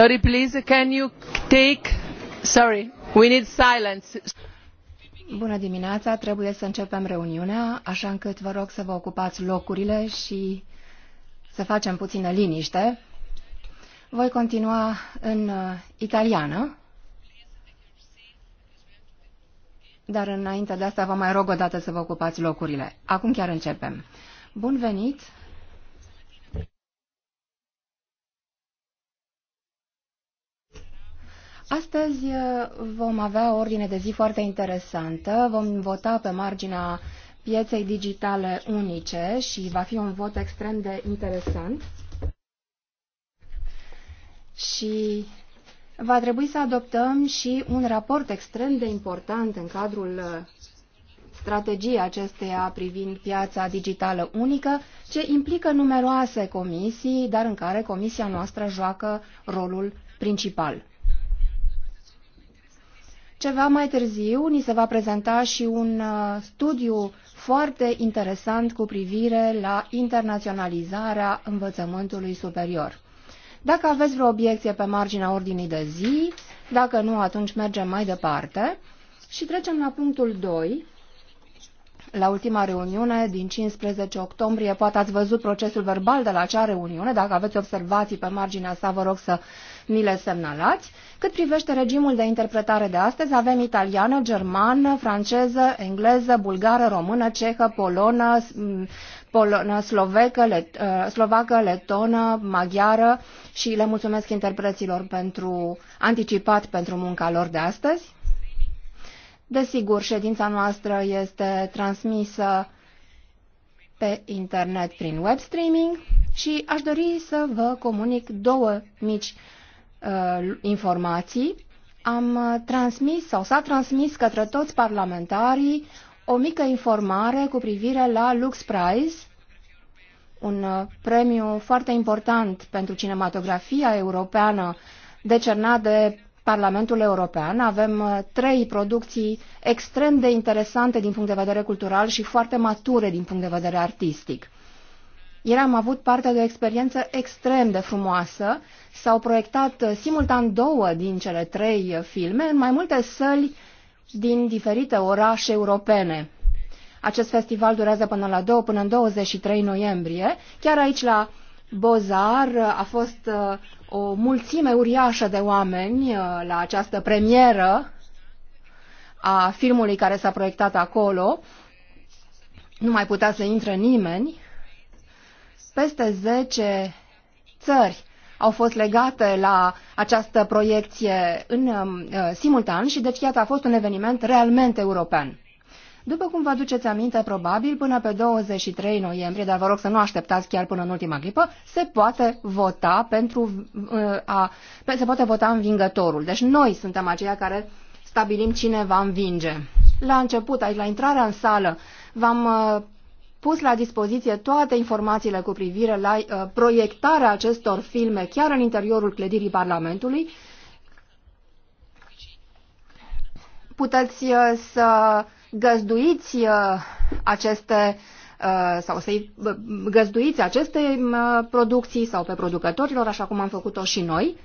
Sorry, please, can you take... Sorry, we need silence. Bună dimineața, trebuie să începem reuniunea, așa încât vă rog să vă ocupați locurile și să facem puțină liniște. Voi continua în uh, italiană, dar înainte de asta vă mai rog o dată să vă ocupați locurile. Acum chiar începem. Bun venit Astăzi uh, vom avea o ordine de zi foarte interesantă. Vom vota pe marginea pieței digitale unice și va fi un vot extrem de interesant. Și va trebui să adoptăm și un raport extrem de important în cadrul uh, strategiei acesteia privind piața digitală unică, ce implică numeroase comisii, dar în care comisia noastră joacă rolul principal. Ceva mai târziu ni se va prezenta și un uh, studiu foarte interesant cu privire la internaționalizarea învățământului superior. Dacă aveți vreo obiecție pe marginea ordinii de zi, dacă nu, atunci mergem mai departe și trecem la punctul 2, la ultima reuniune din 15 octombrie. Poate ați văzut procesul verbal de la acea reuniune. Dacă aveți observații pe marginea sa, vă rog să ni le semnalați. Cât privește regimul de interpretare de astăzi, avem italiană, germană, franceză, engleză, bulgară, română, cehă, polonă, polonă slovecă, let, uh, slovacă, letonă, maghiară și le mulțumesc interpreților pentru anticipat pentru munca lor de astăzi. Desigur, ședința noastră este transmisă pe internet prin web streaming și aș dori să vă comunic două mici uh, informații, am uh, transmis sau s-a transmis către toți parlamentarii o mică informare cu privire la Lux Prize, un uh, premiu foarte important pentru cinematografia europeană decernat de Parlamentul European. Avem uh, trei producții extrem de interesante din punct de vedere cultural și foarte mature din punct de vedere artistic. Ieri am avut parte de o experiență extrem de frumoasă. S-au proiectat uh, simultan două din cele trei uh, filme în mai multe săli din diferite orașe europene. Acest festival durează până la 2, până în 23 noiembrie. Chiar aici la Bozar uh, a fost o mulțime uriașă de oameni la această premieră a filmului care s-a proiectat acolo. Nu mai putea să intre nimeni peste 10 țări au fost legate la această proiecție în um, uh, simultan și deci iată a fost un eveniment realmente european. După cum vă aduceți aminte, probabil până pe 23 noiembrie, dar vă rog să nu așteptați chiar până în ultima clipă, se poate vota pentru uh, a, pe, se poate vota învingătorul. Deci noi suntem aceia care stabilim cine va învinge. La început, aici, la intrarea în sală, v-am uh, pus la dispoziție toate informațiile cu privire la uh, proiectarea acestor filme chiar în interiorul clădirii Parlamentului. Puteți uh, să găzduiți uh, aceste uh, sau să-i uh, găzduiți aceste uh, producții sau pe producătorilor, așa cum am făcut-o și noi.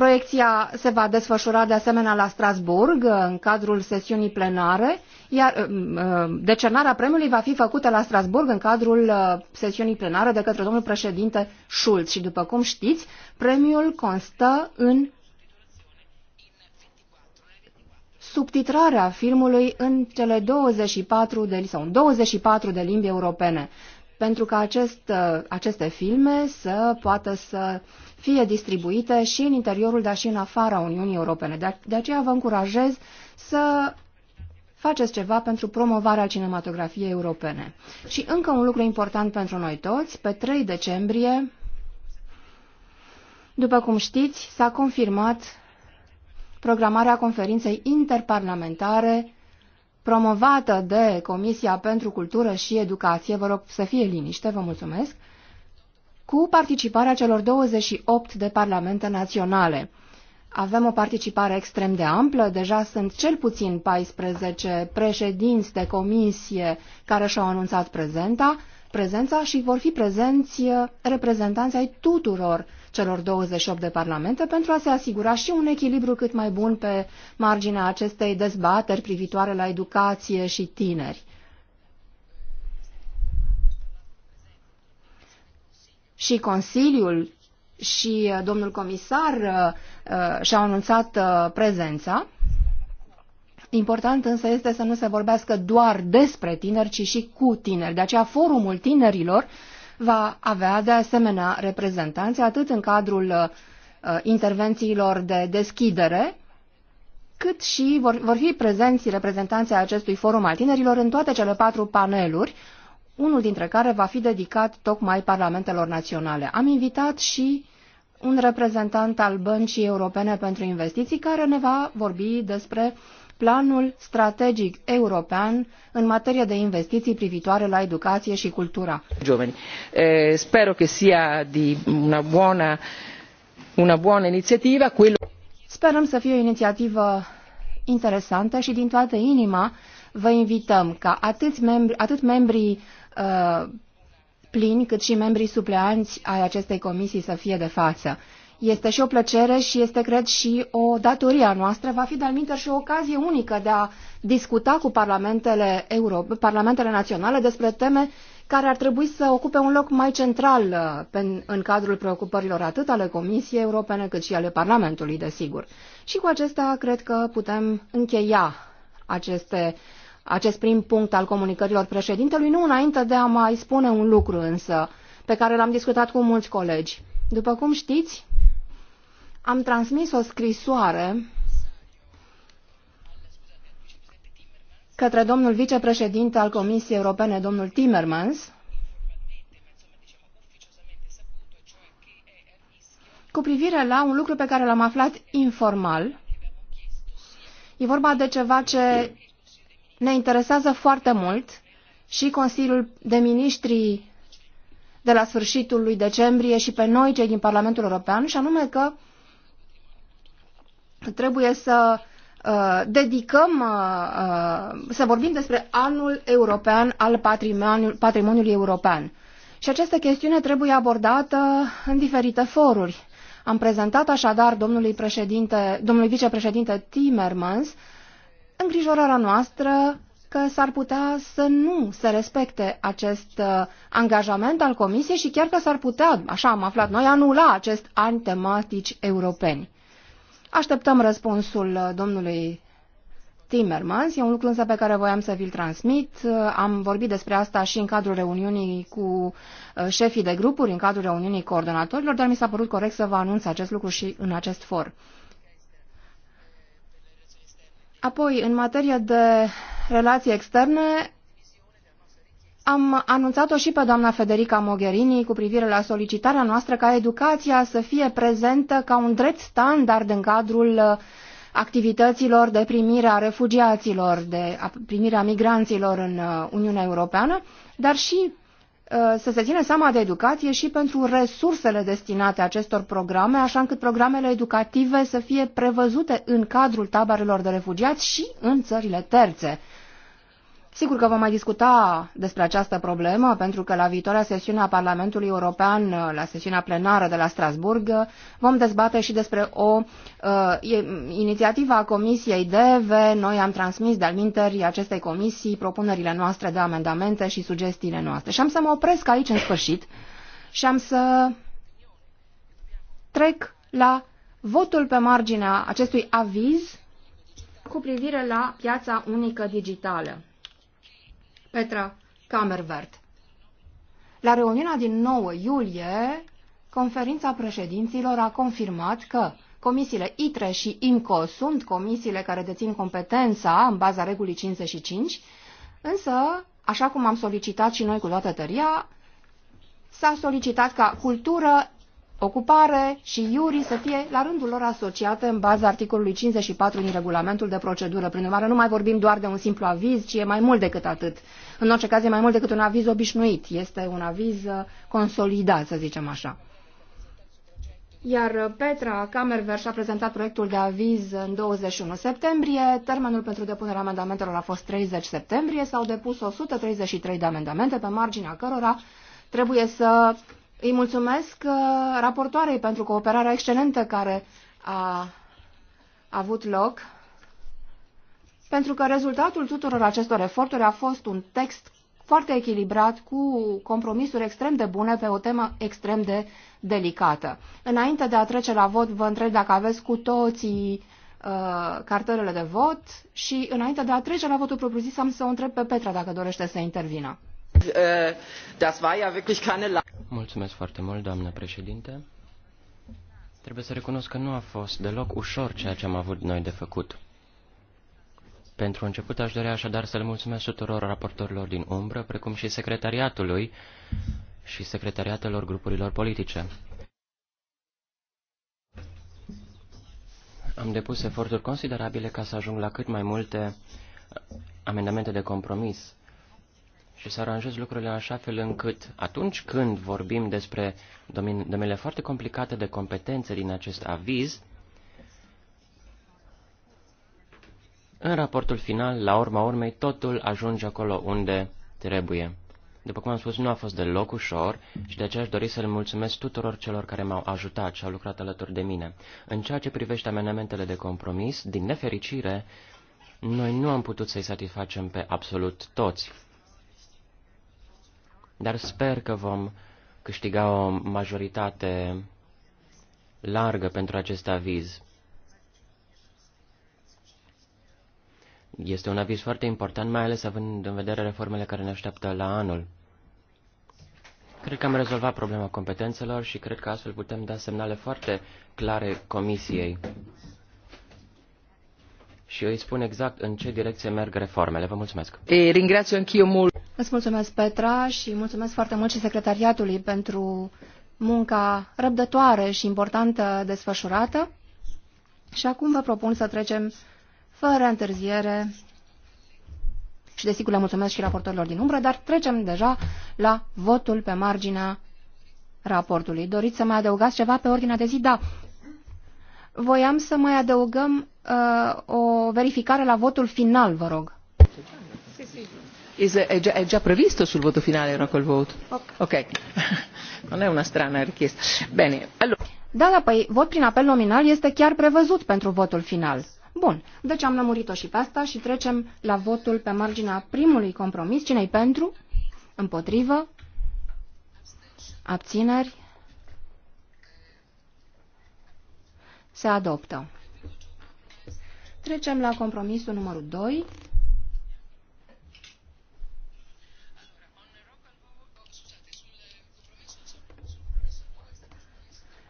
Proiecția se va desfășura de asemenea la Strasburg, în cadrul sesiunii plenare, iar uh, uh, decernarea premiului va fi făcută la Strasburg în cadrul uh, sesiunii plenare de către domnul președinte Schulz. Și după cum știți, premiul constă în subtitrarea filmului în cele 24 de, sau 24 de limbi europene, pentru ca acest, aceste filme să poată să fie distribuite și în interiorul, dar și în afara Uniunii Europene. De, aceea vă încurajez să faceți ceva pentru promovarea cinematografiei europene. Și încă un lucru important pentru noi toți, pe 3 decembrie, după cum știți, s-a confirmat programarea conferinței interparlamentare promovată de Comisia pentru Cultură și Educație. Vă rog să fie liniște, vă mulțumesc cu participarea celor 28 de parlamente naționale. Avem o participare extrem de amplă, deja sunt cel puțin 14 președinți de comisie care și-au anunțat prezenta, prezența și vor fi prezenți eh, reprezentanții ai tuturor celor 28 de parlamente pentru a se asigura și un echilibru cât mai bun pe marginea acestei dezbateri privitoare la educație și tineri. și Consiliul și uh, domnul comisar uh, uh, și-au anunțat prezența. Important însă este să nu se vorbească doar despre tineri, ci și cu tineri. De aceea forumul tinerilor va avea de asemenea reprezentanți atât în cadrul intervențiilor de deschidere, cât și vor, vor fi prezenți reprezentanții acestui forum al tinerilor în toate cele patru paneluri, unul dintre care va fi dedicat tocmai parlamentelor naționale. Am invitat și un reprezentant al Băncii Europene pentru Investiții care ne va vorbi despre planul strategic european în materie de investiții privitoare la educație și cultura. Giovani, sper eh, spero che sia di una buona, una buona iniziativa. Quello... Sperăm să fie o inițiativă interesantă și din toată inima vă invităm ca atât, membri, atât membrii Uh, plini, cât și membrii supleanți ai acestei comisii să fie de față. Este și o plăcere și este, cred, și o datorie a noastră. Va fi, de-al și o ocazie unică de a discuta cu parlamentele, Euro, parlamentele naționale despre teme care ar trebui să ocupe un loc mai central uh, în cadrul preocupărilor atât ale Comisiei Europene cât și ale Parlamentului, desigur. Și cu acestea cred că putem încheia aceste acest prim punct al comunicărilor președintelui, nu înainte de a mai spune un lucru însă, pe care l-am discutat cu mulți colegi. După cum știți, am transmis o scrisoare către domnul vicepreședinte al Comisiei Europene, domnul Timmermans, cu privire la un lucru pe care l-am aflat informal. E vorba de ceva ce ne interesează foarte mult și Consiliul de Ministri de la sfârșitul lui decembrie și pe noi, cei din Parlamentul European, și anume că trebuie să uh, dedicăm, uh, uh, să vorbim despre anul european al patrimoniului, patrimoniului european. Și această chestiune trebuie abordată în diferite foruri. Am prezentat așadar domnului, președinte, domnului vicepreședinte Timmermans uh, îngrijorarea noastră că s-ar putea să nu se respecte acest uh, angajament al Comisiei și chiar că s-ar putea, așa am aflat noi, anula acest an tematici europeni. Așteptăm răspunsul uh, domnului Timmermans. E un lucru însă pe care voiam să vi-l transmit. Uh, am vorbit despre asta și în cadrul reuniunii cu șefii de grupuri, în cadrul reuniunii coordonatorilor, dar mi s-a părut corect să vă anunț acest lucru și în acest for. Apoi, în materie de relații externe, am anunțat-o și pe doamna Federica Mogherini cu privire la solicitarea noastră ca educația să fie prezentă ca un drept standard în cadrul uh, activităților de primire a refugiaților, de primire a migranților în uh, Uniunea Europeană, dar și Uh, să se țină seama de educație și pentru resursele destinate acestor programe, așa încât programele educative să fie prevăzute în cadrul taberelor de refugiați și în țările terțe. Sigur că vom mai discuta despre această problemă, pentru că la viitoarea sesiune a Parlamentului European, la sesiunea plenară de la Strasburg, vom dezbate și despre o uh, inițiativă a Comisiei DEVE. Noi am transmis de-al acestei comisii propunerile noastre de amendamente și sugestiile noastre. Și am să mă opresc aici în sfârșit și am să trec la votul pe marginea acestui aviz cu privire la piața unică digitală. Petra Camervert. La reuniunea din 9 iulie, conferința președinților a confirmat că comisiile ITRE și IMCO sunt comisiile care dețin competența în baza regulii 55, însă, așa cum am solicitat și noi cu toată tăria, s-a solicitat ca cultură, ocupare și iuri să fie la rândul lor asociate în baza articolului 54 din regulamentul de procedură. Prin urmare, nu mai vorbim doar de un simplu aviz, ci e mai mult decât atât. În orice caz e mai mult decât un aviz obișnuit, este un aviz uh, consolidat, să zicem așa. Iar uh, Petra Camerver și-a prezentat proiectul de aviz în 21 septembrie. Termenul pentru depunerea amendamentelor a fost 30 septembrie. S-au depus 133 de amendamente pe marginea cărora trebuie să îi mulțumesc uh, raportoarei pentru cooperarea excelentă care a avut loc pentru că rezultatul tuturor acestor eforturi a fost un text foarte echilibrat, cu compromisuri extrem de bune pe o temă extrem de delicată. Înainte de a trece la vot, vă întreb dacă aveți cu toții uh, cartelele de vot și înainte de a trece la votul propriu-zis am să o întreb pe Petra dacă dorește să intervină. Uh, Mulțumesc foarte mult, doamnă președinte. Trebuie să recunosc că nu a fost deloc ușor ceea ce am avut noi de făcut. Pentru început aș dori așadar să le mulțumesc tuturor raportorilor din umbră, precum și secretariatului și secretariatelor grupurilor politice. Am depus eforturi considerabile ca să ajung la cât mai multe amendamente de compromis și să aranjez lucrurile în așa fel încât atunci când vorbim despre domeniile foarte complicate de competențe din acest aviz, În raportul final, la urma urmei, totul ajunge acolo unde trebuie. După cum am spus, nu a fost deloc ușor și de aceea aș dori să-l mulțumesc tuturor celor care m-au ajutat și au lucrat alături de mine. În ceea ce privește amendamentele de compromis, din nefericire, noi nu am putut să-i satisfacem pe absolut toți. Dar sper că vom câștiga o majoritate largă pentru acest aviz. Este un aviz foarte important, mai ales având în vedere reformele care ne așteaptă la anul. Cred că am rezolvat problema competențelor și cred că astfel putem da semnale foarte clare comisiei. Și eu îi spun exact în ce direcție merg reformele. Vă mulțumesc. E, ringrazio anch'io mult. Îți mulțumesc, Petra, și mulțumesc foarte mult și secretariatului pentru munca răbdătoare și importantă desfășurată. Și acum vă propun să trecem fără întârziere. Și desigur le mulțumesc și raportorilor din umbră, dar trecem deja la votul pe marginea raportului. Doriți să mai adăugați ceva pe ordinea de zi? Da. Voiam să mai adăugăm uh, o verificare la votul final, vă rog. È già, è già previsto sul voto finale era quel voto? Ok. Non è una strana richiesta. Bene, allora... Da, da, păi vot prin apel nominal este chiar prevăzut pentru votul final. Bun, deci am lămurit-o și pe asta și trecem la votul pe marginea primului compromis. cine pentru? Împotrivă? Abțineri? Se adoptă. Trecem la compromisul numărul 2.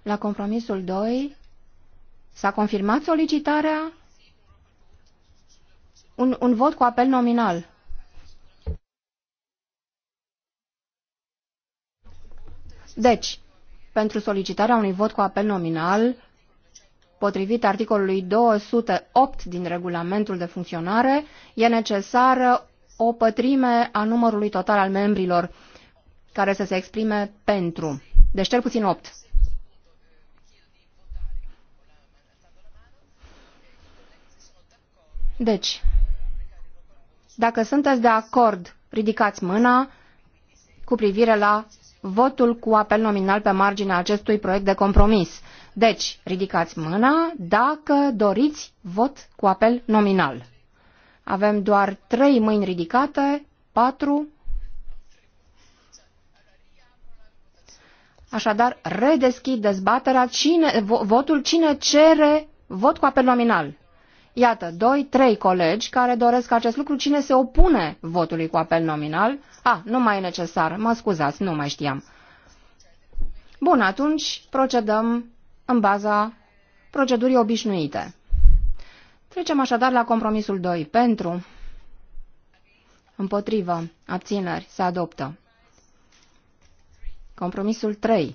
La compromisul 2 s-a confirmat solicitarea un, un vot cu apel nominal. Deci, pentru solicitarea unui vot cu apel nominal, potrivit articolului 208 din regulamentul de funcționare, e necesară o pătrime a numărului total al membrilor care să se exprime pentru. Deci cel puțin 8. Deci, dacă sunteți de acord, ridicați mâna cu privire la votul cu apel nominal pe marginea acestui proiect de compromis. Deci, ridicați mâna dacă doriți vot cu apel nominal. Avem doar trei mâini ridicate, patru. Așadar, redeschid dezbaterea. Cine, votul cine cere vot cu apel nominal? Iată, doi, trei colegi care doresc acest lucru. Cine se opune votului cu apel nominal? A, nu mai e necesar. Mă scuzați, nu mai știam. Bun, atunci procedăm în baza procedurii obișnuite. Trecem așadar la compromisul 2. Pentru, împotrivă, abțineri, se adoptă. Compromisul 3.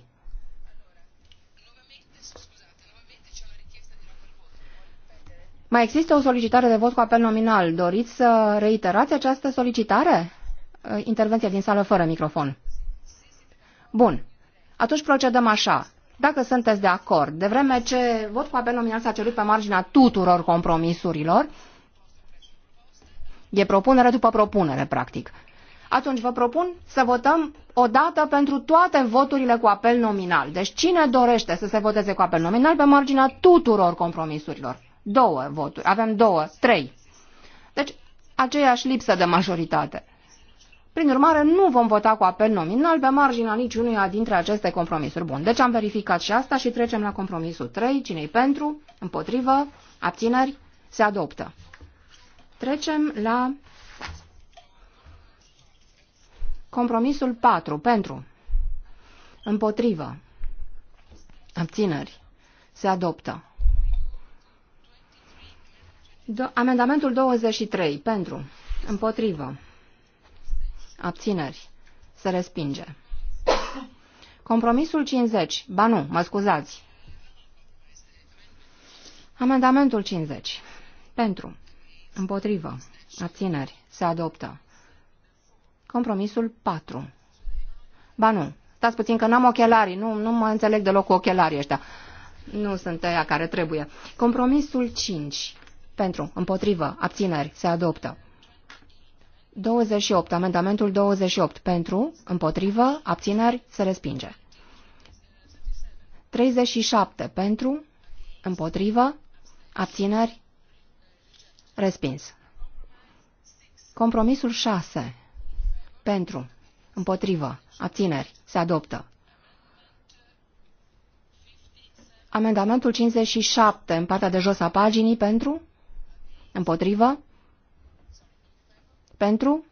Mai există o solicitare de vot cu apel nominal. Doriți să reiterați această solicitare? Uh, Intervenție din sală fără microfon. Bun. Atunci procedăm așa. Dacă sunteți de acord, de vreme ce vot cu apel nominal s-a cerut pe marginea tuturor compromisurilor, e propunere după propunere, practic. Atunci vă propun să votăm o dată pentru toate voturile cu apel nominal. Deci cine dorește să se voteze cu apel nominal pe marginea tuturor compromisurilor? două voturi, avem două, trei. Deci, aceeași lipsă de majoritate. Prin urmare, nu vom vota cu apel nominal pe marginea niciunuia dintre aceste compromisuri. Bun, deci am verificat și asta și trecem la compromisul 3. Cine-i pentru? Împotrivă? Abțineri? Se adoptă. Trecem la compromisul 4. Pentru? Împotrivă? Abțineri? Se adoptă. Do amendamentul 23. Pentru. Împotrivă. Abțineri. Se respinge. Compromisul 50. Ba nu, mă scuzați. Amendamentul 50. Pentru. Împotrivă. Abțineri. Se adoptă. Compromisul 4. Ba nu, stați puțin că n-am ochelarii, nu, nu mă înțeleg deloc cu ochelarii ăștia. Nu sunt aia care trebuie. Compromisul 5. Pentru. Împotrivă. Abțineri. Se adoptă. 28. Amendamentul 28. Pentru. Împotrivă. Abțineri. Se respinge. 37. Pentru. Împotrivă. Abțineri. Respins. Compromisul 6. Pentru. Împotrivă. Abțineri. Se adoptă. Amendamentul 57 în partea de jos a paginii pentru? Împotrivă? Pentru?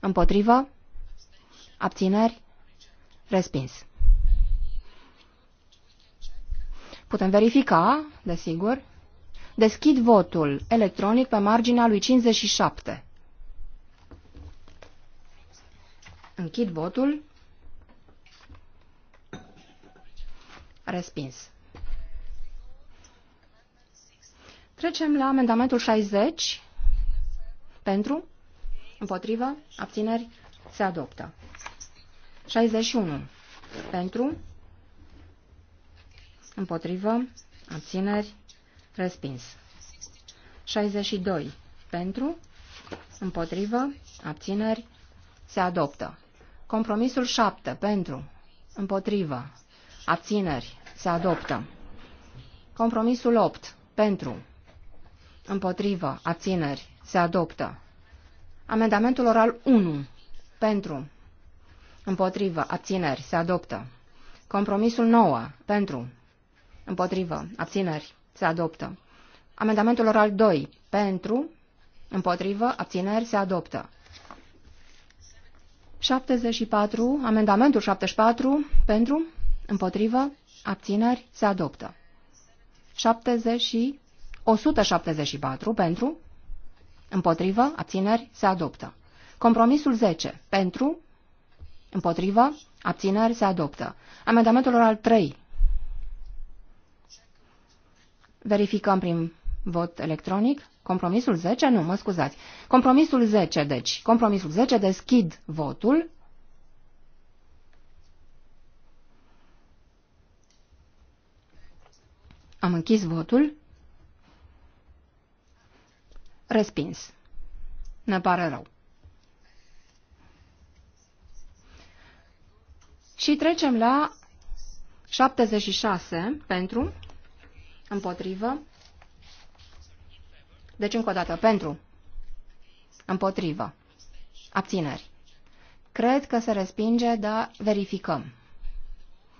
Împotrivă? Abțineri? Respins. Putem verifica, desigur. Deschid votul electronic pe marginea lui 57. Închid votul. Respins. Trecem la amendamentul 60. Pentru? Împotrivă? Abțineri? Se adoptă. 61. Pentru? Împotrivă? Abțineri? Respins. 62. Pentru? Împotrivă? Abțineri? Se adoptă. Compromisul 7. Pentru? Împotrivă? Abțineri? Se adoptă. Compromisul 8. Pentru? Împotrivă. Abțineri. Se adoptă. Amendamentul oral 1. Pentru. Împotrivă. Abțineri. Se adoptă. Compromisul 9. Pentru. Împotrivă. Abțineri. Se adoptă. Amendamentul oral 2. Pentru. Împotrivă. Abțineri. Se adoptă. 74. Amendamentul 74. Pentru. Împotrivă. Abțineri. Se adoptă. 70. 174 pentru, împotrivă, abțineri, se adoptă. Compromisul 10 pentru, împotrivă, abțineri, se adoptă. Amendamentul oral 3. Verificăm prin vot electronic. Compromisul 10? Nu, mă scuzați. Compromisul 10, deci. Compromisul 10, deschid votul. Am închis votul. Respins. Ne pare rău. Și trecem la 76 pentru, împotrivă, deci încă o dată, pentru, împotrivă, abțineri. Cred că se respinge, dar verificăm.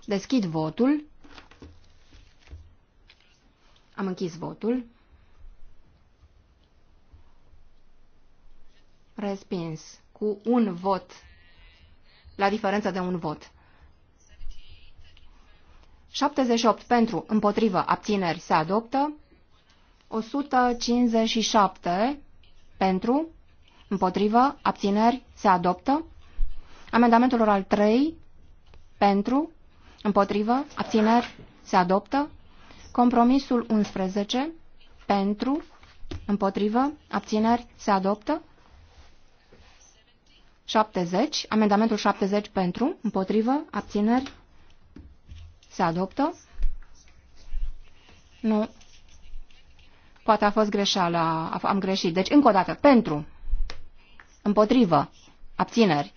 Deschid votul. Am închis votul. Respins. Cu un vot. La diferență de un vot. 78 pentru, împotrivă, abțineri se adoptă. 157 pentru, împotrivă, abțineri se adoptă. Amendamentul oral 3 pentru, împotrivă, abțineri se adoptă. Compromisul 11 pentru, împotrivă, abțineri se adoptă. 70, amendamentul 70 pentru, împotrivă, abțineri, se adoptă. Nu. Poate a fost greșeală, am greșit. Deci, încă o dată, pentru, împotrivă, abțineri.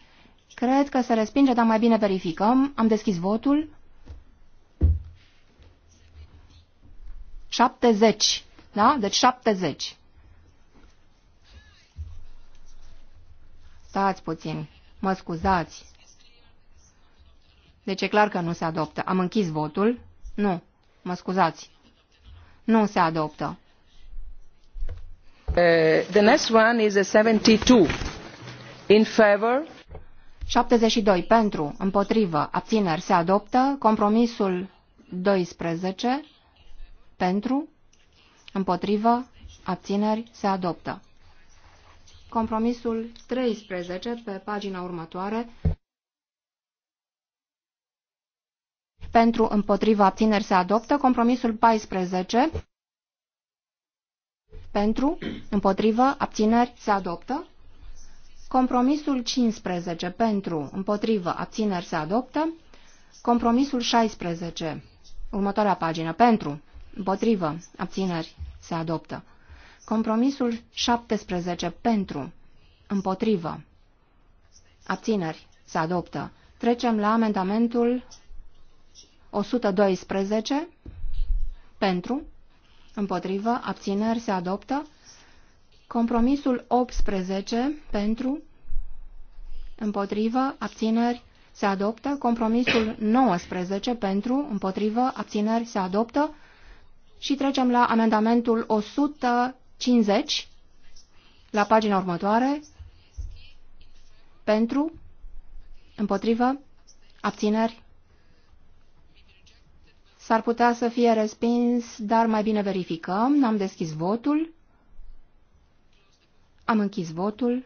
Cred că se respinge, dar mai bine verificăm. Am deschis votul. 70, da? Deci 70. Stați puțin, mă scuzați. Deci e clar că nu se adoptă. Am închis votul? Nu, mă scuzați. Nu se adoptă. Uh, the next one is a 72. In favor. 72 pentru, împotrivă, abțineri se adoptă. Compromisul 12 pentru, împotrivă, abțineri se adoptă. Compromisul 13 pe pagina următoare. Pentru împotriva abțineri se adoptă. Compromisul 14 pentru împotriva abțineri se adoptă. Compromisul 15 pentru împotriva abțineri se adoptă. Compromisul 16 următoarea pagină pentru împotriva abțineri se adoptă. Compromisul 17 pentru, împotrivă, abțineri, se adoptă. Trecem la amendamentul 112 pentru, împotrivă, abțineri, se adoptă. Compromisul 18 pentru, împotrivă, abțineri, se adoptă. Compromisul 19 pentru, împotrivă, abțineri, se adoptă. Și trecem la amendamentul 100. 50, la pagina următoare, pentru, împotrivă, abțineri. S-ar putea să fie respins, dar mai bine verificăm. Am deschis votul. Am închis votul.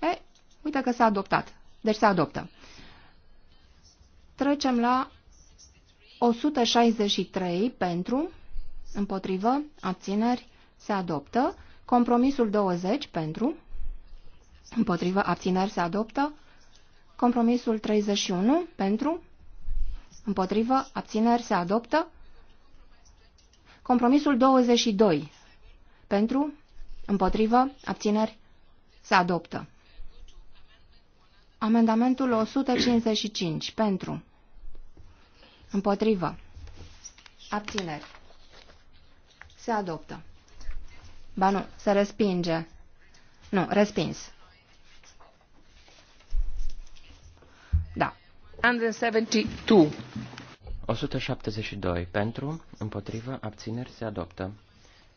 E, uite că s-a adoptat. Deci se adoptă. Trecem la 163 pentru, împotrivă, abțineri, se adoptă. Compromisul 20 pentru, împotrivă, abțineri, se adoptă. Compromisul 31 pentru, împotrivă, abțineri, se adoptă. Compromisul 22 pentru, împotrivă, abțineri, se adoptă. Amendamentul 155 pentru. Împotrivă. Abțineri. Se adoptă. Ba nu, se respinge. Nu, respins. Da. 172. 172. Pentru, împotrivă, abțineri se adoptă.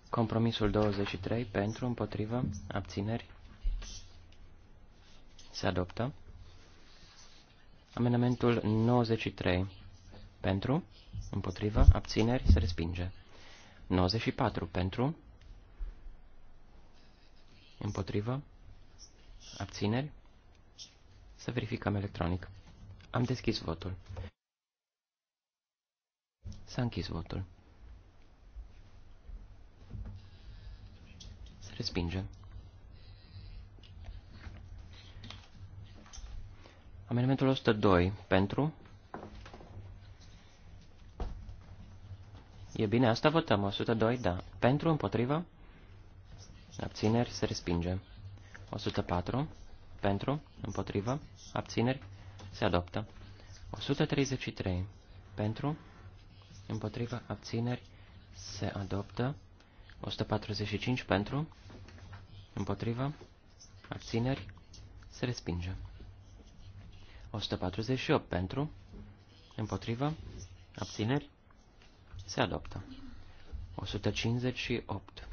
Compromisul 23. Pentru, împotrivă, abțineri se adoptă. Amendamentul 93 pentru, împotrivă, abțineri, se respinge. 94 pentru, împotrivă, abțineri, să verificăm electronic. Am deschis votul. S-a închis votul. Se respinge. Amendamentul 102 pentru, E bine, asta votăm. 102, da. Pentru, împotrivă? Abțineri, se respinge. 104, pentru, împotrivă, abțineri, se adoptă. 133, pentru, împotrivă, abțineri, se adoptă. 145, pentru, împotrivă, abțineri, se respinge. 148, pentru, împotrivă, abțineri, se adoptă. 158.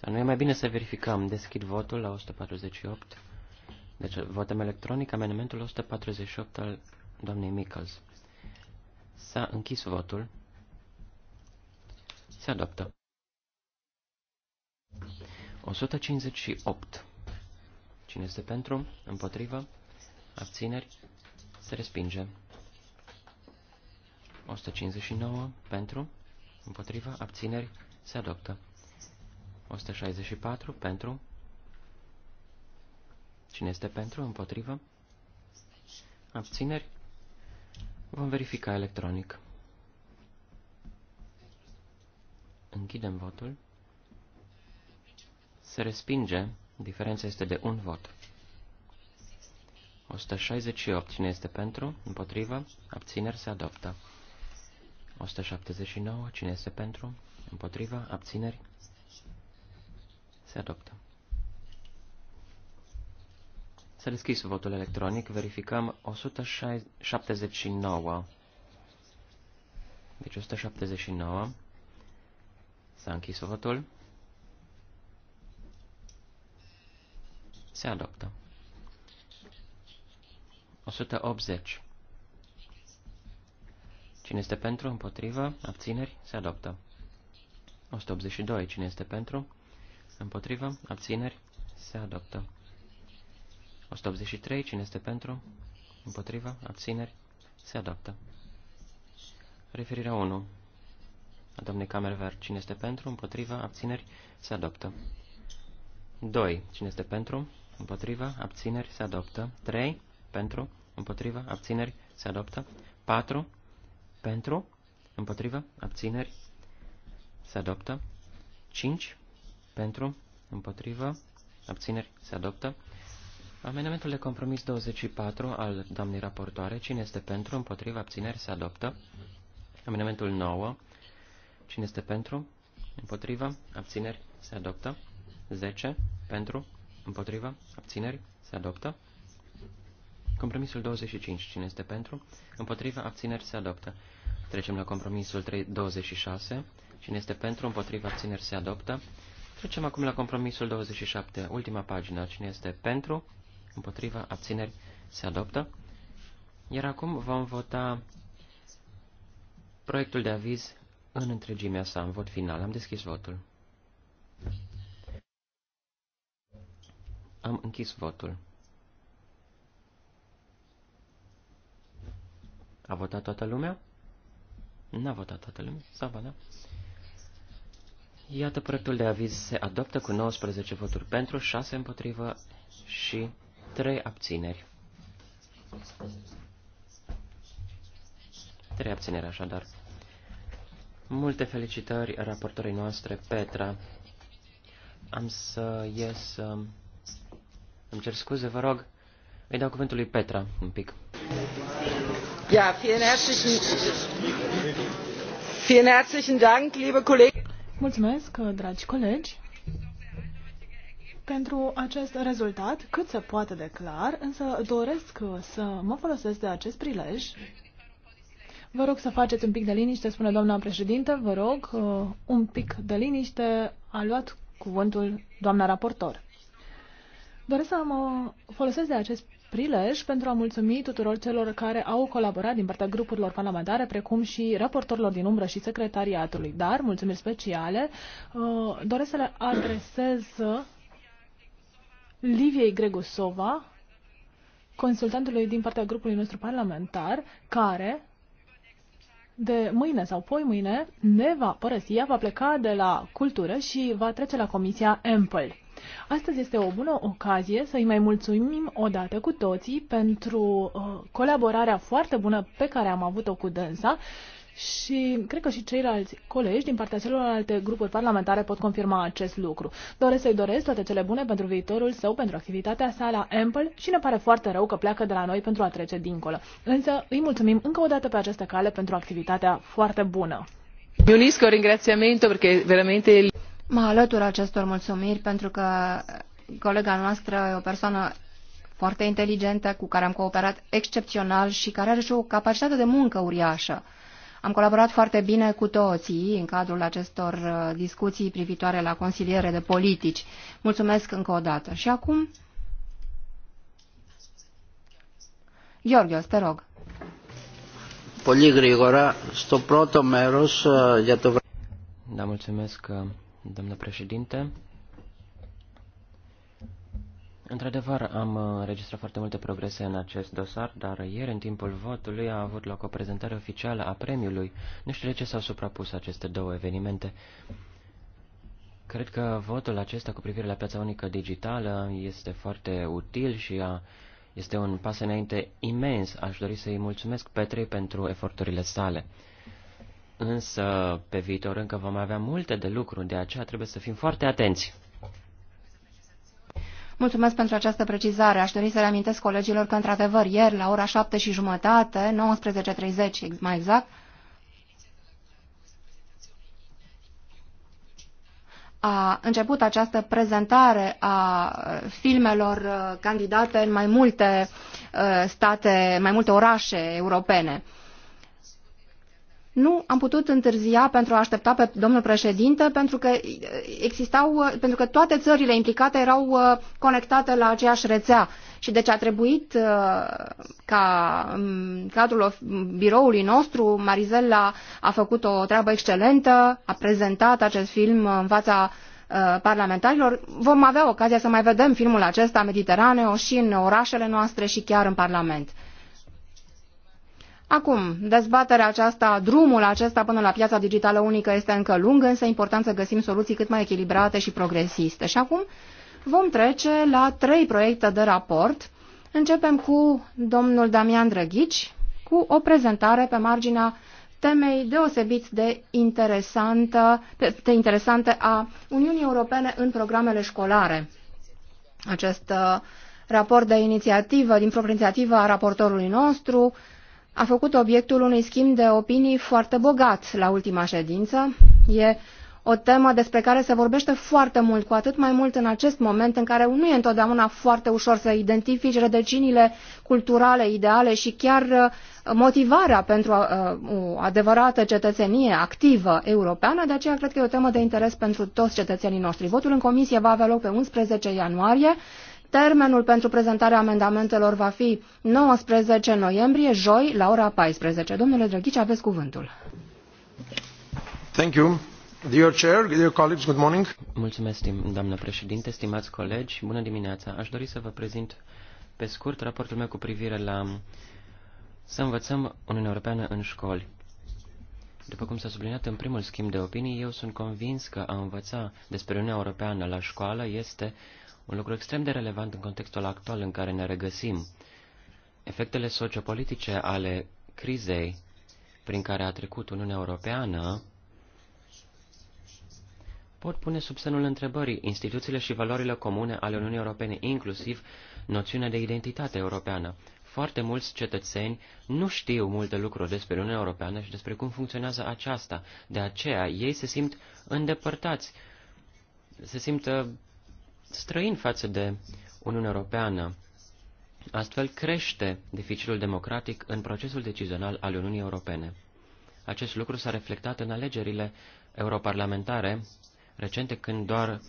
Sau nu e mai bine să verificăm. Deschid votul la 148. Deci votăm electronic amendamentul 148 al doamnei Michaels. S-a închis votul. Se adoptă. 158. Cine este pentru? Împotrivă? Abțineri? Se respinge. 159 pentru, împotriva, abțineri, se adoptă. 164 pentru, cine este pentru, împotriva, abțineri, vom verifica electronic. Închidem votul. Se respinge, diferența este de un vot. 168. Cine este pentru? Împotrivă? Abțineri se adoptă. 179. Cine este pentru? Împotriva? Abțineri? Se adoptă. S-a deschis votul electronic. Verificăm 179. Deci 179. S-a închis votul. Se adoptă. 180. Cine este pentru? Împotrivă? Abțineri? Se adoptă. 182. Cine este pentru? Împotrivă? Abțineri? Se adoptă. 183. Cine este pentru? Împotrivă? Abțineri? Se adoptă. Referirea 1. A domnului Camerver. Cine este pentru? Împotrivă? Abțineri? Se adoptă. 2. Cine este pentru? Împotrivă? Abțineri? Se adoptă. 3. Pentru? Împotrivă? Abțineri? Se adoptă. 4. Pentru, împotrivă, abțineri, se adoptă. 5. Pentru, împotrivă, abțineri, se adoptă. Amendamentul de compromis 24 al doamnei raportoare. Cine este pentru, împotrivă, abțineri, se adoptă. Amendamentul 9. Cine este pentru, împotrivă, abțineri, se adoptă. 10. Pentru, împotrivă, abțineri, se adoptă. Compromisul 25. Cine este pentru? Împotriva abțineri se adoptă. Trecem la compromisul 26. Cine este pentru, împotriva, abțineri, se adoptă. Trecem acum la compromisul 27, ultima pagină. Cine este pentru, împotriva, abțineri, se adoptă. Iar acum vom vota proiectul de aviz în întregimea sa, în vot final. Am deschis votul. Am închis votul. A votat toată lumea? N-a votat toată lumea? S-a da, votat. Da. Iată, proiectul de aviz se adoptă cu 19 voturi pentru, 6 împotrivă și 3 abțineri. 3 abțineri, așadar. Multe felicitări raportorii noastre, Petra. Am să ies... Um, îmi cer scuze, vă rog. Îi dau cuvântul lui Petra, un pic. fie neașa și... Mulțumesc, dragi colegi, pentru acest rezultat cât se poate de clar, însă doresc să mă folosesc de acest prilej. Vă rog să faceți un pic de liniște, spune doamna președinte, vă rog, uh, un pic de liniște, a luat cuvântul doamna raportor. Doresc să mă folosesc de acest prilej pentru a mulțumi tuturor celor care au colaborat din partea grupurilor parlamentare, precum și raportorilor din umbră și secretariatului. Dar, mulțumiri speciale, uh, doresc să le adresez Liviei Gregusova, consultantului din partea grupului nostru parlamentar, care de mâine sau poi mâine ne va părăsi, ea va pleca de la cultură și va trece la Comisia Ample. Astăzi este o bună ocazie să îi mai mulțumim odată cu toții pentru uh, colaborarea foarte bună pe care am avut-o cu dânsa și cred că și ceilalți colegi din partea celorlalte grupuri parlamentare pot confirma acest lucru. Doresc să-i doresc toate cele bune pentru viitorul său, pentru activitatea sa la Ample și ne pare foarte rău că pleacă de la noi pentru a trece dincolo. Însă îi mulțumim încă o dată pe această cale pentru activitatea foarte bună. Mi unisco ringraziamento perché veramente Mă alătur acestor mulțumiri pentru că colega noastră e o persoană foarte inteligentă, cu care am cooperat excepțional și care are și o capacitate de muncă uriașă. Am colaborat foarte bine cu toții în cadrul acestor uh, discuții privitoare la consiliere de politici. Mulțumesc încă o dată. Și acum... Γεώργιος, te rog. Πολύ γρήγορα, στο πρώτο μέρος uh, για το... Da, mulțumesc. Uh, domnule președinte. Într-adevăr, am înregistrat foarte multe progrese în acest dosar, dar ieri, în timpul votului, a avut loc o prezentare oficială a premiului. Nu știu de ce s-au suprapus aceste două evenimente. Cred că votul acesta cu privire la piața unică digitală este foarte util și a, este un pas înainte imens. Aș dori să-i mulțumesc Petrei pentru eforturile sale. Însă, pe viitor încă vom avea multe de lucru, de aceea trebuie să fim foarte atenți. Mulțumesc pentru această precizare. Aș dori să reamintesc colegilor că, într-adevăr, ieri, la ora 7 și jumătate, 19.30 mai exact, a început această prezentare a filmelor uh, candidate în mai multe uh, state, mai multe orașe europene nu am putut întârzia pentru a aștepta pe domnul președinte, pentru că, uh, existau, uh, pentru că toate țările implicate erau uh, conectate la aceeași rețea. Și deci a trebuit ca în um, cadrul biroului nostru, Marizella a făcut o treabă excelentă, a prezentat acest film în fața parlamentarilor. Vom avea ocazia să mai vedem filmul acesta, Mediteraneo, și în orașele noastre și chiar în Parlament. Acum, dezbaterea aceasta, drumul acesta până la piața digitală unică este încă lung, însă important să găsim soluții cât mai echilibrate și progresiste. Și acum vom trece la trei proiecte de raport. Începem cu domnul Damian Drăghici, cu o prezentare pe marginea temei deosebit de interesantă, de interesantă a Uniunii Europene în programele școlare. Acest uh, raport de inițiativă, din proprie inițiativă a raportorului nostru, uh, a făcut obiectul unui schimb de opinii foarte bogat la ultima ședință. E o temă despre care se vorbește foarte mult, cu atât mai mult în acest moment în care nu e întotdeauna foarte ușor să identifici rădăcinile culturale, ideale și chiar uh, motivarea pentru uh, o adevărată cetățenie activă europeană, de aceea cred că e o temă de interes pentru toți cetățenii noștri. Votul în comisie va avea loc pe 11 ianuarie. Termenul pentru prezentarea amendamentelor va fi 19 noiembrie, joi, la ora 14. Domnule Drăghici, aveți cuvântul. Thank you. Dear Chair, dear colleagues, good morning. Mulțumesc, doamnă președinte, stimați colegi, bună dimineața. Aș dori să vă prezint pe scurt raportul meu cu privire la să învățăm Uniunea Europeană în școli. După cum s-a subliniat în primul schimb de opinii, eu sunt convins că a învăța despre Uniunea Europeană la școală este un lucru extrem de relevant în contextul actual în care ne regăsim. Efectele sociopolitice ale crizei prin care a trecut Uniunea Europeană pot pune sub semnul întrebării instituțiile și valorile comune ale Uniunii Europene, inclusiv noțiunea de identitate europeană. Foarte mulți cetățeni nu știu multe lucruri despre Uniunea Europeană și despre cum funcționează aceasta. De aceea, ei se simt îndepărtați, se simt uh, străin față de Uniunea Europeană. Astfel crește deficitul democratic în procesul decizional al Uniunii Europene. Acest lucru s-a reflectat în alegerile europarlamentare recente, când doar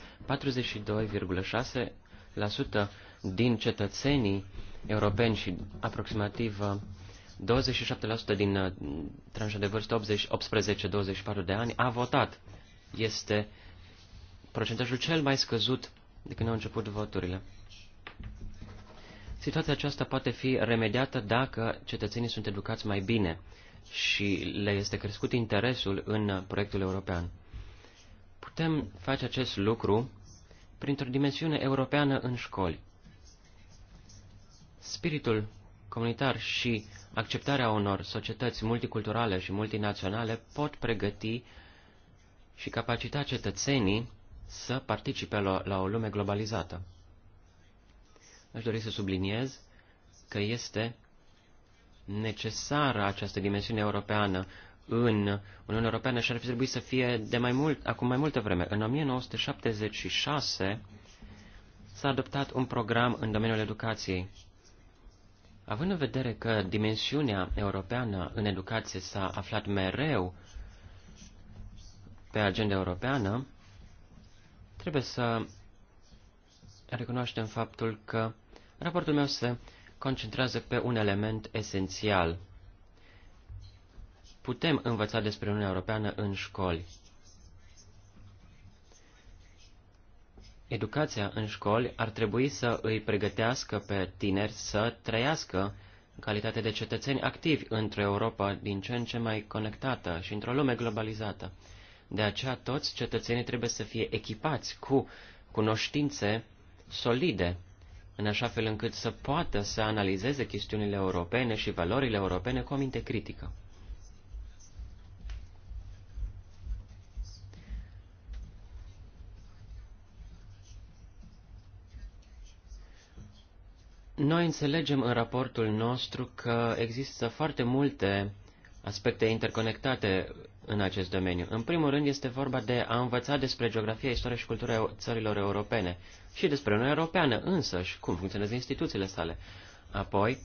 42,6% din cetățenii europeni și aproximativ 27% uh, din uh, tranșa de vârstă 18-24 de ani a votat. Este procentajul cel mai scăzut de când au început voturile. Situația aceasta poate fi remediată dacă cetățenii sunt educați mai bine și le este crescut interesul în proiectul european. Putem face acest lucru printr-o dimensiune europeană în școli. Spiritul comunitar și acceptarea unor societăți multiculturale și multinaționale pot pregăti și capacita cetățenii să participe la, la o lume globalizată. Aș dori să subliniez că este necesară această dimensiune europeană în Uniunea Europeană și ar fi trebuit să fie de mai mult, acum mai multă vreme. În 1976 s-a adoptat un program în domeniul educației. Având în vedere că dimensiunea europeană în educație s-a aflat mereu pe agenda europeană, trebuie să recunoaștem faptul că raportul meu se concentrează pe un element esențial. Putem învăța despre Uniunea Europeană în școli. Educația în școli ar trebui să îi pregătească pe tineri să trăiască în calitate de cetățeni activi într-o Europa din ce în ce mai conectată și într-o lume globalizată. De aceea toți cetățenii trebuie să fie echipați cu cunoștințe solide, în așa fel încât să poată să analizeze chestiunile europene și valorile europene cu o minte critică. Noi înțelegem în raportul nostru că există foarte multe aspecte interconectate în acest domeniu. În primul rând este vorba de a învăța despre geografia, istorie și cultura țărilor europene și despre Uniunea Europeană însăși, cum funcționează instituțiile sale. Apoi,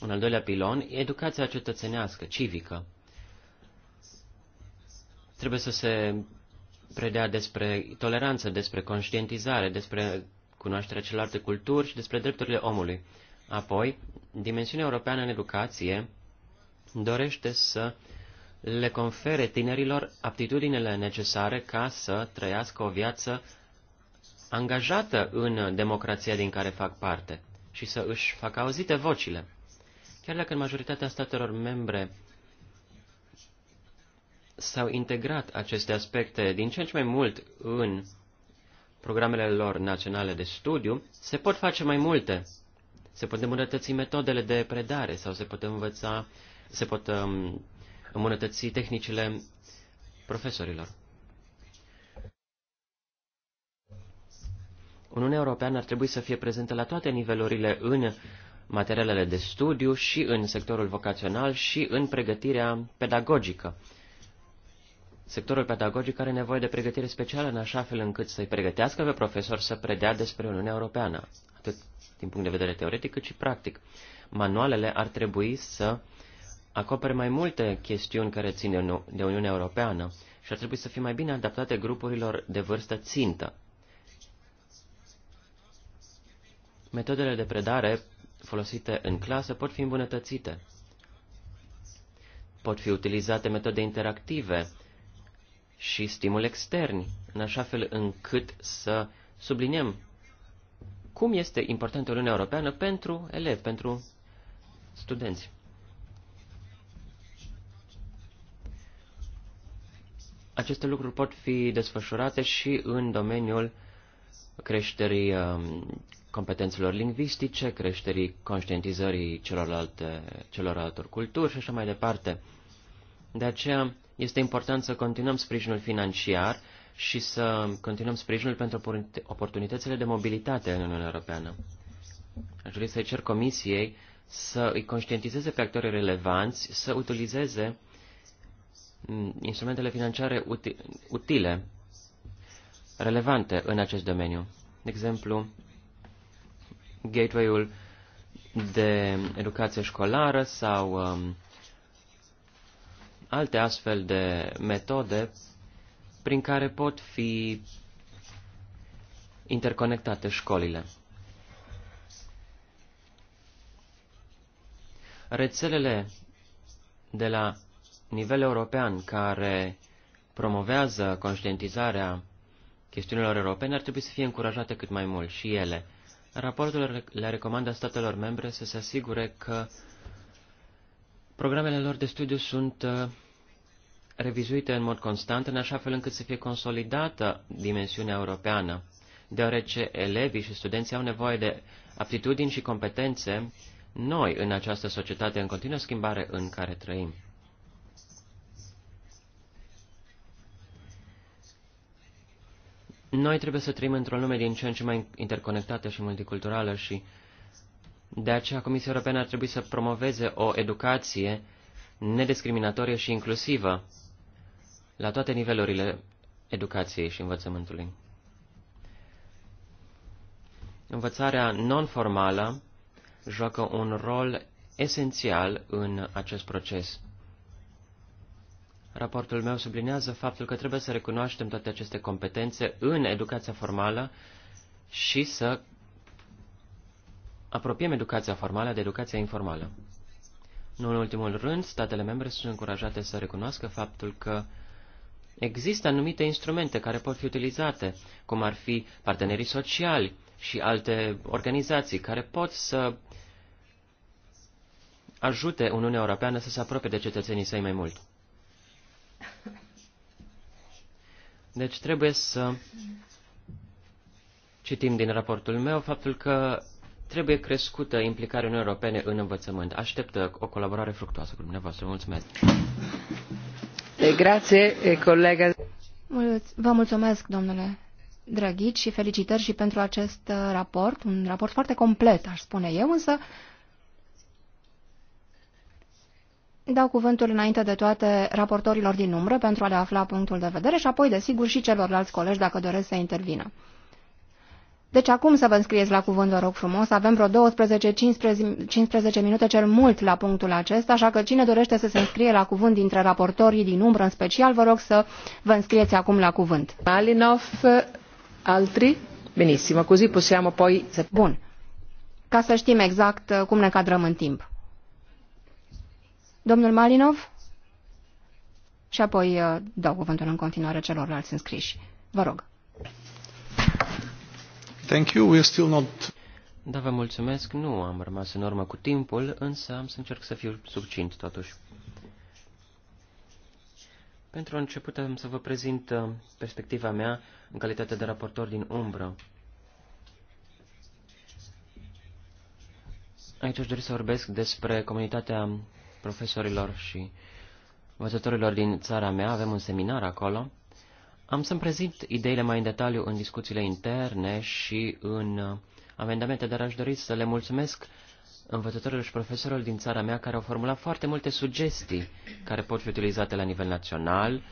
un al doilea pilon, educația cetățenească, civică. Trebuie să se predea despre toleranță, despre conștientizare, despre cunoașterea celorlalte culturi și despre drepturile omului. Apoi, dimensiunea europeană în educație dorește să uh, le confere tinerilor aptitudinile necesare ca să trăiască o viață angajată în democrația din care fac parte și să își facă auzite vocile. Chiar dacă în majoritatea statelor membre s-au integrat aceste aspecte din ce în ce mai mult în programele lor naționale de studiu, se pot face mai multe. Se pot îmbunătăți metodele de predare sau se pot învăța, se pot um, îmbunătăți tehnicile profesorilor. Uniunea Europeană ar trebui să fie prezentă la toate nivelurile în materialele de studiu și în sectorul vocațional și în pregătirea pedagogică. Sectorul pedagogic are nevoie de pregătire specială în așa fel încât să-i pregătească pe profesor să predea despre Uniunea Europeană, atât din punct de vedere teoretic cât și practic. Manualele ar trebui să acoperă mai multe chestiuni care țin de Uniunea Europeană și ar trebui să fie mai bine adaptate grupurilor de vârstă țintă. Metodele de predare folosite în clasă pot fi îmbunătățite. Pot fi utilizate metode interactive și stimul externi, în așa fel încât să subliniem cum este importantă Uniunea Europeană pentru elevi, pentru studenți. Aceste lucruri pot fi desfășurate și în domeniul creșterii um, competențelor lingvistice, creșterii conștientizării celorlalte, celorlaltor culturi și așa mai departe. De aceea este important să continuăm sprijinul financiar și să continuăm sprijinul pentru oportunitățile de mobilitate în Uniunea Europeană. Aș vrea să-i cer Comisiei să îi conștientizeze pe actorii relevanți să utilizeze Mm, instrumentele financiare utile, relevante în acest domeniu. De exemplu, gateway-ul de educație școlară sau um, alte astfel de metode prin care pot fi interconectate școlile. Rețelele de la nivel european care promovează conștientizarea chestiunilor europene ar trebui să fie încurajate cât mai mult și ele. Raportul le recomandă statelor membre să se asigure că programele lor de studiu sunt uh, revizuite în mod constant, în așa fel încât să fie consolidată dimensiunea europeană, deoarece elevii și studenții au nevoie de aptitudini și competențe noi în această societate în continuă schimbare în care trăim. Noi trebuie să trăim într-o lume din ce în ce mai interconectată și multiculturală și de aceea Comisia Europeană ar trebui să promoveze o educație nediscriminatorie și inclusivă la toate nivelurile educației și învățământului. Învățarea non-formală joacă un rol esențial în acest proces. Raportul meu sublinează faptul că trebuie să recunoaștem toate aceste competențe în educația formală și să apropiem educația formală de educația informală. Nu în ultimul rând, statele membre sunt încurajate să recunoască faptul că există anumite instrumente care pot fi utilizate, cum ar fi partenerii sociali și alte organizații care pot să ajute Uniunea Europeană să se apropie de cetățenii săi mai mult. Deci trebuie să citim din raportul meu faptul că trebuie crescută implicarea Uniunii Europene în învățământ. Aștept uh, o colaborare fructuoasă cu dumneavoastră. Mulțumesc! Eh, Grație, eh, colega. Vă mulțumesc, domnule Draghici, și felicitări și pentru acest uh, raport, un raport foarte complet, aș spune eu, însă Dau cuvântul înainte de toate raportorilor din umbră pentru a le afla punctul de vedere și apoi, desigur, și celorlalți colegi dacă doresc să intervină. Deci acum să vă înscrieți la cuvânt, vă rog frumos. Avem vreo 12-15 minute cel mult la punctul acesta, așa că cine dorește să se înscrie la cuvânt dintre raportorii din umbră în special, vă rog să vă înscrieți acum la cuvânt. Malinov, altri? Benissimo, così possiamo poi... Bun. Ca să știm exact uh, cum ne cadrăm în timp. Domnul Malinov? Și apoi uh, dau cuvântul în continuare celorlalți înscriși. Vă rog. Thank you. We're still not... Da, vă mulțumesc. Nu am rămas în urmă cu timpul, însă am să încerc să fiu subcint totuși. Pentru început am să vă prezint uh, perspectiva mea în calitate de raportor din umbră. Aici aș dori să vorbesc despre comunitatea profesorilor și învățătorilor din țara mea, avem un seminar acolo. Am să-mi prezint ideile mai în detaliu în discuțiile interne și în uh, amendamente, dar aș dori să le mulțumesc învățătorilor și profesorilor din țara mea care au formulat foarte multe sugestii care pot fi utilizate la nivel național,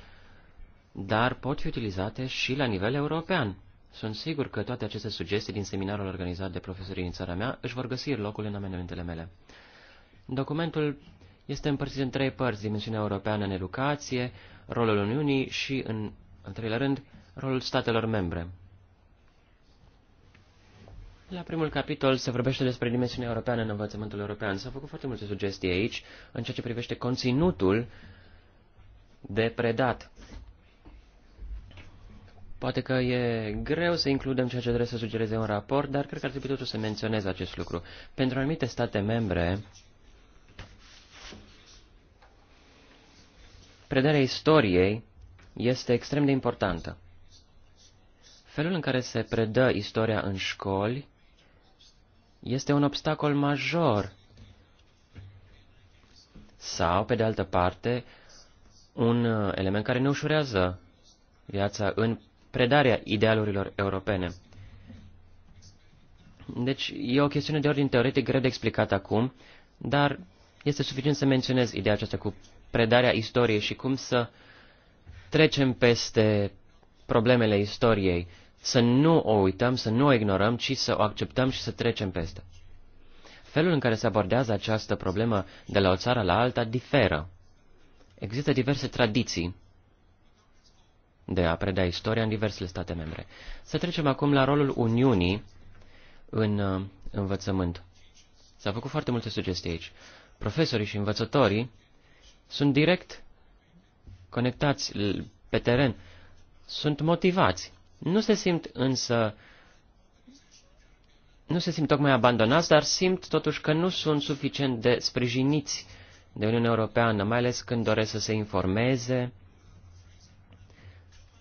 dar pot fi utilizate și la nivel european. Sunt sigur că toate aceste sugestii din seminarul organizat de profesorii din țara mea își vor găsi locul în amendamentele mele. Documentul este împărțit în trei părți, dimensiunea europeană în educație, rolul Uniunii și, în în treilea rând, rolul statelor membre. La primul capitol se vorbește despre dimensiunea europeană în învățământul european. S-au făcut foarte multe sugestii aici în ceea ce privește conținutul de predat. Poate că e greu să includem ceea ce trebuie să sugereze un raport, dar cred că ar trebui totuși să menționez acest lucru. Pentru anumite state membre, predarea istoriei este extrem de importantă. Felul în care se predă istoria în școli este un obstacol major. Sau, pe de altă parte, un uh, element care ne ușurează viața în predarea idealurilor europene. Deci, e o chestiune de ordin teoretic greu de explicat acum, dar este suficient să menționez ideea aceasta cu predarea istoriei și cum să trecem peste problemele istoriei, să nu o uităm, să nu o ignorăm, ci să o acceptăm și să trecem peste. Felul în care se abordează această problemă de la o țară la alta diferă. Există diverse tradiții de a preda istoria în diversele state membre. Să trecem acum la rolul Uniunii în uh, învățământ. S-au făcut foarte multe sugestii aici. Profesorii și învățătorii sunt direct conectați pe teren, sunt motivați. Nu se simt însă, nu se simt tocmai abandonați, dar simt totuși că nu sunt suficient de sprijiniți de Uniunea Europeană, mai ales când doresc să se informeze,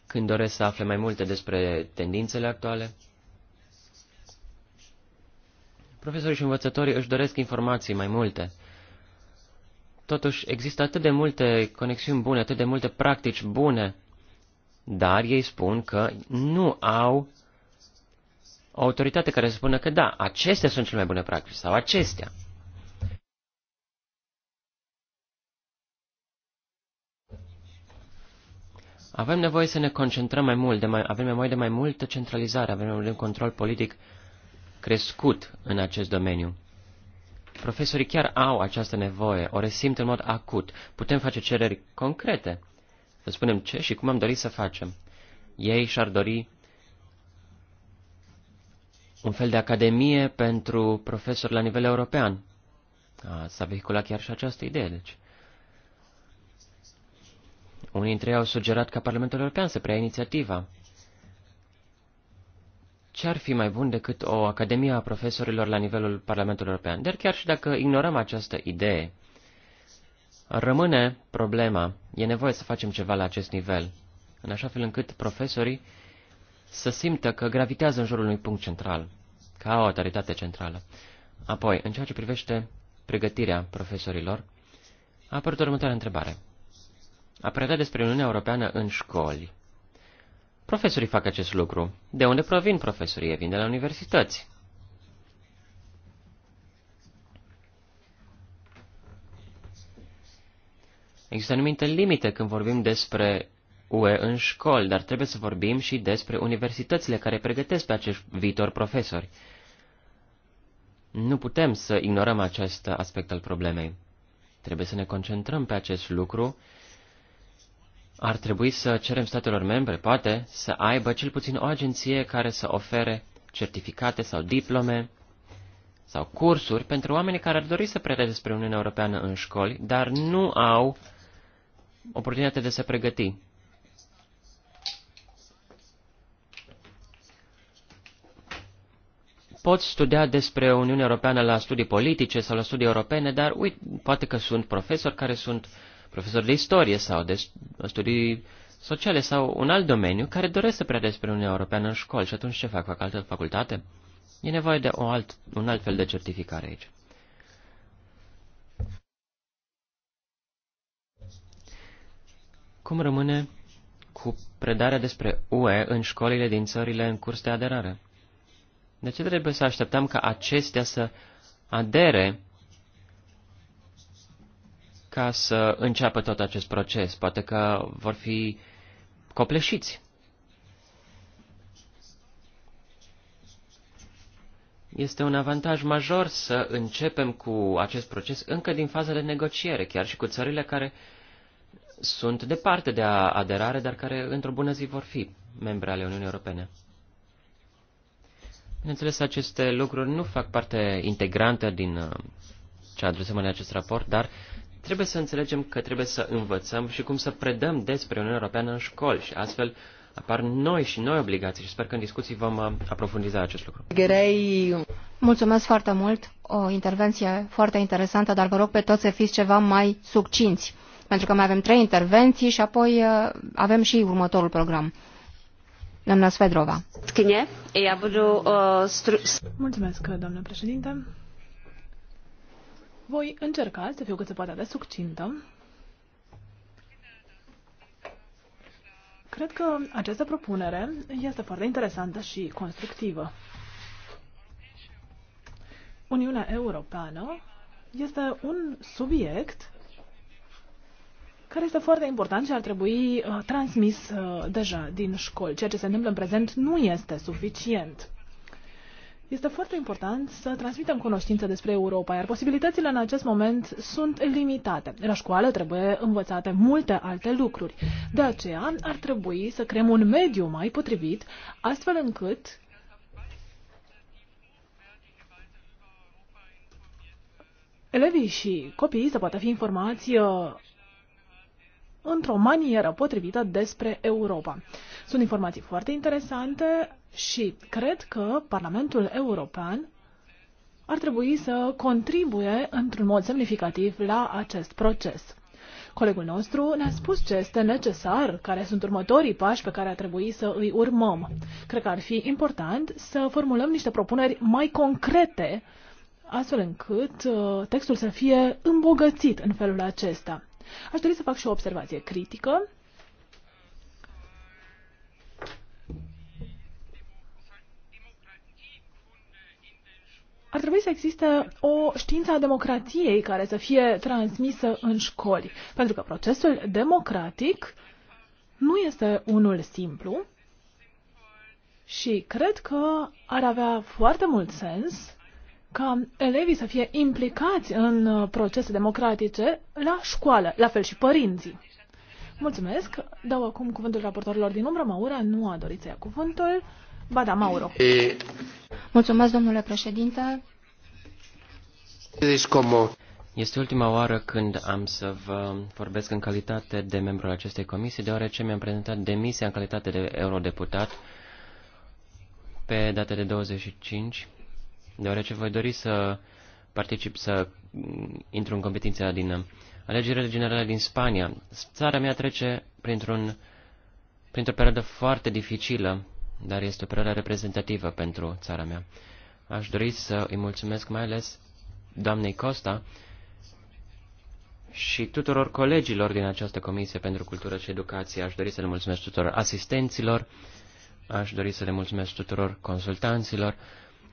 când doresc să afle mai multe despre tendințele actuale. Profesorii și învățătorii își doresc informații mai multe. Totuși, există atât de multe conexiuni bune, atât de multe practici bune, dar ei spun că nu au o autoritate care să spună că da, acestea sunt cele mai bune practici sau acestea. Avem nevoie să ne concentrăm mai mult, de mai, avem nevoie de mai multă centralizare, avem nevoie de un control politic crescut în acest domeniu. Profesorii chiar au această nevoie, o resimt în mod acut. Putem face cereri concrete. Să spunem ce și cum am dorit să facem. Ei și-ar dori un fel de academie pentru profesori la nivel european. S-a vehiculat chiar și această idee, deci. Unii dintre ei au sugerat ca Parlamentul European să preia inițiativa ce ar fi mai bun decât o academie a profesorilor la nivelul Parlamentului European? Dar chiar și dacă ignorăm această idee, rămâne problema. E nevoie să facem ceva la acest nivel, în așa fel încât profesorii să simtă că gravitează în jurul unui punct central, ca o autoritate centrală. Apoi, în ceea ce privește pregătirea profesorilor, a apărut următoarea întrebare. Apărarea despre Uniunea Europeană în școli. Profesorii fac acest lucru. De unde provin profesorii? vin de la universități. Există anumite limite când vorbim despre UE în școli, dar trebuie să vorbim și despre universitățile care pregătesc pe acești viitori profesori. Nu putem să ignorăm acest aspect al problemei. Trebuie să ne concentrăm pe acest lucru ar trebui să cerem statelor membre, poate, să aibă cel puțin o agenție care să ofere certificate sau diplome sau cursuri pentru oamenii care ar dori să predea despre Uniunea Europeană în școli, dar nu au oportunitatea de se pregăti. Pot studia despre Uniunea Europeană la studii politice sau la studii europene, dar uite, poate că sunt profesori care sunt uh, profesori de istorie sau de studii sociale sau un alt domeniu care doresc să predea despre Uniunea Europeană în școli și atunci ce fac? Fac altă facultate? E nevoie de o alt, un alt fel de certificare aici. Cum rămâne cu predarea despre UE în școlile din țările în curs de aderare? De ce trebuie să așteptăm ca acestea să adere ca să înceapă tot acest proces. Poate că vor fi copleșiți. Este un avantaj major să începem cu acest proces încă din faza de negociere, chiar și cu țările care sunt departe de a aderare, dar care într-o bună zi vor fi membre ale Uniunii Europene. Bineînțeles, aceste lucruri nu fac parte integrantă din uh, ce adresăm în acest raport, dar uh, Trebuie să înțelegem că trebuie să învățăm și cum să predăm despre Uniunea Europeană în școli și astfel apar noi și noi obligații și sper că în discuții vom uh, aprofundiza acest lucru. Grei. Mulțumesc foarte mult, o intervenție foarte interesantă, dar vă rog pe toți să fiți ceva mai succinți, pentru că mai avem trei intervenții și apoi uh, avem și următorul program. Doamna Svedrova. Uh, Mulțumesc, doamnă președinte. Voi încerca să fiu cât se poate de succintă. Cred că această propunere este foarte interesantă și constructivă. Uniunea Europeană este un subiect care este foarte important și ar trebui uh, transmis uh, deja din școli. Ceea ce se întâmplă în prezent nu este suficient. Este foarte important să transmitem cunoștință despre Europa, iar posibilitățile în acest moment sunt limitate. La școală trebuie învățate multe alte lucruri. De aceea ar trebui să creăm un mediu mai potrivit, astfel încât elevii și copiii să poată fi informați uh, într-o manieră potrivită despre Europa. Sunt informații foarte interesante și cred că Parlamentul European ar trebui să contribuie într-un mod semnificativ la acest proces. Colegul nostru ne-a spus ce este necesar, care sunt următorii pași pe care ar trebui să îi urmăm. Cred că ar fi important să formulăm niște propuneri mai concrete, astfel încât uh, textul să fie îmbogățit în felul acesta. Aș dori să fac și o observație critică ar trebui să existe o știință a democrației care să fie transmisă în școli, pentru că procesul democratic nu este unul simplu și cred că ar avea foarte mult sens ca elevii să fie implicați în procese democratice la școală, la fel și părinții. Mulțumesc. Dau acum cuvântul raportorilor din umbră. Maura nu a dorit să ia cuvântul. Ba da, Mauro. E... Mulțumesc, domnule președinte. Este ultima oară când am să vă vorbesc în calitate de membru al acestei comisii, deoarece mi-am prezentat demisia în calitate de eurodeputat pe data de 25, deoarece voi dori să particip, să intru în competiția din alegerile generale din Spania. Țara mea trece printr o printr-o perioadă foarte dificilă dar este o perioadă reprezentativă pentru țara mea. Aș dori să îi mulțumesc mai ales doamnei Costa și tuturor colegilor din această Comisie pentru Cultură și Educație. Aș dori să le mulțumesc tuturor asistenților, aș dori să le mulțumesc tuturor consultanților,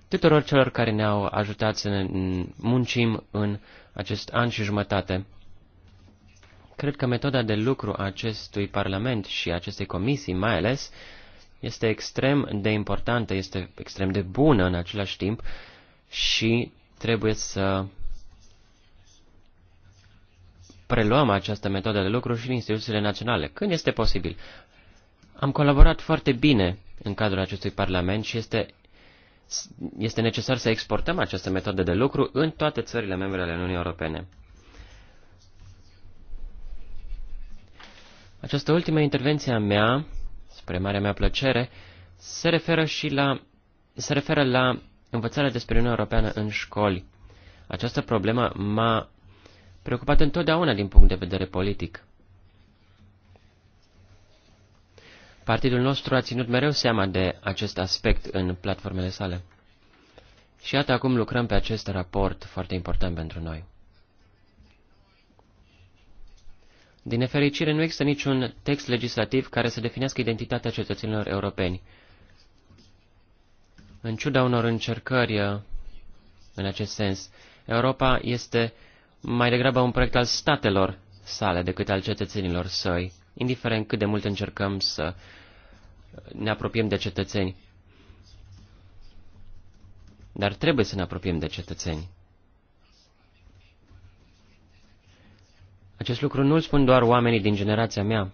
tuturor celor care ne-au ajutat să ne muncim în acest an și jumătate. Cred că metoda de lucru a acestui Parlament și acestei comisii mai ales este extrem de importantă, este extrem de bună în același timp și trebuie să preluăm această metodă de lucru și în instituțiile naționale, când este posibil. Am colaborat foarte bine în cadrul acestui Parlament și este, este necesar să exportăm această metodă de lucru în toate țările membre ale Uniunii Europene. Această ultimă intervenție a mea spre marea mea plăcere, se referă și la, se referă la învățarea despre Uniunea Europeană în școli. Această problemă m-a preocupat întotdeauna din punct de vedere politic. Partidul nostru a ținut mereu seama de acest aspect în platformele sale. Și iată acum lucrăm pe acest raport foarte important pentru noi. Din nefericire, nu există niciun text legislativ care să definească identitatea cetățenilor europeni. În ciuda unor încercări uh, în acest sens, Europa este mai degrabă un proiect al statelor sale decât al cetățenilor săi, indiferent cât de mult încercăm să ne apropiem de cetățeni. Dar trebuie să ne apropiem de cetățeni. Acest lucru nu-l spun doar oamenii din generația mea.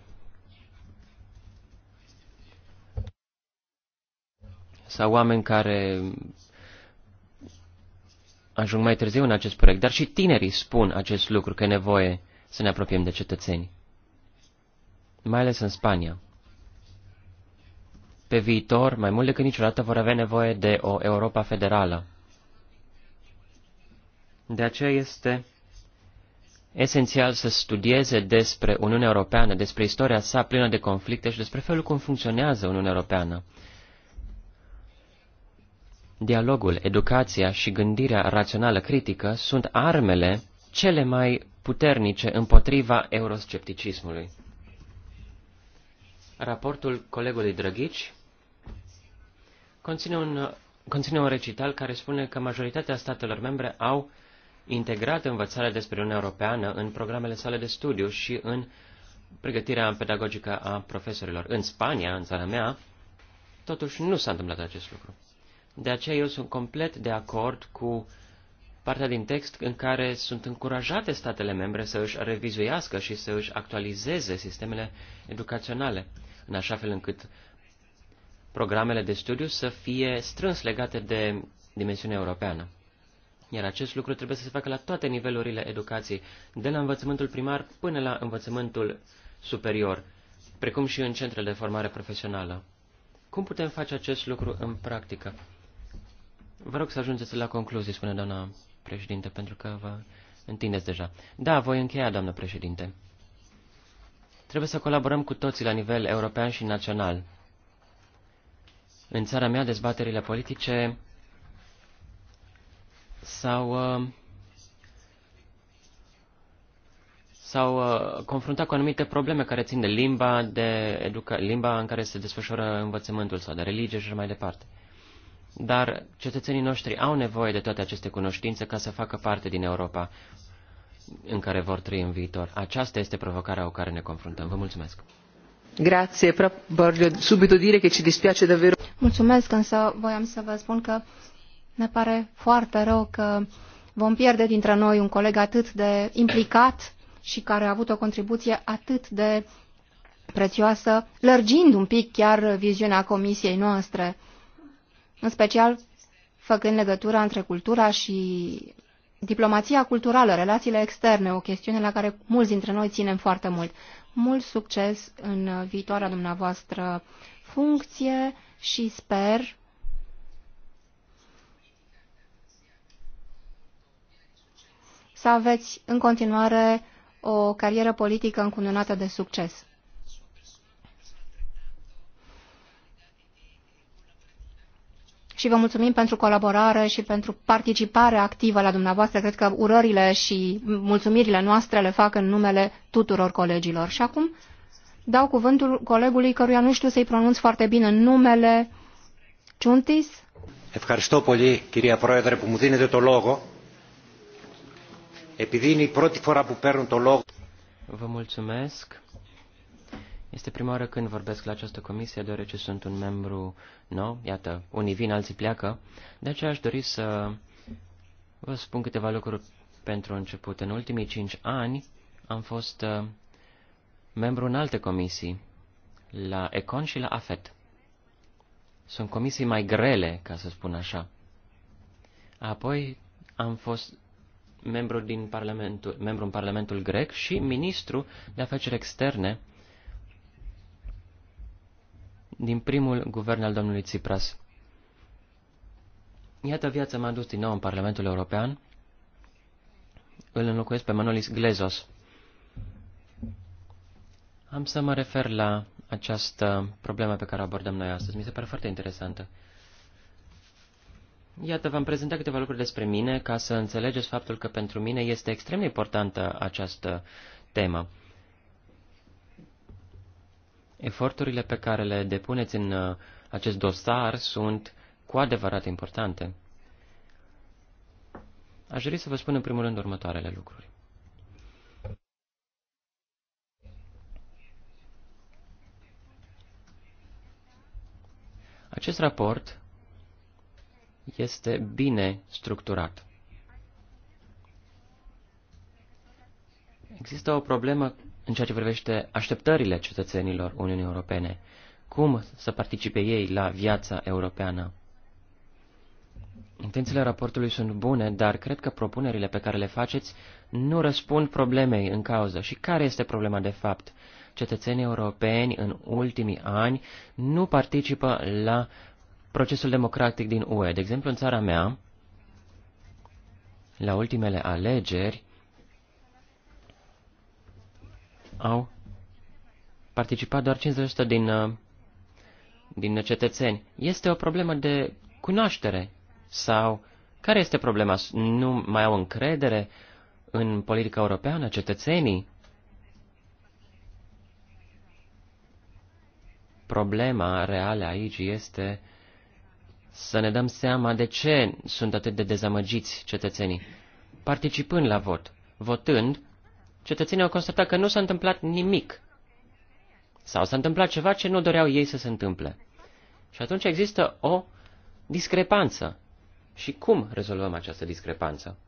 Sau oameni care ajung mai târziu în acest proiect, dar și tinerii spun acest lucru, că e nevoie să ne apropiem de cetățeni. Mai ales în Spania. Pe viitor, mai mult decât niciodată, vor avea nevoie de o Europa federală. De aceea este esențial să studieze despre Uniunea Europeană, despre istoria sa plină de conflicte și despre felul cum funcționează Uniunea Europeană. Dialogul, educația și gândirea rațională critică sunt armele cele mai puternice împotriva euroscepticismului. Raportul colegului Drăghici conține un, conține un recital care spune că majoritatea statelor membre au integrat învățarea despre Uniunea Europeană în programele sale de studiu și în pregătirea pedagogică a profesorilor. În Spania, în țara mea, totuși nu s-a întâmplat acest lucru. De aceea eu sunt complet de acord cu partea din text în care sunt încurajate statele membre să își revizuiască și să își actualizeze sistemele educaționale, în așa fel încât programele de studiu să fie strâns legate de dimensiunea europeană. Iar acest lucru trebuie să se facă la toate nivelurile educației, de la învățământul primar până la învățământul superior, precum și în centrele de formare profesională. Cum putem face acest lucru în practică? Vă rog să ajungeți la concluzii, spune doamna președinte, pentru că vă întindeți deja. Da, voi încheia, doamnă președinte. Trebuie să colaborăm cu toții la nivel european și național. În țara mea, dezbaterile politice s-au uh, s-au uh, confruntat cu anumite probleme care țin de limba, de educa- limba în care se desfășoară învățământul sau de religie și mai departe. Dar cetățenii noștri au nevoie de toate aceste cunoștințe ca să facă parte din Europa în care vor trăi în viitor. Aceasta este provocarea cu care ne confruntăm. Vă mulțumesc. Grazie, subito dire che ci dispiace davvero. Mulțumesc, însă voiam să vă spun că ne pare foarte rău că vom pierde dintre noi un coleg atât de implicat și care a avut o contribuție atât de prețioasă, lărgind un pic chiar viziunea comisiei noastre, în special făcând legătura între cultura și diplomația culturală, relațiile externe, o chestiune la care mulți dintre noi ținem foarte mult. Mult succes în viitoarea dumneavoastră funcție și sper să aveți în continuare o carieră politică încununată de succes. Și vă mulțumim pentru colaborare și pentru participare activă la dumneavoastră. Cred că urările și mulțumirile noastre le fac în numele tuturor colegilor. Și acum dau cuvântul colegului căruia nu știu să-i pronunț foarte bine numele Ciuntis. Ευχαριστώ πολύ, κυρία Πρόεδρε, που μου δίνετε το λόγο. Vă mulțumesc. Este prima oară când vorbesc la această comisie, deoarece sunt un membru nou. Iată, unii vin, alții pleacă. De aceea aș dori să vă spun câteva lucruri pentru început. În ultimii cinci ani am fost uh, membru în alte comisii, la Econ și la AFET. Sunt comisii mai grele, ca să spun așa. Apoi am fost membru, din parlamentul, membru în Parlamentul grec și ministru de afaceri externe din primul guvern al domnului Tsipras. Iată, viața m-a dus din nou în Parlamentul European. Îl înlocuiesc pe Manolis Glezos. Am să mă refer la această problemă pe care o abordăm noi astăzi. Mi se pare foarte interesantă. Iată, v-am prezentat câteva lucruri despre mine ca să înțelegeți faptul că pentru mine este extrem de importantă această temă. Eforturile pe care le depuneți în uh, acest dosar sunt cu adevărat importante. Aș dori să vă spun în primul rând următoarele lucruri. Acest raport este bine structurat. Există o problemă în ceea ce privește așteptările cetățenilor Uniunii Europene. Cum să participe ei la viața europeană? Intențiile raportului sunt bune, dar cred că propunerile pe care le faceți nu răspund problemei în cauză. Și care este problema de fapt? Cetățenii europeni în ultimii ani nu participă la procesul democratic din UE. De exemplu, în țara mea, la ultimele alegeri, au participat doar 50% din, uh, din cetățeni. Este o problemă de cunoaștere sau care este problema? Nu mai au încredere în politica europeană cetățenii? Problema reală aici este să ne dăm seama de ce sunt atât de dezamăgiți cetățenii. Participând la vot, votând, cetățenii au constatat că nu s-a întâmplat nimic. Sau s-a întâmplat ceva ce nu doreau ei să se întâmple. Și atunci există o discrepanță. Și cum rezolvăm această discrepanță?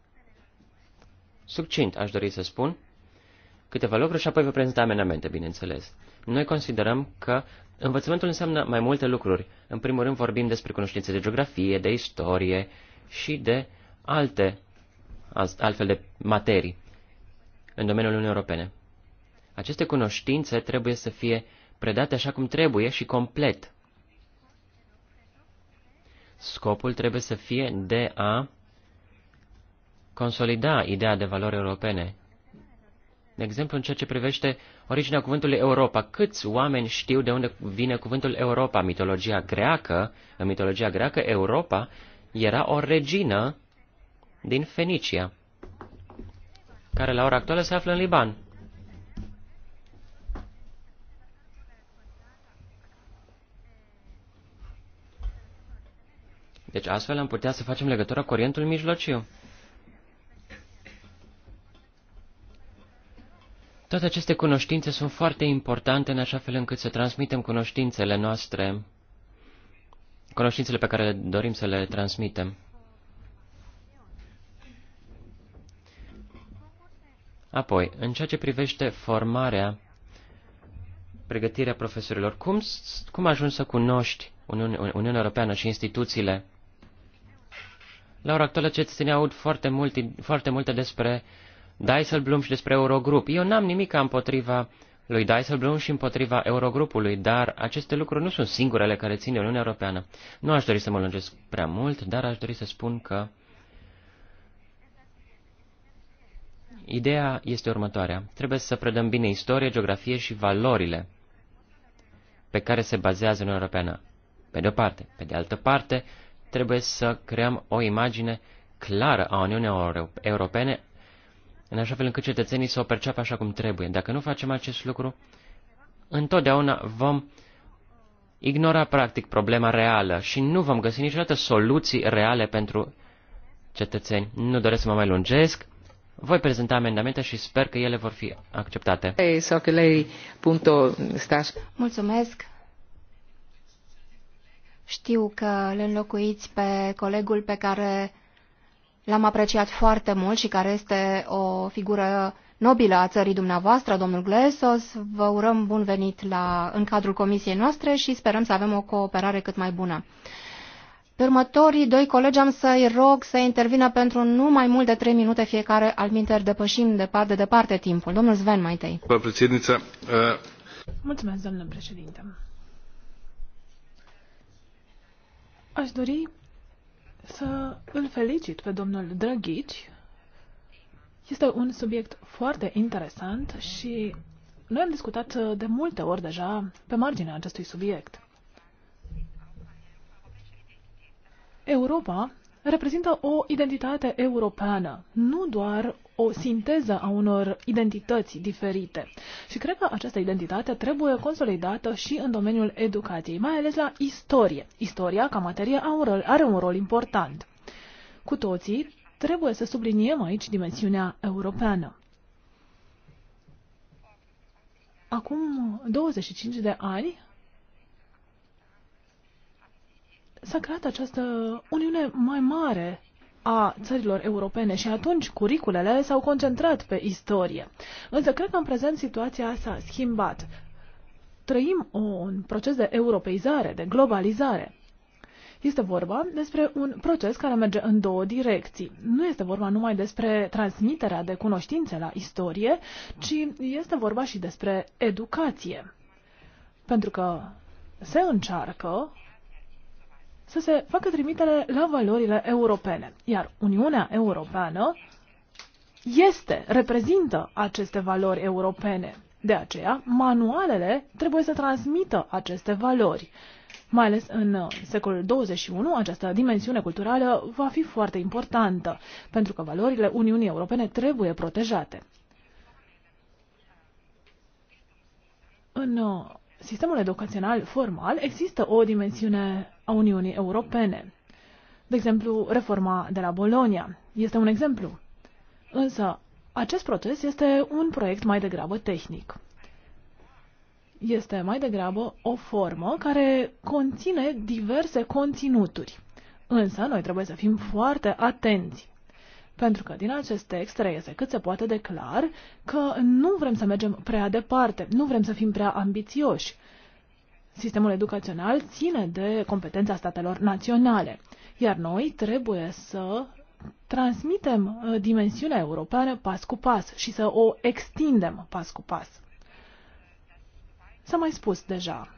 Succint, aș dori să spun, câteva lucruri și apoi vă prezint amenamente, bineînțeles. Noi considerăm că învățământul înseamnă mai multe lucruri. În primul rând vorbim despre cunoștințe de geografie, de istorie și de alte altfel de materii în domeniul Uniunii Europene. Aceste cunoștințe trebuie să fie predate așa cum trebuie și complet. Scopul trebuie să fie de a consolida ideea de valori europene de exemplu, în ceea ce privește originea cuvântului Europa, câți oameni știu de unde vine cuvântul Europa? Mitologia greacă, în mitologia greacă, Europa era o regină din Fenicia, care la ora actuală se află în Liban. Deci astfel am putea să facem legătura cu Orientul Mijlociu. Toate aceste cunoștințe sunt foarte importante în așa fel încât să transmitem cunoștințele noastre, cunoștințele pe care le dorim să le transmitem. Apoi, în ceea ce privește formarea, pregătirea profesorilor, cum, cum ajungi să cunoști Uni- Uni- Europeană și instituțiile? La ora actuală ține aud foarte multe, foarte multe despre Dijsselbloem și despre Eurogrup. Eu n-am nimic împotriva lui Dijsselbloem și împotriva Eurogrupului, dar aceste lucruri nu sunt singurele care țin de Uniunea Europeană. Nu aș dori să mă lungesc prea mult, dar aș dori să spun că Ideea este următoarea. Trebuie să predăm bine istorie, geografie și valorile pe care se bazează Uniunea Europeană. Pe de o parte. Pe de altă parte, trebuie să creăm o imagine clară a Uniunii Europene în așa fel încât cetățenii să o perceapă așa cum trebuie. Dacă nu facem acest lucru, întotdeauna vom ignora practic problema reală și nu vom găsi niciodată soluții reale pentru cetățeni. Nu doresc să mă mai lungesc. Voi prezenta amendamente și sper că ele vor fi acceptate. Mulțumesc. Știu că îl înlocuiți pe colegul pe care l-am apreciat foarte mult și care este o figură nobilă a țării dumneavoastră, domnul Glesos. Vă urăm bun venit la, în cadrul comisiei noastre și sperăm să avem o cooperare cât mai bună. Pe următorii doi colegi am să-i rog să intervină pentru nu mai mult de trei minute fiecare, minter depășim de, de departe timpul. Domnul Sven, mai întâi. Uh... Mulțumesc, domnule președinte. Aș dori să îl felicit pe domnul Drăghici. Este un subiect foarte interesant și noi am discutat de multe ori deja pe marginea acestui subiect. Europa reprezintă o identitate europeană, nu doar o sinteză a unor identități diferite. Și cred că această identitate trebuie consolidată și în domeniul educației, mai ales la istorie. Istoria, ca materie, are un rol important. Cu toții, trebuie să subliniem aici dimensiunea europeană. Acum 25 de ani, s-a creat această uniune mai mare a țărilor europene și atunci curiculele s-au concentrat pe istorie. Însă cred că în prezent situația s-a schimbat. Trăim un proces de europeizare, de globalizare. Este vorba despre un proces care merge în două direcții. Nu este vorba numai despre transmiterea de cunoștințe la istorie, ci este vorba și despre educație. Pentru că se încearcă să se facă trimitere la valorile europene. Iar Uniunea Europeană este, reprezintă aceste valori europene. De aceea, manualele trebuie să transmită aceste valori. Mai ales în uh, secolul 21, această dimensiune culturală va fi foarte importantă, pentru că valorile Uniunii Europene trebuie protejate. În uh, sistemul educațional formal există o dimensiune a Uniunii Europene. De exemplu, reforma de la Bolonia este un exemplu. Însă, acest proces este un proiect mai degrabă tehnic. Este mai degrabă o formă care conține diverse conținuturi. Însă, noi trebuie să fim foarte atenți. Pentru că din acest text reiese cât se poate de clar că nu vrem să mergem prea departe, nu vrem să fim prea ambițioși. Sistemul educațional ține de competența statelor naționale, iar noi trebuie să transmitem uh, dimensiunea europeană pas cu pas și să o extindem pas cu pas. S-a mai spus deja.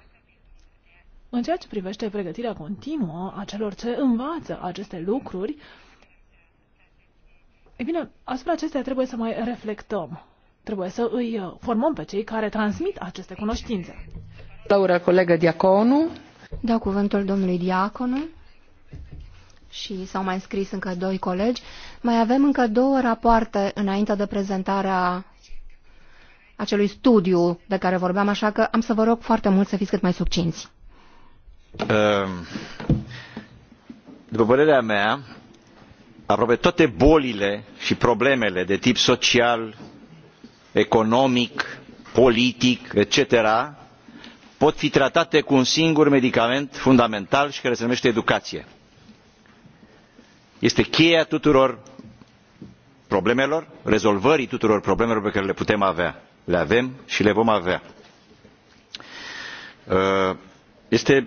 În ceea ce privește pregătirea continuă a celor ce învață aceste lucruri, e bine, asupra acestea trebuie să mai reflectăm. Trebuie să îi uh, formăm pe cei care transmit aceste cunoștințe. Laura, colegă Diaconu. Dau cuvântul domnului Diaconu și s-au mai scris încă doi colegi. Mai avem încă două rapoarte înainte de prezentarea acelui studiu de care vorbeam, așa că am să vă rog foarte mult să fiți cât mai succinți. Ehm, după părerea mea, aproape toate bolile și problemele de tip social, economic, politic, etc., pot fi tratate cu un singur medicament fundamental și care se numește educație. Este cheia tuturor problemelor, rezolvării tuturor problemelor pe care le putem avea. Le avem și le vom avea. Uh, este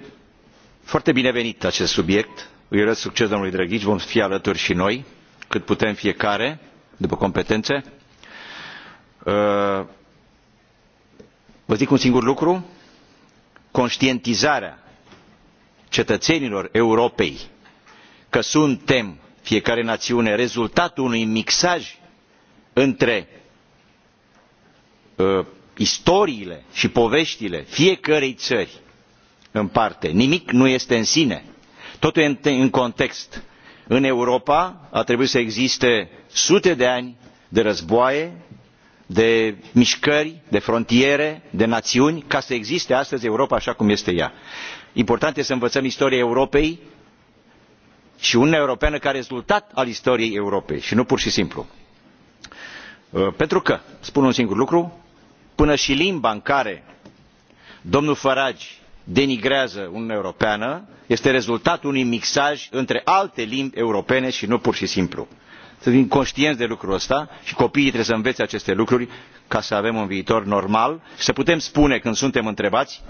foarte binevenit acest subiect. Îi urez succes domnului Drăghici, vom fi alături și noi, cât putem fiecare, după competențe. Uh, vă zic un singur lucru, conștientizarea cetățenilor Europei că suntem fiecare națiune rezultatul unui mixaj între uh, istoriile și poveștile fiecărei țări în parte. Nimic nu este în sine. Totul este în context. În Europa a trebuit să existe sute de ani de războaie, de mișcări de frontiere de națiuni ca să existe astăzi europa așa cum este ea. important este să învățăm istoria europei și uniunea europeană ca rezultat al istoriei europei și nu pur și simplu. Uh, pentru că spun un singur lucru până și limba în care domnul farage denigrează uniunea europeană este rezultatul unui mixaj între alte limbi europene și nu pur și simplu să fim conștienți de lucrul ăsta și copiii trebuie să învețe aceste lucruri ca să avem un viitor normal și să putem spune când suntem întrebați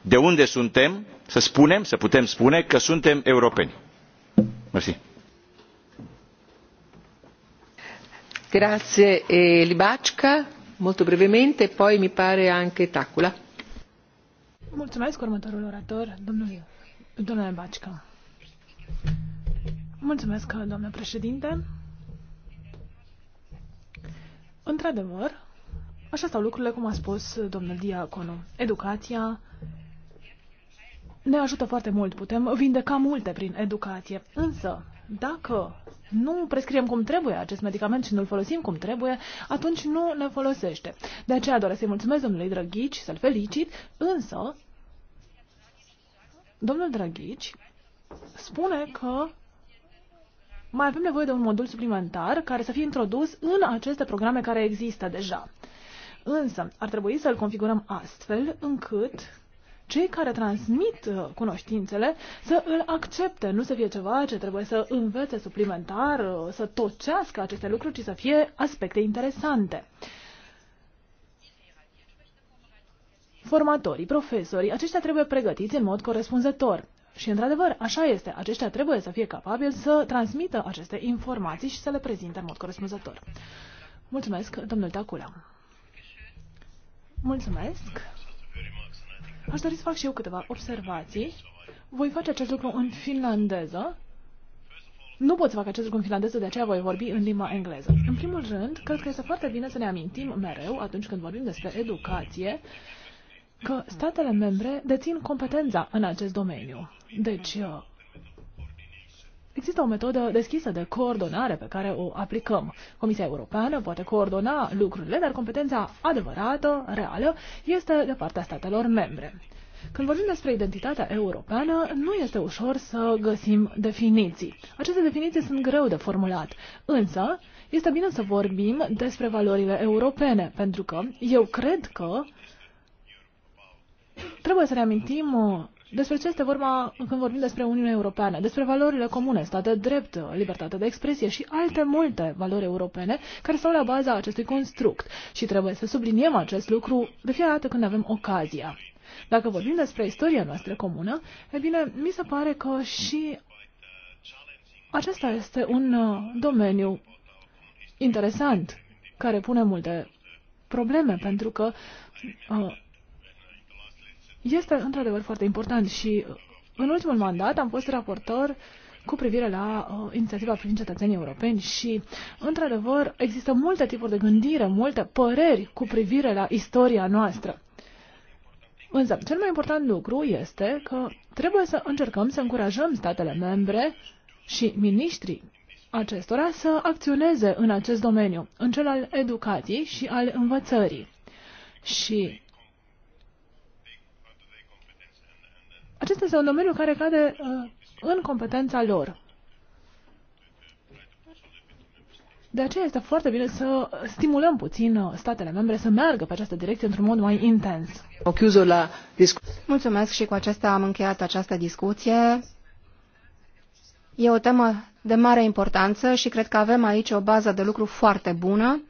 de unde suntem, să spunem, să putem spune că suntem europeni. Mersi. Grazie e eh, Libacca, molto brevemente, poi mi pare anche Tacula. Mulțumesc, următorul orator, domnul, domnule Libacca. Mulțumesc, doamnă președinte. Într-adevăr, așa stau lucrurile, cum a spus domnul Diaconu. Educația ne ajută foarte mult, putem vindeca multe prin educație, însă dacă nu prescriem cum trebuie acest medicament și nu-l folosim cum trebuie, atunci nu ne folosește. De aceea doresc să-i mulțumesc domnului Drăghici, să-l felicit, însă domnul Drăghici spune că mai avem nevoie de un modul suplimentar care să fie introdus în aceste programe care există deja. Însă, ar trebui să-l configurăm astfel încât cei care transmit uh, cunoștințele să îl accepte, nu să fie ceva ce trebuie să învețe suplimentar, uh, să tocească aceste lucruri, ci să fie aspecte interesante. Formatorii, profesorii, aceștia trebuie pregătiți în mod corespunzător. Și, într-adevăr, așa este. Aceștia trebuie să fie capabili să transmită aceste informații și să le prezinte în mod corespunzător. Mulțumesc, domnul Tacula. Mulțumesc. Aș dori să fac și eu câteva observații. Voi face acest lucru în finlandeză. Nu pot să fac acest lucru în finlandeză, de aceea voi vorbi în limba engleză. În primul rând, cred că este foarte bine să ne amintim mereu, atunci când vorbim despre educație, că statele membre dețin competența în acest domeniu. Deci, uh, Există o metodă deschisă de coordonare pe care o aplicăm. Comisia Europeană poate coordona lucrurile, dar competența adevărată, reală, este de partea statelor membre. Când vorbim despre identitatea europeană, nu este ușor să găsim definiții. Aceste definiții sunt greu de formulat, însă este bine să vorbim despre valorile europene, pentru că eu cred că trebuie să amintim uh, despre ce este vorba când vorbim despre Uniunea Europeană, despre valorile comune, stat de drept, libertate de expresie și alte multe valori europene care stau la baza acestui construct. Și trebuie să subliniem acest lucru de fiecare dată când avem ocazia. Dacă vorbim despre istoria noastră comună, e bine, mi se pare că și acesta este un uh, domeniu interesant care pune multe probleme, pentru că uh, este într-adevăr foarte important și uh, în ultimul mandat am fost raportor cu privire la uh, inițiativa privind cetățenii europeni și, într-adevăr, există multe tipuri de gândire, multe păreri cu privire la istoria noastră. Însă, cel mai important lucru este că trebuie să încercăm să încurajăm statele membre și miniștrii acestora să acționeze în acest domeniu, în cel al educației și al învățării. Și Acesta este un domeniu care cade uh, în competența lor. De aceea este foarte bine să stimulăm puțin uh, statele membre să meargă pe această direcție într-un mod mai intens. Mulțumesc și cu acesta am încheiat această discuție. E o temă de mare importanță și cred că avem aici o bază de lucru foarte bună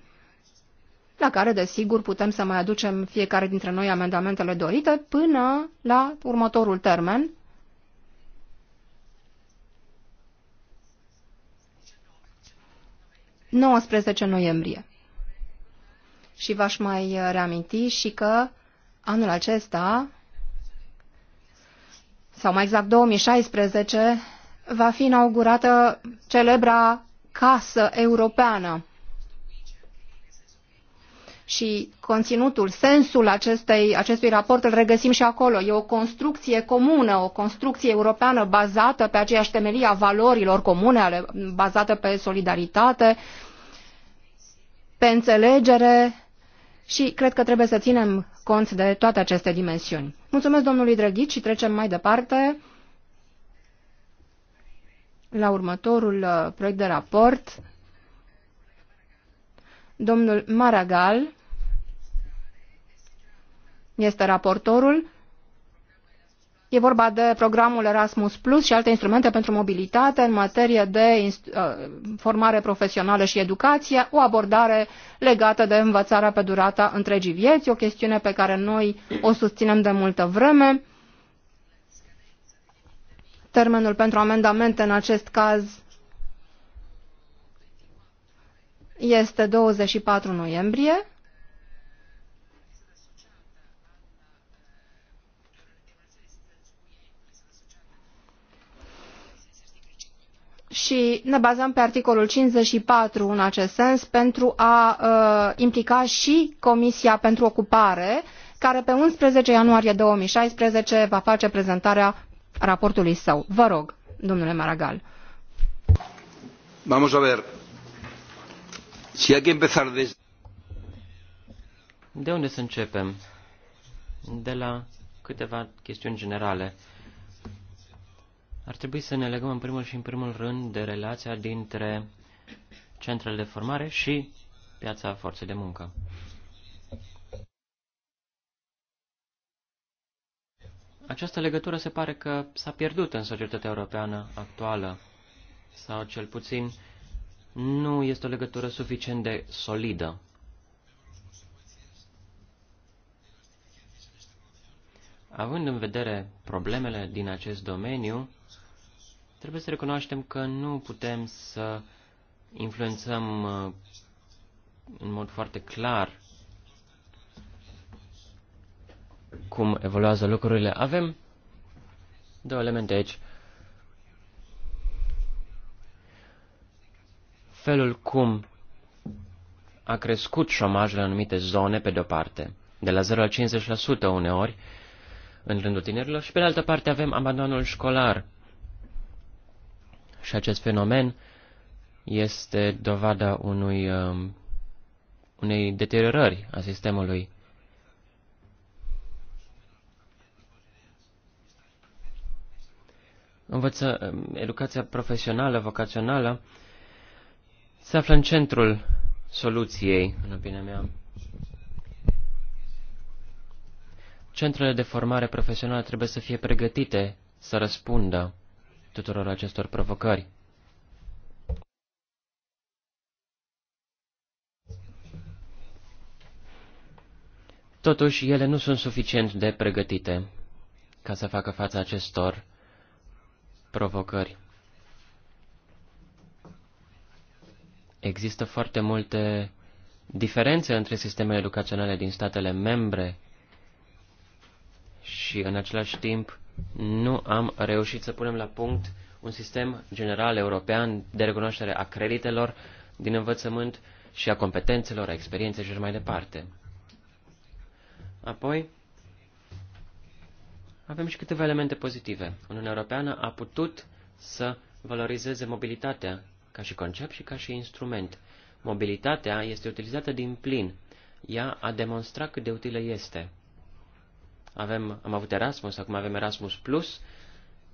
la care, desigur, putem să mai aducem fiecare dintre noi amendamentele dorite până la următorul termen. ...19 noiembrie. Și v-aș mai reaminti și că anul acesta, sau mai exact 2016, va fi inaugurată celebra Casă Europeană, și conținutul, sensul acestei, acestui raport îl regăsim și acolo. E o construcție comună, o construcție europeană bazată pe aceeași temelie a valorilor comune, bazată pe solidaritate, pe înțelegere și cred că trebuie să ținem cont de toate aceste dimensiuni. Mulțumesc domnului Drăghici și trecem mai departe la următorul uh, proiect de raport Domnul Maragall este raportorul. E vorba de programul Erasmus Plus și alte instrumente pentru mobilitate în materie de uh, formare profesională și educație, o abordare legată de învățarea pe durata întregii vieți, o chestiune pe care noi o susținem de multă vreme. Termenul pentru amendamente în acest caz este 24 noiembrie. și ne bazăm pe articolul 54 în acest sens pentru a uh, implica și Comisia pentru Ocupare, care pe 11 ianuarie 2016 va face prezentarea raportului său. Vă rog, domnule Maragal. Vamos a ver. Si hay que empezar De unde să începem? De la câteva chestiuni generale. Ar trebui să ne legăm în primul și în primul rând de relația dintre centrele de formare și piața forței de muncă. Această legătură se pare că s-a pierdut în societatea europeană actuală, sau cel puțin nu este o legătură suficient de solidă. Având în vedere problemele din acest domeniu, trebuie să recunoaștem că nu putem să influențăm uh, în mod foarte clar cum evoluează lucrurile. Avem două elemente aici. felul cum a crescut șomajul în anumite zone, pe de-o parte, de la 0 la 50% uneori, în rândul tinerilor, și pe de altă parte avem abandonul școlar. Și acest fenomen este dovada unui, um, unei deteriorări a sistemului. Învăță, um, educația profesională, vocațională, se află în centrul soluției, în opinia mea. Centrele de formare profesională trebuie să fie pregătite să răspundă tuturor acestor provocări. Totuși, ele nu sunt suficient de pregătite ca să facă față acestor provocări. Există foarte multe diferențe între sistemele educaționale din statele membre și în același timp nu am reușit să punem la punct un sistem general european de recunoaștere a creditelor din învățământ și a competențelor, a experienței și mai departe. Apoi, avem și câteva elemente pozitive. Uniunea Europeană a putut să valorizeze mobilitatea ca și concept și ca și instrument. Mobilitatea este utilizată din plin. Ea a demonstrat cât de utilă este. Avem, am avut Erasmus, acum avem Erasmus+, Plus.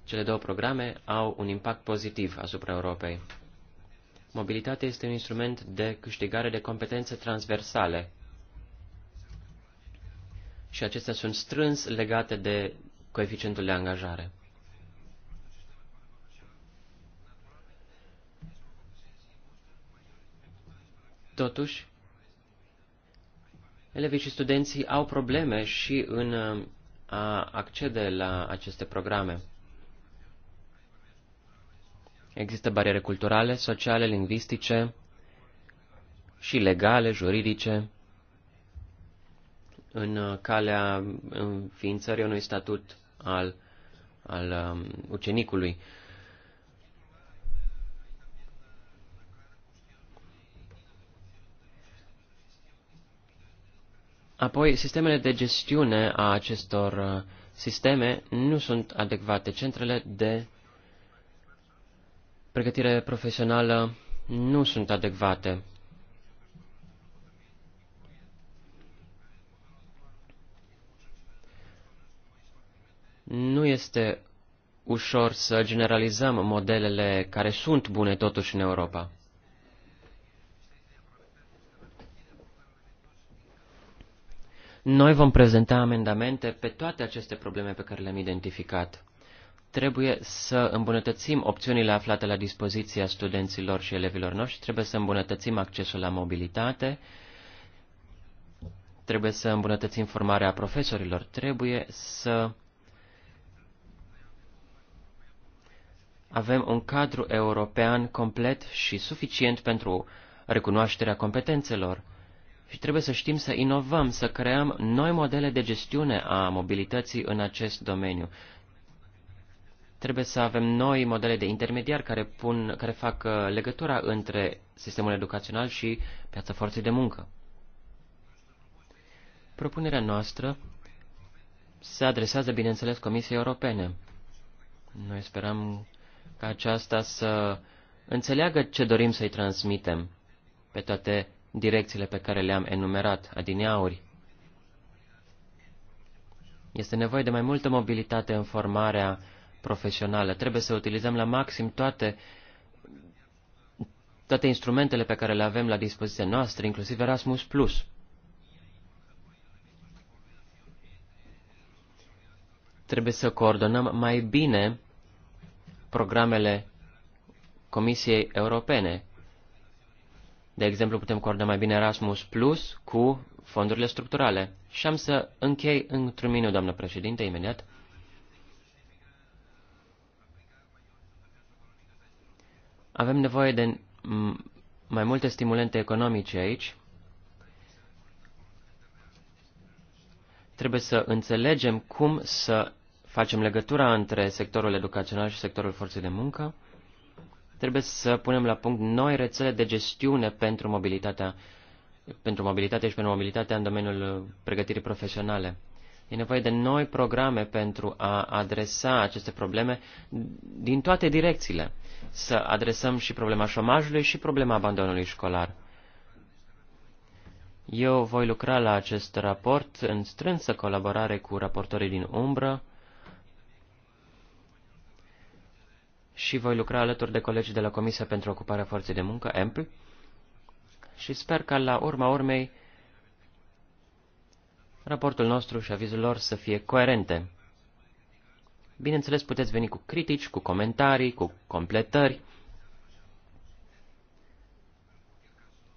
cele două programe au un impact pozitiv asupra Europei. Mobilitatea este un instrument de câștigare de competențe transversale. Și acestea sunt strâns legate de coeficientul de angajare. Totuși, elevii și studenții au probleme și în uh, a accede la aceste programe. Există bariere culturale, sociale, lingvistice și legale, juridice, în uh, calea înființării unui statut al, al um, ucenicului. Apoi, sistemele de gestiune a acestor uh, sisteme nu sunt adecvate. Centrele de pregătire profesională nu sunt adecvate. Nu este ușor să generalizăm modelele care sunt bune totuși în Europa. Noi vom prezenta amendamente pe toate aceste probleme pe care le-am identificat. Trebuie să îmbunătățim opțiunile aflate la dispoziția studenților și elevilor noștri, trebuie să îmbunătățim accesul la mobilitate, trebuie să îmbunătățim formarea profesorilor, trebuie să avem un cadru european complet și suficient pentru recunoașterea competențelor și trebuie să știm să inovăm, să creăm noi modele de gestiune a mobilității în acest domeniu. Trebuie să avem noi modele de intermediari care, pun, care fac uh, legătura între sistemul educațional și piața forței de muncă. Propunerea noastră se adresează, bineînțeles, Comisiei Europene. Noi sperăm ca aceasta să înțeleagă ce dorim să-i transmitem pe toate direcțiile pe care le-am enumerat adineauri. Este nevoie de mai multă mobilitate în formarea profesională. Trebuie să utilizăm la maxim toate, toate instrumentele pe care le avem la dispoziția noastră, inclusiv Erasmus+. Plus. Trebuie să coordonăm mai bine programele Comisiei Europene de exemplu, putem coordona mai bine Erasmus Plus cu fondurile structurale. Și am să închei într-un minut, doamnă președinte, imediat. Avem nevoie de mai multe stimulente economice aici. Trebuie să înțelegem cum să facem legătura între sectorul educațional și sectorul forței de muncă. Trebuie să punem la punct noi rețele de gestiune pentru mobilitatea pentru mobilitate și pentru mobilitatea în domeniul uh, pregătirii profesionale. E nevoie de noi programe pentru a adresa aceste probleme din toate direcțiile. Să adresăm și problema șomajului și problema abandonului școlar. Eu voi lucra la acest raport în strânsă colaborare cu raportorii din umbră și voi lucra alături de colegi de la Comisia pentru Ocuparea Forței de Muncă, EMPL, și sper ca la urma urmei raportul nostru și avizul lor să fie coerente. Bineînțeles, puteți veni cu critici, cu comentarii, cu completări.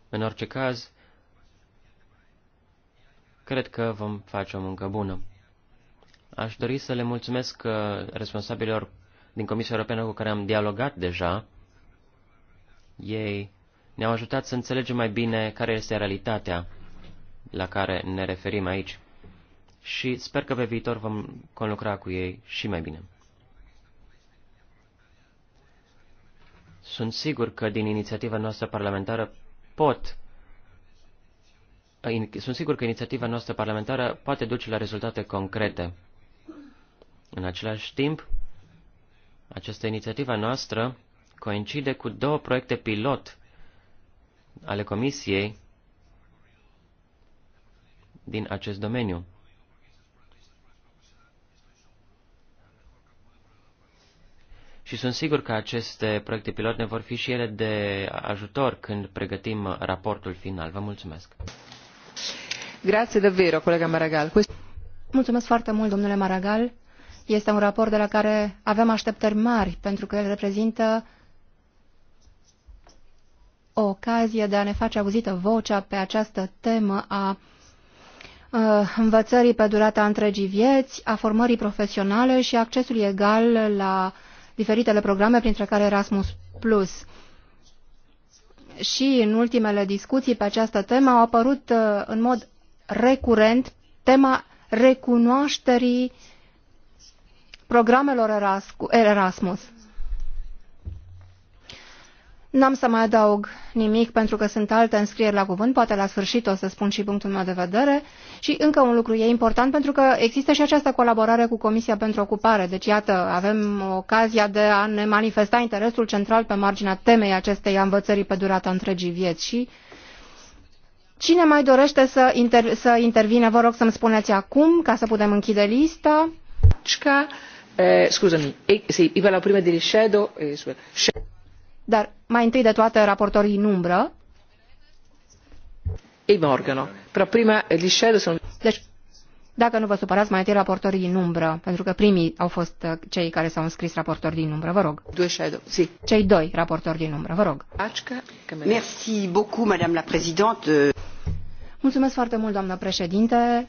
În orice caz, cred că vom face o muncă bună. Aș dori să le mulțumesc uh, responsabililor din Comisia Europeană cu care am dialogat deja, ei ne-au ajutat să înțelegem mai bine care este realitatea la care ne referim aici și sper că pe viitor vom conlucra cu ei și mai bine. Sunt sigur că din inițiativa noastră parlamentară pot ă, sunt sigur că inițiativa noastră parlamentară poate duce la rezultate concrete. În același timp, această inițiativă noastră coincide cu două proiecte pilot ale Comisiei din acest domeniu. Și sunt sigur că aceste proiecte pilot ne vor fi și ele de ajutor când pregătim raportul final. Vă mulțumesc. Grazie davvero, colega Maragall. Mulțumesc foarte mult, domnule Maragall. Este un raport de la care avem așteptări mari, pentru că el reprezintă o ocazie de a ne face auzită vocea pe această temă a învățării pe durata întregii vieți, a formării profesionale și accesului egal la diferitele programe, printre care Erasmus+. Plus. Și în ultimele discuții pe această temă au apărut uh, în mod recurent tema recunoașterii uh, programelor Erasmus. N-am să mai adaug nimic pentru că sunt alte înscrieri la cuvânt, poate la sfârșit o să spun și punctul meu de vedere. Și încă un lucru e important pentru că există și această colaborare cu Comisia pentru Ocupare. Deci, iată, avem ocazia de a ne manifesta interesul central pe marginea temei acestei învățării pe durata întregii vieți. Și cine mai dorește să, inter- să intervine, vă rog să-mi spuneți acum ca să putem închide lista. Cica. Eh, e, prima Dar mai întâi de toate raportorii în umbră. prima eh, Deci, dacă nu vă supărați, mai întâi raportorii în umbră, pentru că primii au fost eh, cei care s-au înscris raportori din umbră, vă rog. Cei doi raportori din umbră, vă rog. Mulțumesc foarte mult, doamnă președinte.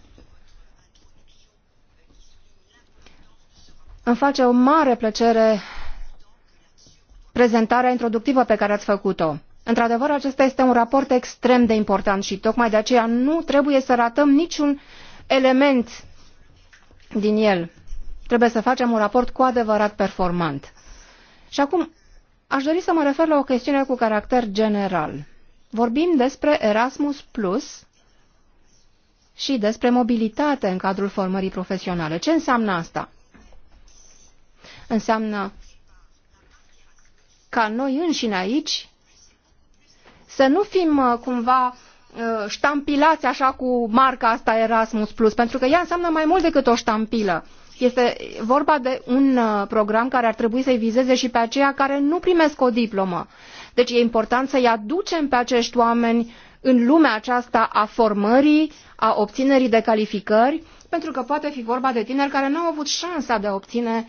Îmi face o mare plăcere prezentarea introductivă pe care ați făcut-o. Într-adevăr, acesta este un raport extrem de important și tocmai de aceea nu trebuie să ratăm niciun element din el. Trebuie să facem un raport cu adevărat performant. Și acum aș dori să mă refer la o chestiune cu caracter general. Vorbim despre Erasmus Plus și despre mobilitate în cadrul formării profesionale. Ce înseamnă asta? Înseamnă ca noi înșine aici să nu fim uh, cumva uh, ștampilați așa cu marca asta Erasmus+, Plus, pentru că ea înseamnă mai mult decât o ștampilă. Este vorba de un uh, program care ar trebui să-i vizeze și pe aceia care nu primesc o diplomă. Deci e important să-i aducem pe acești oameni în lumea aceasta a formării, a obținerii de calificări, pentru că poate fi vorba de tineri care nu au avut șansa de a obține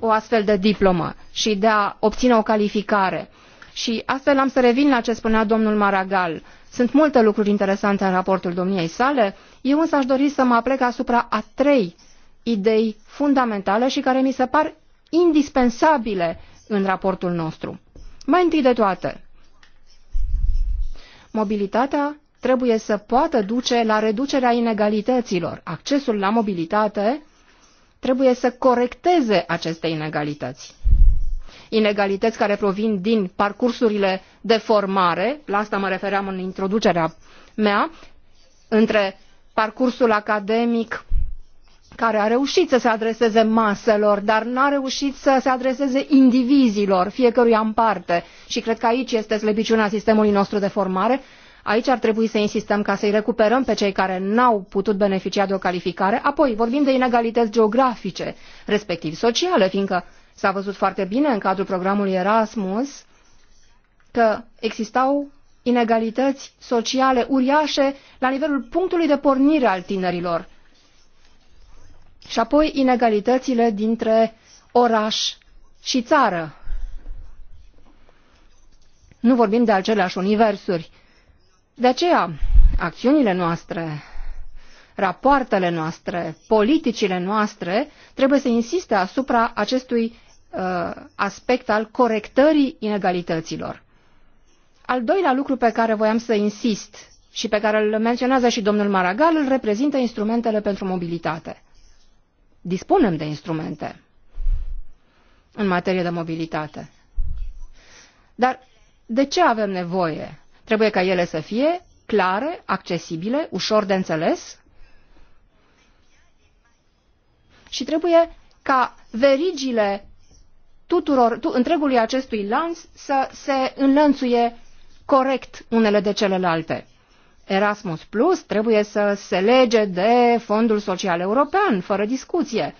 o astfel de diplomă și de a obține o calificare. Și astfel am să revin la ce spunea domnul Maragall. Sunt multe lucruri interesante în raportul domniei sale, eu însă aș dori să mă aplec asupra a trei idei fundamentale și care mi se par indispensabile în raportul nostru. Mai întâi de toate, mobilitatea trebuie să poată duce la reducerea inegalităților. Accesul la mobilitate trebuie să corecteze aceste inegalități. Inegalități care provin din parcursurile de formare, la asta mă refeream în introducerea mea, între parcursul academic care a reușit să se adreseze maselor, dar n-a reușit să se adreseze indivizilor, fiecăruia în parte. Și cred că aici este slăbiciunea sistemului nostru de formare, Aici ar trebui să insistăm ca să-i recuperăm pe cei care n-au putut beneficia de o calificare. Apoi vorbim de inegalități geografice, respectiv sociale, fiindcă s-a văzut foarte bine în cadrul programului Erasmus că existau inegalități sociale uriașe la nivelul punctului de pornire al tinerilor. Și apoi inegalitățile dintre oraș și țară. Nu vorbim de aceleași universuri. De aceea, acțiunile noastre, rapoartele noastre, politicile noastre trebuie să insiste asupra acestui uh, aspect al corectării inegalităților. Al doilea lucru pe care voiam să insist și pe care îl menționează și domnul Maragal, îl reprezintă instrumentele pentru mobilitate. Dispunem de instrumente în materie de mobilitate. Dar de ce avem nevoie Trebuie ca ele să fie clare, accesibile, ușor de înțeles și trebuie ca verigile tuturor, tu, întregului acestui lanț să se înlănțuie corect unele de celelalte. Erasmus Plus trebuie să se lege de Fondul Social European, fără discuție,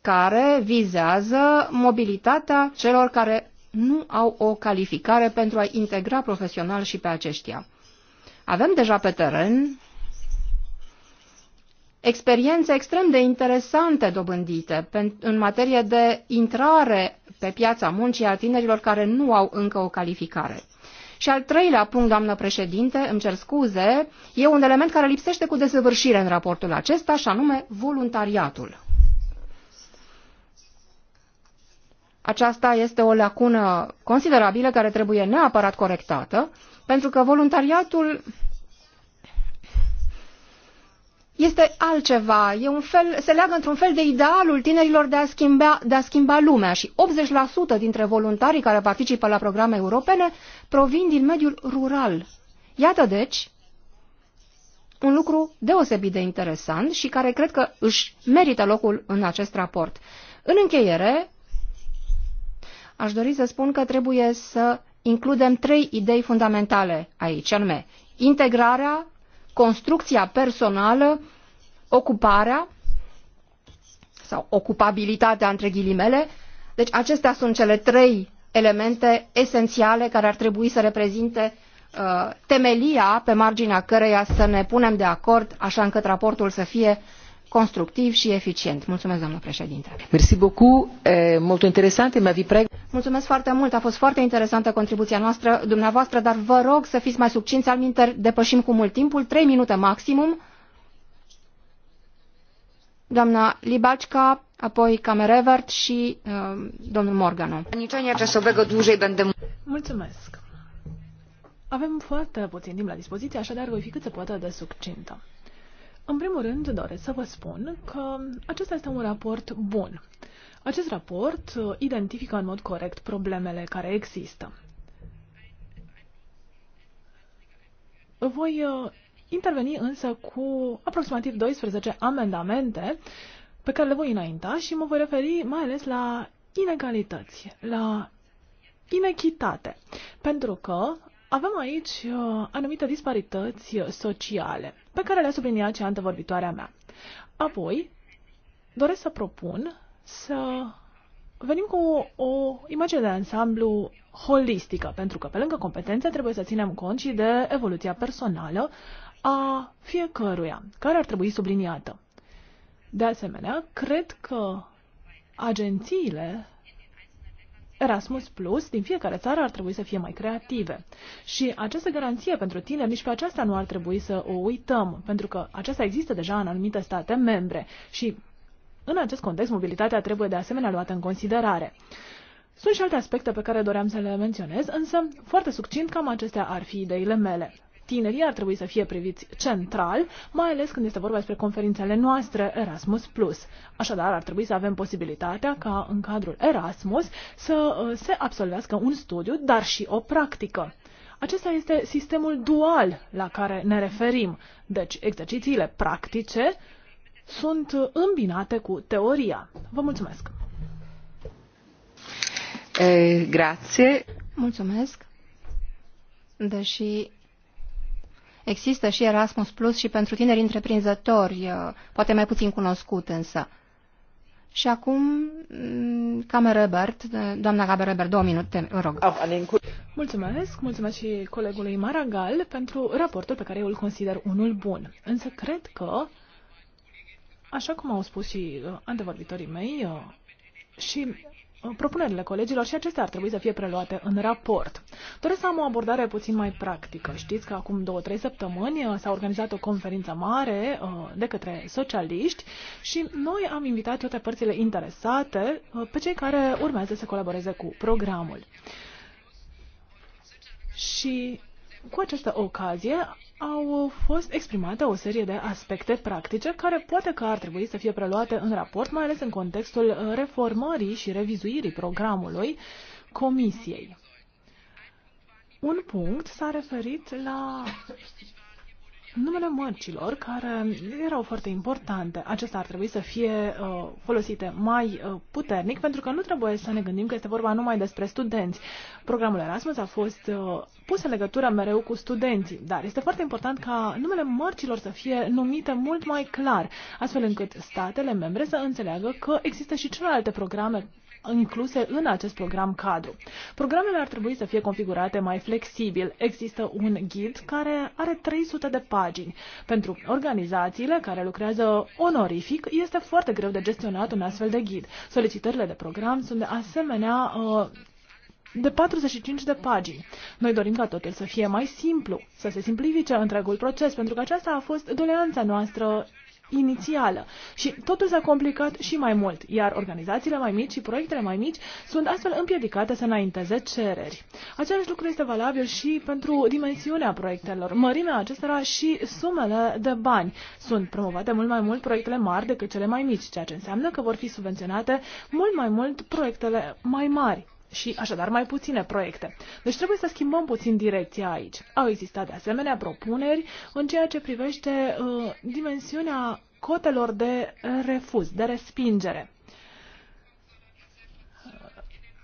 care vizează mobilitatea celor care nu au o calificare pentru a integra profesional și pe aceștia. Avem deja pe teren experiențe extrem de interesante dobândite în materie de intrare pe piața muncii a tinerilor care nu au încă o calificare. Și al treilea punct, doamnă președinte, îmi cer scuze, e un element care lipsește cu desăvârșire în raportul acesta, și anume voluntariatul. Aceasta este o lacună considerabilă care trebuie neapărat corectată, pentru că voluntariatul este altceva, e un fel, se leagă într-un fel de idealul tinerilor de a schimba, de a schimba lumea și 80% dintre voluntarii care participă la programe europene provin din mediul rural. Iată deci un lucru deosebit de interesant și care cred că își merită locul în acest raport. În încheiere, aș dori să spun că trebuie să includem trei idei fundamentale aici, anume integrarea, construcția personală, ocuparea sau ocupabilitatea între ghilimele. Deci acestea sunt cele trei elemente esențiale care ar trebui să reprezinte uh, temelia pe marginea căreia să ne punem de acord așa încât raportul să fie constructiv și eficient. Mulțumesc, doamnă președinte. Mersi beaucoup, mult interesante, mi vi preg. Mulțumesc foarte mult, a fost foarte interesantă contribuția noastră, dumneavoastră, dar vă rog să fiți mai succinți, al minter, depășim cu mult timpul, 3 minute maximum. Doamna Libacica, apoi Camerevert și uh, domnul Morgano. Mulțumesc. Avem foarte puțin timp la dispoziție, așadar voi fi cât se poate de succintă. În primul rând, doresc să vă spun că acesta este un raport bun. Acest raport uh, identifică în mod corect problemele care există. Voi uh, interveni însă cu aproximativ 12 amendamente pe care le voi înainta și mă voi referi mai ales la inegalități, la inechitate. Pentru că avem aici uh, anumite disparități uh, sociale, pe care le-a subliniat cea antevorbitoarea mea. Apoi, doresc să propun să venim cu o, o imagine de ansamblu holistică, pentru că pe lângă competențe trebuie să ținem cont și de evoluția personală a fiecăruia, care ar trebui subliniată. De asemenea, cred că agențiile Erasmus Plus din fiecare țară ar trebui să fie mai creative. Și această garanție pentru tineri, nici pe aceasta nu ar trebui să o uităm, pentru că aceasta există deja în anumite state membre și în acest context mobilitatea trebuie de asemenea luată în considerare. Sunt și alte aspecte pe care doream să le menționez, însă foarte succint cam acestea ar fi ideile mele tinerii ar trebui să fie priviți central, mai ales când este vorba despre conferințele noastre Erasmus+. Așadar, ar trebui să avem posibilitatea ca în cadrul Erasmus să uh, se absolvească un studiu, dar și o practică. Acesta este sistemul dual la care ne referim. Deci, exercițiile practice sunt uh, îmbinate cu teoria. Vă mulțumesc! E, eh, grație! Mulțumesc! Deși Există și Erasmus Plus și pentru tineri întreprinzători, uh, poate mai puțin cunoscut însă. Și acum, mm, Bert, uh, doamna Bert, două minute, rog. Mulțumesc, mulțumesc și colegului Maragal pentru raportul pe care eu îl consider unul bun. Însă cred că, așa cum au spus și uh, antevorbitorii mei, și Uh, propunerile colegilor și acestea ar trebui să fie preluate în raport. Doresc să am o abordare puțin mai practică. Știți că acum două, trei săptămâni uh, s-a organizat o conferință mare uh, de către socialiști și noi am invitat toate părțile interesate pe cei care urmează să colaboreze cu programul. Și cu această ocazie au fost exprimate o serie de aspecte practice care poate că ar trebui să fie preluate în raport, mai ales în contextul reformării și revizuirii programului Comisiei. Un punct s-a referit la numele mărcilor care erau foarte importante. Acestea ar trebui să fie uh, folosite mai uh, puternic pentru că nu trebuie să ne gândim că este vorba numai despre studenți. Programul Erasmus a fost uh, pus în legătură mereu cu studenții, dar este foarte important ca numele mărcilor să fie numite mult mai clar, astfel încât statele membre să înțeleagă că există și celelalte programe incluse în acest program cadru. Programele ar trebui să fie configurate mai flexibil. Există un ghid care are 300 de pagini. Pentru organizațiile care lucrează onorific, este foarte greu de gestionat un astfel de ghid. Solicitările de program sunt de asemenea uh, de 45 de pagini. Noi dorim ca totul să fie mai simplu, să se simplifice întregul proces, pentru că aceasta a fost doleanța noastră inițială. Și totul s-a complicat și mai mult, iar organizațiile mai mici și proiectele mai mici sunt astfel împiedicate să înainteze cereri. Același lucru este valabil și pentru dimensiunea proiectelor, mărimea acestora și sumele de bani. Sunt promovate mult mai mult proiectele mari decât cele mai mici, ceea ce înseamnă că vor fi subvenționate mult mai mult proiectele mai mari și așadar mai puține proiecte. Deci trebuie să schimbăm puțin direcția aici. Au existat de asemenea propuneri în ceea ce privește uh, dimensiunea cotelor de refuz, de respingere.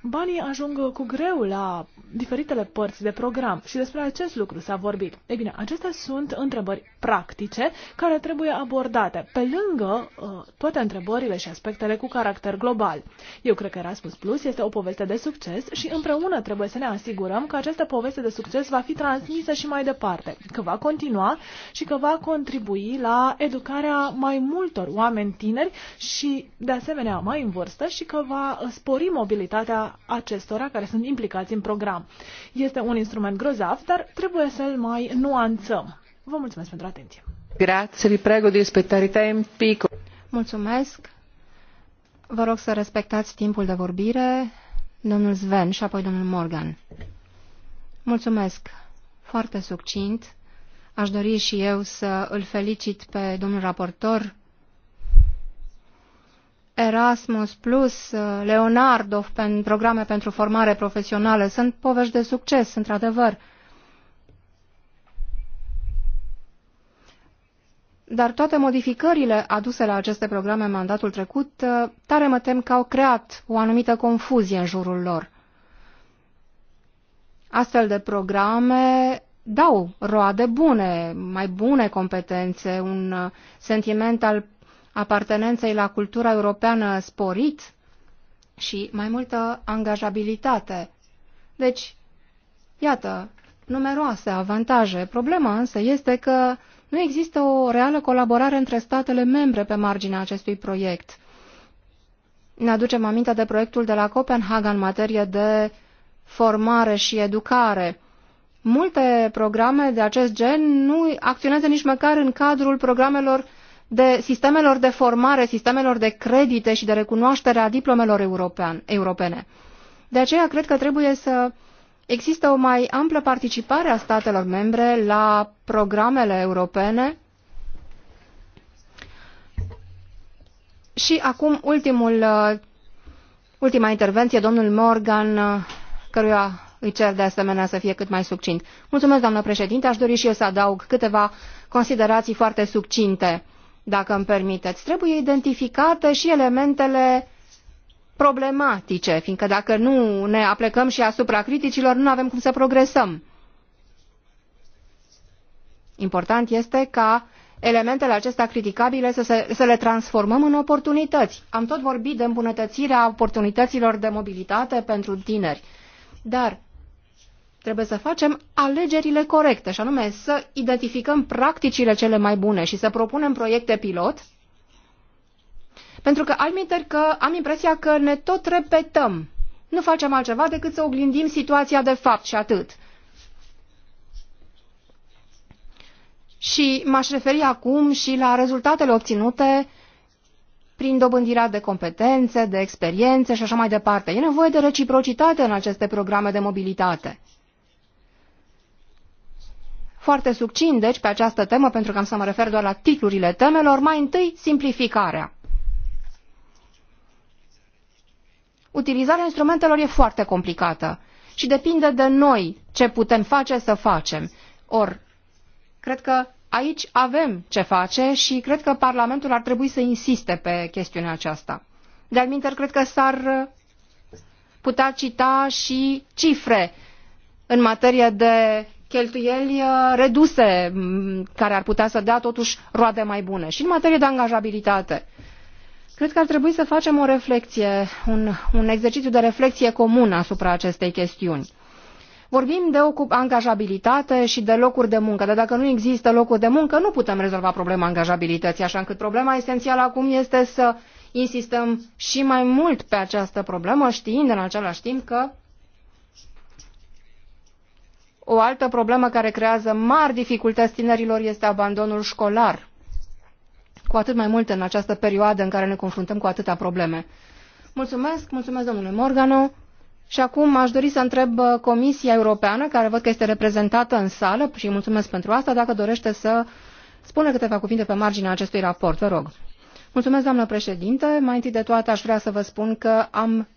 Banii ajung cu greu la diferitele părți de program și despre acest lucru s-a vorbit. Ei bine, acestea sunt întrebări practice care trebuie abordate pe lângă uh, toate întrebările și aspectele cu caracter global. Eu cred că Erasmus Plus este o poveste de succes și împreună trebuie să ne asigurăm că această poveste de succes va fi transmisă și mai departe, că va continua și că va contribui la educarea mai multor oameni tineri și de asemenea mai în vârstă și că va spori mobilitatea acestora care sunt implicați în program. Este un instrument grozav, dar trebuie să-l mai nuanțăm. Vă mulțumesc pentru atenție. Grazie, vi prego di rispettare i tempi. Mulțumesc. Vă rog să respectați timpul de vorbire, domnul Sven și apoi domnul Morgan. Mulțumesc. Foarte succint. Aș dori și eu să îl felicit pe domnul raportor Erasmus Plus, uh, Leonardo, în programe pentru formare profesională, sunt povești de succes, într-adevăr. Dar toate modificările aduse la aceste programe în mandatul trecut, uh, tare mă tem că au creat o anumită confuzie în jurul lor. Astfel de programe dau roade bune, mai bune competențe, un uh, sentiment al apartenenței la cultura europeană sporit și mai multă angajabilitate. Deci, iată, numeroase avantaje. Problema însă este că nu există o reală colaborare între statele membre pe marginea acestui proiect. Ne aducem aminte de proiectul de la Copenhaga în materie de formare și educare. Multe programe de acest gen nu acționează nici măcar în cadrul programelor de sistemelor de formare, sistemelor de credite și de recunoaștere a diplomelor european, europene. De aceea cred că trebuie să există o mai amplă participare a statelor membre la programele europene. Și acum ultimul, uh, ultima intervenție, domnul Morgan, uh, căruia îi cer de asemenea să fie cât mai succint. Mulțumesc, doamnă președinte. Aș dori și eu să adaug câteva considerații foarte succinte dacă îmi permiteți. Trebuie identificate și elementele problematice, fiindcă dacă nu ne aplecăm și asupra criticilor, nu avem cum să progresăm. Important este ca elementele acestea criticabile să, se, să le transformăm în oportunități. Am tot vorbit de îmbunătățirea oportunităților de mobilitate pentru tineri, dar trebuie să facem alegerile corecte, și anume să identificăm practicile cele mai bune și să propunem proiecte pilot, pentru că, alminter, că am impresia că ne tot repetăm. Nu facem altceva decât să oglindim situația de fapt și atât. Și m-aș referi acum și la rezultatele obținute prin dobândirea de competențe, de experiențe și așa mai departe. E nevoie de reciprocitate în aceste programe de mobilitate foarte succint, deci, pe această temă, pentru că am să mă refer doar la titlurile temelor. Mai întâi, simplificarea. Utilizarea instrumentelor e foarte complicată și depinde de noi ce putem face să facem. Or, cred că aici avem ce face și cred că Parlamentul ar trebui să insiste pe chestiunea aceasta. De-al minter, cred că s-ar putea cita și cifre în materie de cheltuieli uh, reduse care ar putea să dea totuși roade mai bune și în materie de angajabilitate. Cred că ar trebui să facem o reflexie, un, un exercițiu de reflexie comun asupra acestei chestiuni. Vorbim de angajabilitate și de locuri de muncă, dar dacă nu există locuri de muncă, nu putem rezolva problema angajabilității, așa încât problema esențială acum este să insistăm și mai mult pe această problemă, știind în același timp că o altă problemă care creează mari dificultăți tinerilor este abandonul școlar. Cu atât mai mult în această perioadă în care ne confruntăm cu atâtea probleme. Mulțumesc, mulțumesc domnule Morgano. Și acum aș dori să întreb uh, Comisia Europeană, care văd că este reprezentată în sală, și mulțumesc pentru asta, dacă dorește să spună câteva cuvinte pe marginea acestui raport. Vă rog. Mulțumesc, doamnă președinte. Mai întâi de toate aș vrea să vă spun că am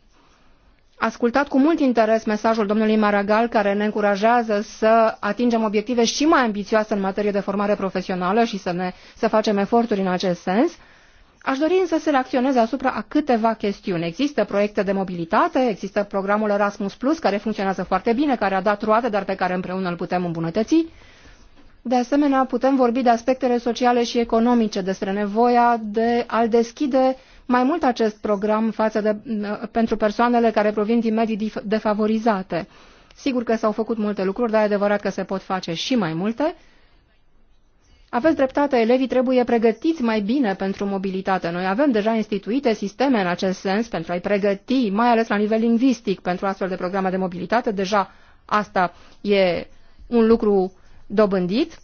ascultat cu mult interes mesajul domnului Maragall, care ne încurajează să atingem obiective și mai ambițioase în materie de formare profesională și să, ne, să facem eforturi în acest sens. Aș dori însă să reacționeze asupra a câteva chestiuni. Există proiecte de mobilitate, există programul Erasmus Plus, care funcționează foarte bine, care a dat roade, dar pe care împreună îl putem îmbunătăți. De asemenea, putem vorbi de aspectele sociale și economice, despre nevoia de a-l deschide mai mult acest program față de, pentru persoanele care provin din medii defavorizate. Sigur că s-au făcut multe lucruri, dar e adevărat că se pot face și mai multe. Aveți dreptate, elevii trebuie pregătiți mai bine pentru mobilitate. Noi avem deja instituite sisteme în acest sens pentru a-i pregăti, mai ales la nivel lingvistic, pentru astfel de programe de mobilitate. Deja asta e un lucru dobândit.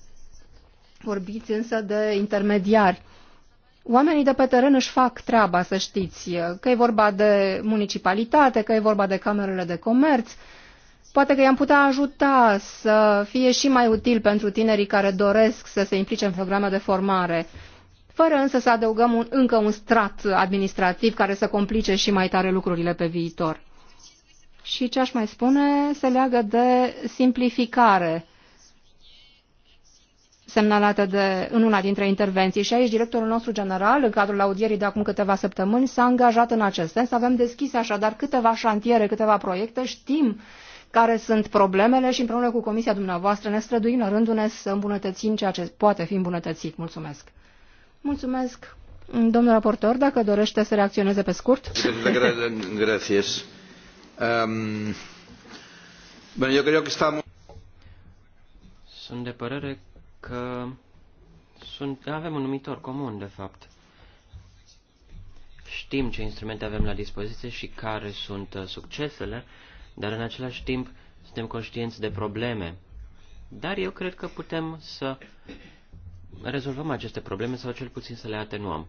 Vorbiți însă de intermediari. Oamenii de pe teren își fac treaba, să știți, că e vorba de municipalitate, că e vorba de camerele de comerț. Poate că i-am putea ajuta să fie și mai util pentru tinerii care doresc să se implice în programe de formare, fără însă să adăugăm un, încă un strat administrativ care să complice și mai tare lucrurile pe viitor. Și ce aș mai spune se leagă de simplificare semnalată de, în una dintre intervenții și aici directorul nostru general, în cadrul audierii de acum câteva săptămâni, s-a angajat în acest sens. Avem deschise așadar câteva șantiere, câteva proiecte, știm care sunt problemele și împreună cu comisia dumneavoastră ne străduim la rândul ne să îmbunătățim ceea ce poate fi îmbunătățit. Mulțumesc! Mulțumesc! Domnul raportor, dacă dorește să reacționeze pe scurt. Sunt de părere că sunt, avem un numitor comun, de fapt. Știm ce instrumente avem la dispoziție și care sunt uh, succesele, dar în același timp suntem conștienți de probleme. Dar eu cred că putem să rezolvăm aceste probleme sau cel puțin să le atenuăm.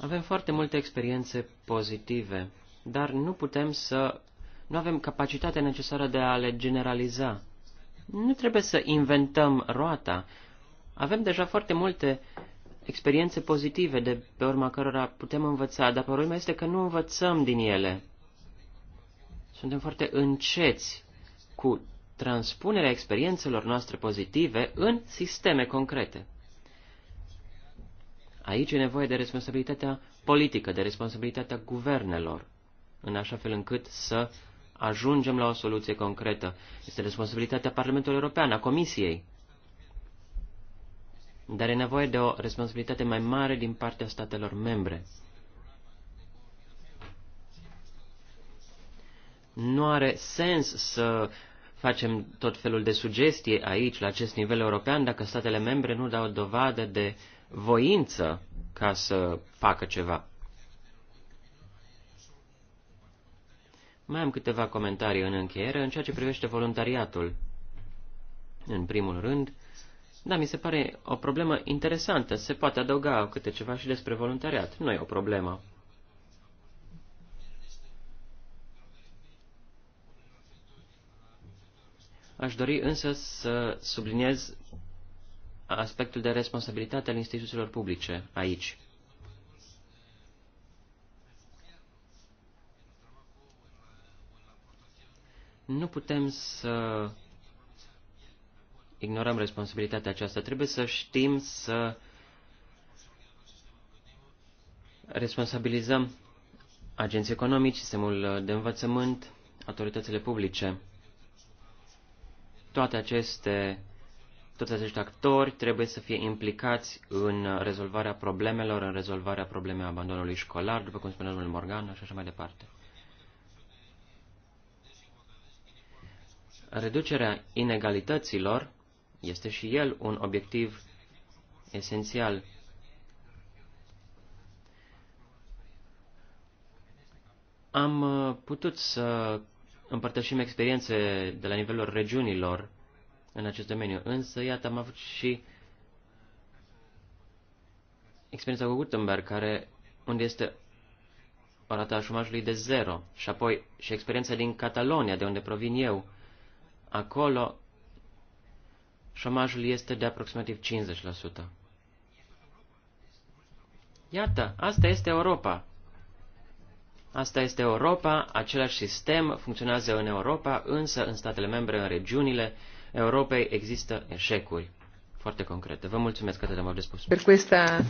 Avem foarte multe experiențe pozitive, dar nu putem să nu avem capacitatea necesară de a le generaliza. Nu trebuie să inventăm roata. Avem deja foarte multe experiențe pozitive de pe urma cărora putem învăța, dar problema este că nu învățăm din ele. Suntem foarte înceți cu transpunerea experiențelor noastre pozitive în sisteme concrete. Aici e nevoie de responsabilitatea politică, de responsabilitatea guvernelor, în așa fel încât să ajungem la o soluție concretă. Este responsabilitatea Parlamentului European, a Comisiei. Dar e nevoie de o responsabilitate mai mare din partea statelor membre. Nu are sens să facem tot felul de sugestii aici, la acest nivel european, dacă statele membre nu dau dovadă de voință ca să facă ceva. Mai am câteva comentarii în încheiere în ceea ce privește voluntariatul. În primul rând, da, mi se pare o problemă interesantă. Se poate adăuga câte ceva și despre voluntariat. Nu e o problemă. Aș dori însă să subliniez aspectul de responsabilitate al instituțiilor publice aici. Nu putem să ignorăm responsabilitatea aceasta. Trebuie să știm să responsabilizăm agenții economici, sistemul de învățământ, autoritățile publice. Toate aceste, toți acești actori trebuie să fie implicați în rezolvarea problemelor, în rezolvarea problemei abandonului școlar, după cum spunea domnul Morgan și așa mai departe. Reducerea inegalităților este și el un obiectiv esențial. Am uh, putut să împărtășim experiențe de la nivelul regiunilor în acest domeniu, însă, iată, am avut și experiența cu Gutenberg, care, unde este o rată a șumajului de zero, și apoi și experiența din Catalonia, de unde provin eu, Acolo șomajul este de aproximativ 50%. Iată, asta este Europa. Asta este Europa, același sistem funcționează în Europa, însă în statele membre, în regiunile Europei există eșecuri foarte concrete. Vă mulțumesc că te-am avut de spus. Per questa...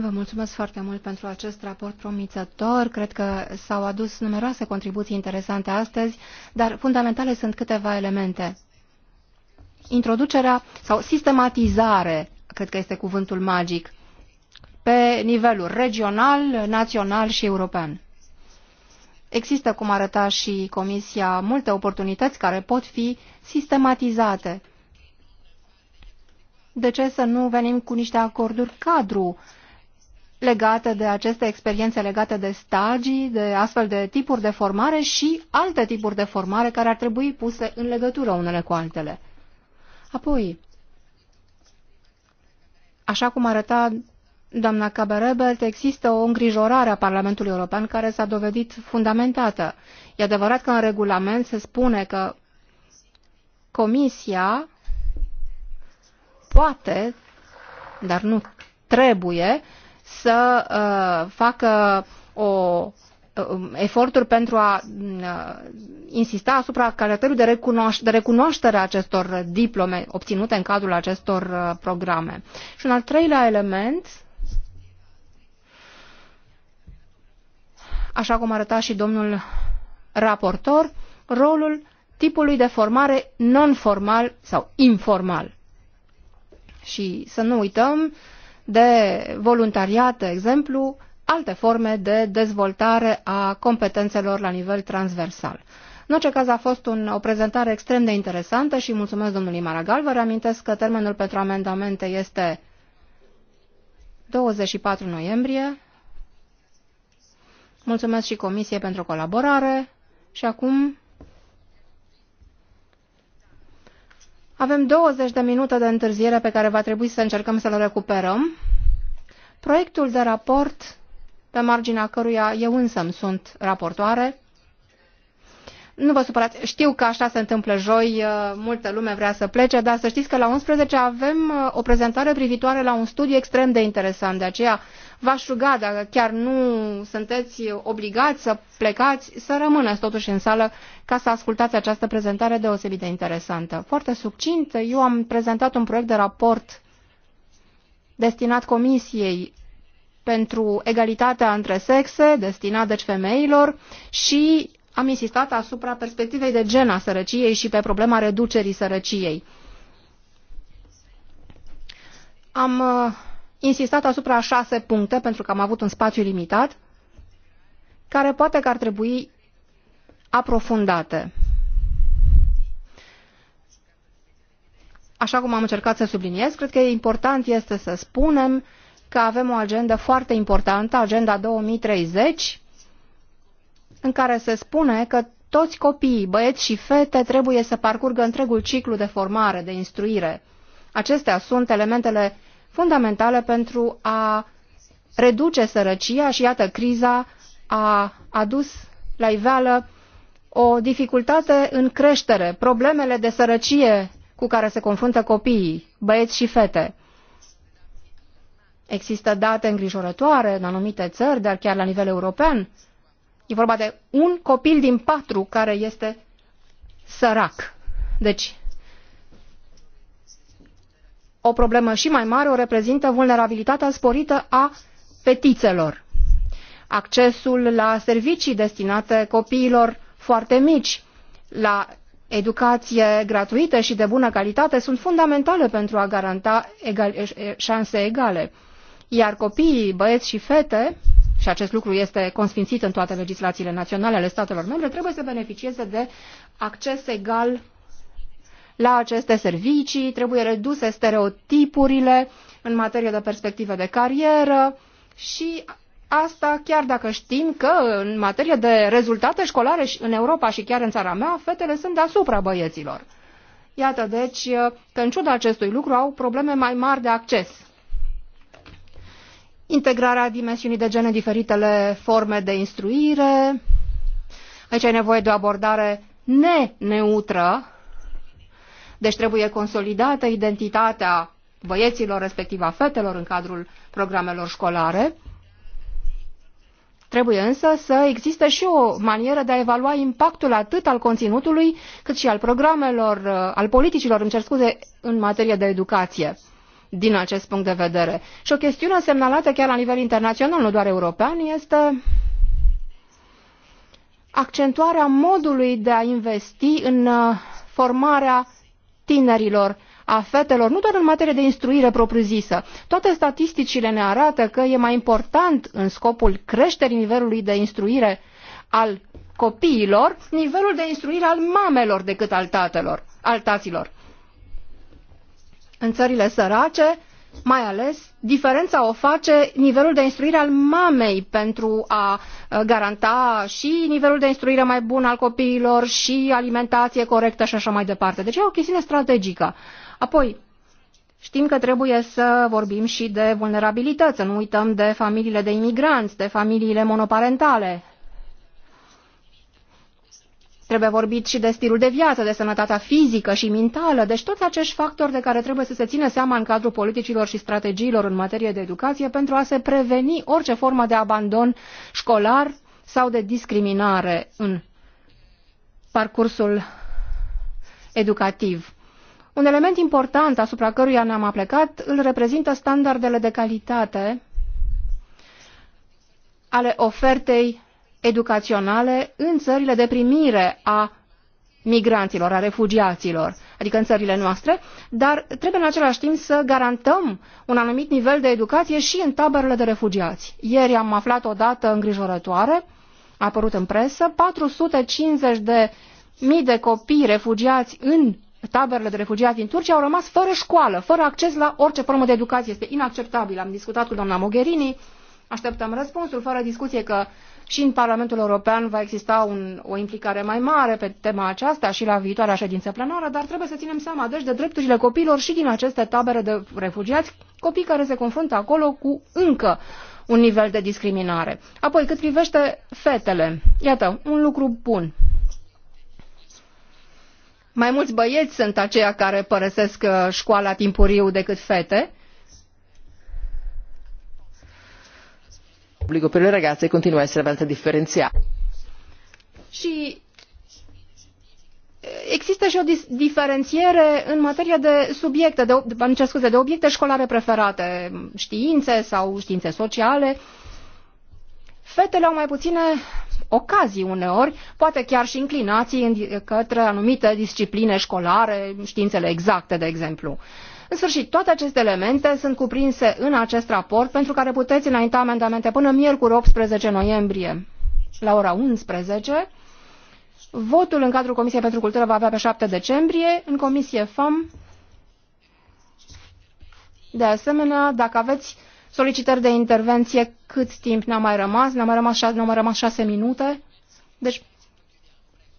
Vă mulțumesc foarte mult pentru acest raport promițător. Cred că s-au adus numeroase contribuții interesante astăzi, dar fundamentale sunt câteva elemente. Introducerea sau sistematizare, cred că este cuvântul magic, pe nivelul regional, național și european. Există, cum arăta și Comisia, multe oportunități care pot fi sistematizate. De ce să nu venim cu niște acorduri cadru legate de aceste experiențe legate de stagii, de astfel de tipuri de formare și alte tipuri de formare care ar trebui puse în legătură unele cu altele. Apoi, așa cum arăta doamna Caberebelt, există o îngrijorare a Parlamentului European care s-a dovedit fundamentată. E adevărat că în regulament se spune că Comisia poate, dar nu trebuie, să uh, facă o um, eforturi pentru a uh, insista asupra caracterului de, recunoaș de recunoaștere a acestor diplome obținute în cadrul acestor uh, programe. Și un al treilea element, așa cum arăta și domnul raportor, rolul tipului de formare non-formal sau informal. Și să nu uităm uh, de voluntariat, de exemplu, alte forme de dezvoltare a competențelor la nivel transversal. În orice caz a fost un, o prezentare extrem de interesantă și mulțumesc domnului Maragal. Vă reamintesc că termenul pentru amendamente este 24 noiembrie. Mulțumesc și Comisiei pentru colaborare și acum Avem 20 de minute de întârziere pe care va trebui să încercăm să le recuperăm. Proiectul de raport, pe marginea căruia eu însă sunt raportoare, nu vă supărați, știu că așa se întâmplă joi, uh, multă lume vrea să plece, dar să știți că la 11 avem uh, o prezentare privitoare la un studiu extrem de interesant, de aceea V-aș ruga, dacă chiar nu sunteți obligați să plecați, să rămâneți totuși în sală ca să ascultați această prezentare deosebit de interesantă. Foarte succint, eu am prezentat un proiect de raport destinat Comisiei pentru egalitatea între sexe, destinat deci femeilor, și am insistat asupra perspectivei de gen a sărăciei și pe problema reducerii sărăciei. Am uh, insistat asupra șase puncte, pentru că am avut un spațiu limitat, care poate că ar trebui aprofundate. Așa cum am încercat să subliniez, cred că e important este să spunem că avem o agendă foarte importantă, Agenda 2030, în care se spune că toți copiii, băieți și fete, trebuie să parcurgă întregul ciclu de formare, de instruire. Acestea sunt elementele fundamentale pentru a reduce sărăcia și, iată, criza a adus la iveală o dificultate în creștere, problemele de sărăcie cu care se confruntă copiii, băieți și fete. Există date îngrijorătoare în anumite țări, dar chiar la nivel european. E vorba de un copil din patru care este sărac. Deci, o problemă și mai mare o reprezintă vulnerabilitatea sporită a fetițelor. Accesul la servicii destinate copiilor foarte mici, la educație gratuită și de bună calitate sunt fundamentale pentru a garanta egal, șanse egale. Iar copiii, băieți și fete, și acest lucru este consfințit în toate legislațiile naționale ale statelor membre, trebuie să beneficieze de acces egal la aceste servicii, trebuie reduse stereotipurile în materie de perspective de carieră și asta chiar dacă știm că în materie de rezultate școlare în Europa și chiar în țara mea, fetele sunt deasupra băieților. Iată deci că în ciuda acestui lucru au probleme mai mari de acces. Integrarea dimensiunii de gen în diferitele forme de instruire. Aici ai nevoie de o abordare neneutră deci trebuie consolidată identitatea băieților, respectiv a fetelor, în cadrul programelor școlare. Trebuie însă să existe și o manieră de a evalua impactul atât al conținutului, cât și al programelor, uh, al politicilor, îmi cer scuze, în materie de educație din acest punct de vedere. Și o chestiune semnalată chiar la nivel internațional, nu doar european, este accentuarea modului de a investi în uh, formarea tinerilor, a fetelor, nu doar în materie de instruire propriu-zisă. Toate statisticile ne arată că e mai important în scopul creșterii nivelului de instruire al copiilor, nivelul de instruire al mamelor decât al tatelor, al taților. În țările sărace, mai ales, diferența o face nivelul de instruire al mamei pentru a uh, garanta și nivelul de instruire mai bun al copiilor și alimentație corectă și așa mai departe. Deci e o chestiune strategică. Apoi, Știm că trebuie să vorbim și de vulnerabilități, să nu uităm de familiile de imigranți, de familiile monoparentale. Trebuie vorbit și de stilul de viață, de sănătatea fizică și mentală, deci toți acești factori de care trebuie să se țină seama în cadrul politicilor și strategiilor în materie de educație pentru a se preveni orice formă de abandon școlar sau de discriminare în parcursul educativ. Un element important asupra căruia ne-am aplecat îl reprezintă standardele de calitate ale ofertei educaționale în țările de primire a migranților, a refugiaților, adică în țările noastre, dar trebuie în același timp să garantăm un anumit nivel de educație și în taberele de refugiați. Ieri am aflat o dată îngrijorătoare, a apărut în presă, 450 de mii de copii refugiați în taberele de refugiați din Turcia au rămas fără școală, fără acces la orice formă de educație. Este inacceptabil. Am discutat cu doamna Mogherini, așteptăm răspunsul, fără discuție că și în Parlamentul European va exista un, o implicare mai mare pe tema aceasta și la viitoarea ședință plenară, dar trebuie să ținem seama deci de drepturile copiilor și din aceste tabere de refugiați, copii care se confruntă acolo cu încă un nivel de discriminare. Apoi, cât privește fetele, iată, un lucru bun. Mai mulți băieți sunt aceia care părăsesc uh, școala timpuriu decât fete, L'obbligo per le ragazze continua a essere abbastanza differenziato. Și eh, există și o diferențiere în materie de subiecte, de, îmi cer scuze, de obiecte școlare preferate, științe sau științe sociale. Fetele au mai puține ocazii uneori, poate chiar și inclinații către anumite discipline școlare, științele exacte, de exemplu. Uh, în sfârșit, toate aceste elemente sunt cuprinse în acest raport pentru care puteți înainta amendamente până miercuri 18 noiembrie la ora 11. Votul în cadrul Comisiei pentru Cultură va avea pe 7 decembrie, în Comisie FAM. De asemenea, dacă aveți solicitări de intervenție, cât timp ne-a mai rămas? Ne-a mai rămas, a mai rămas șase minute. Deci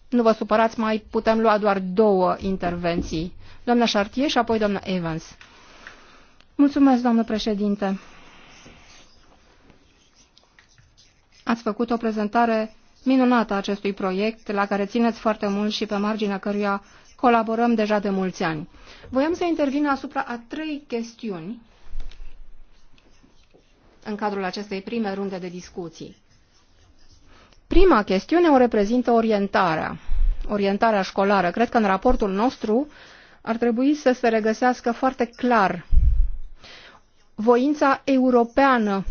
nu vă supărați, mai putem lua doar două intervenții. Doamna Chartier și apoi doamna Evans. Mulțumesc, doamnă președinte. Ați făcut o prezentare minunată a acestui proiect, la care țineți foarte mult și pe marginea căruia colaborăm deja de mulți ani. Voiam să intervin asupra a trei chestiuni în cadrul acestei prime runde de discuții. Prima chestiune o reprezintă orientarea, orientarea școlară. Cred că în raportul nostru ar trebui să se regăsească foarte clar voința europeană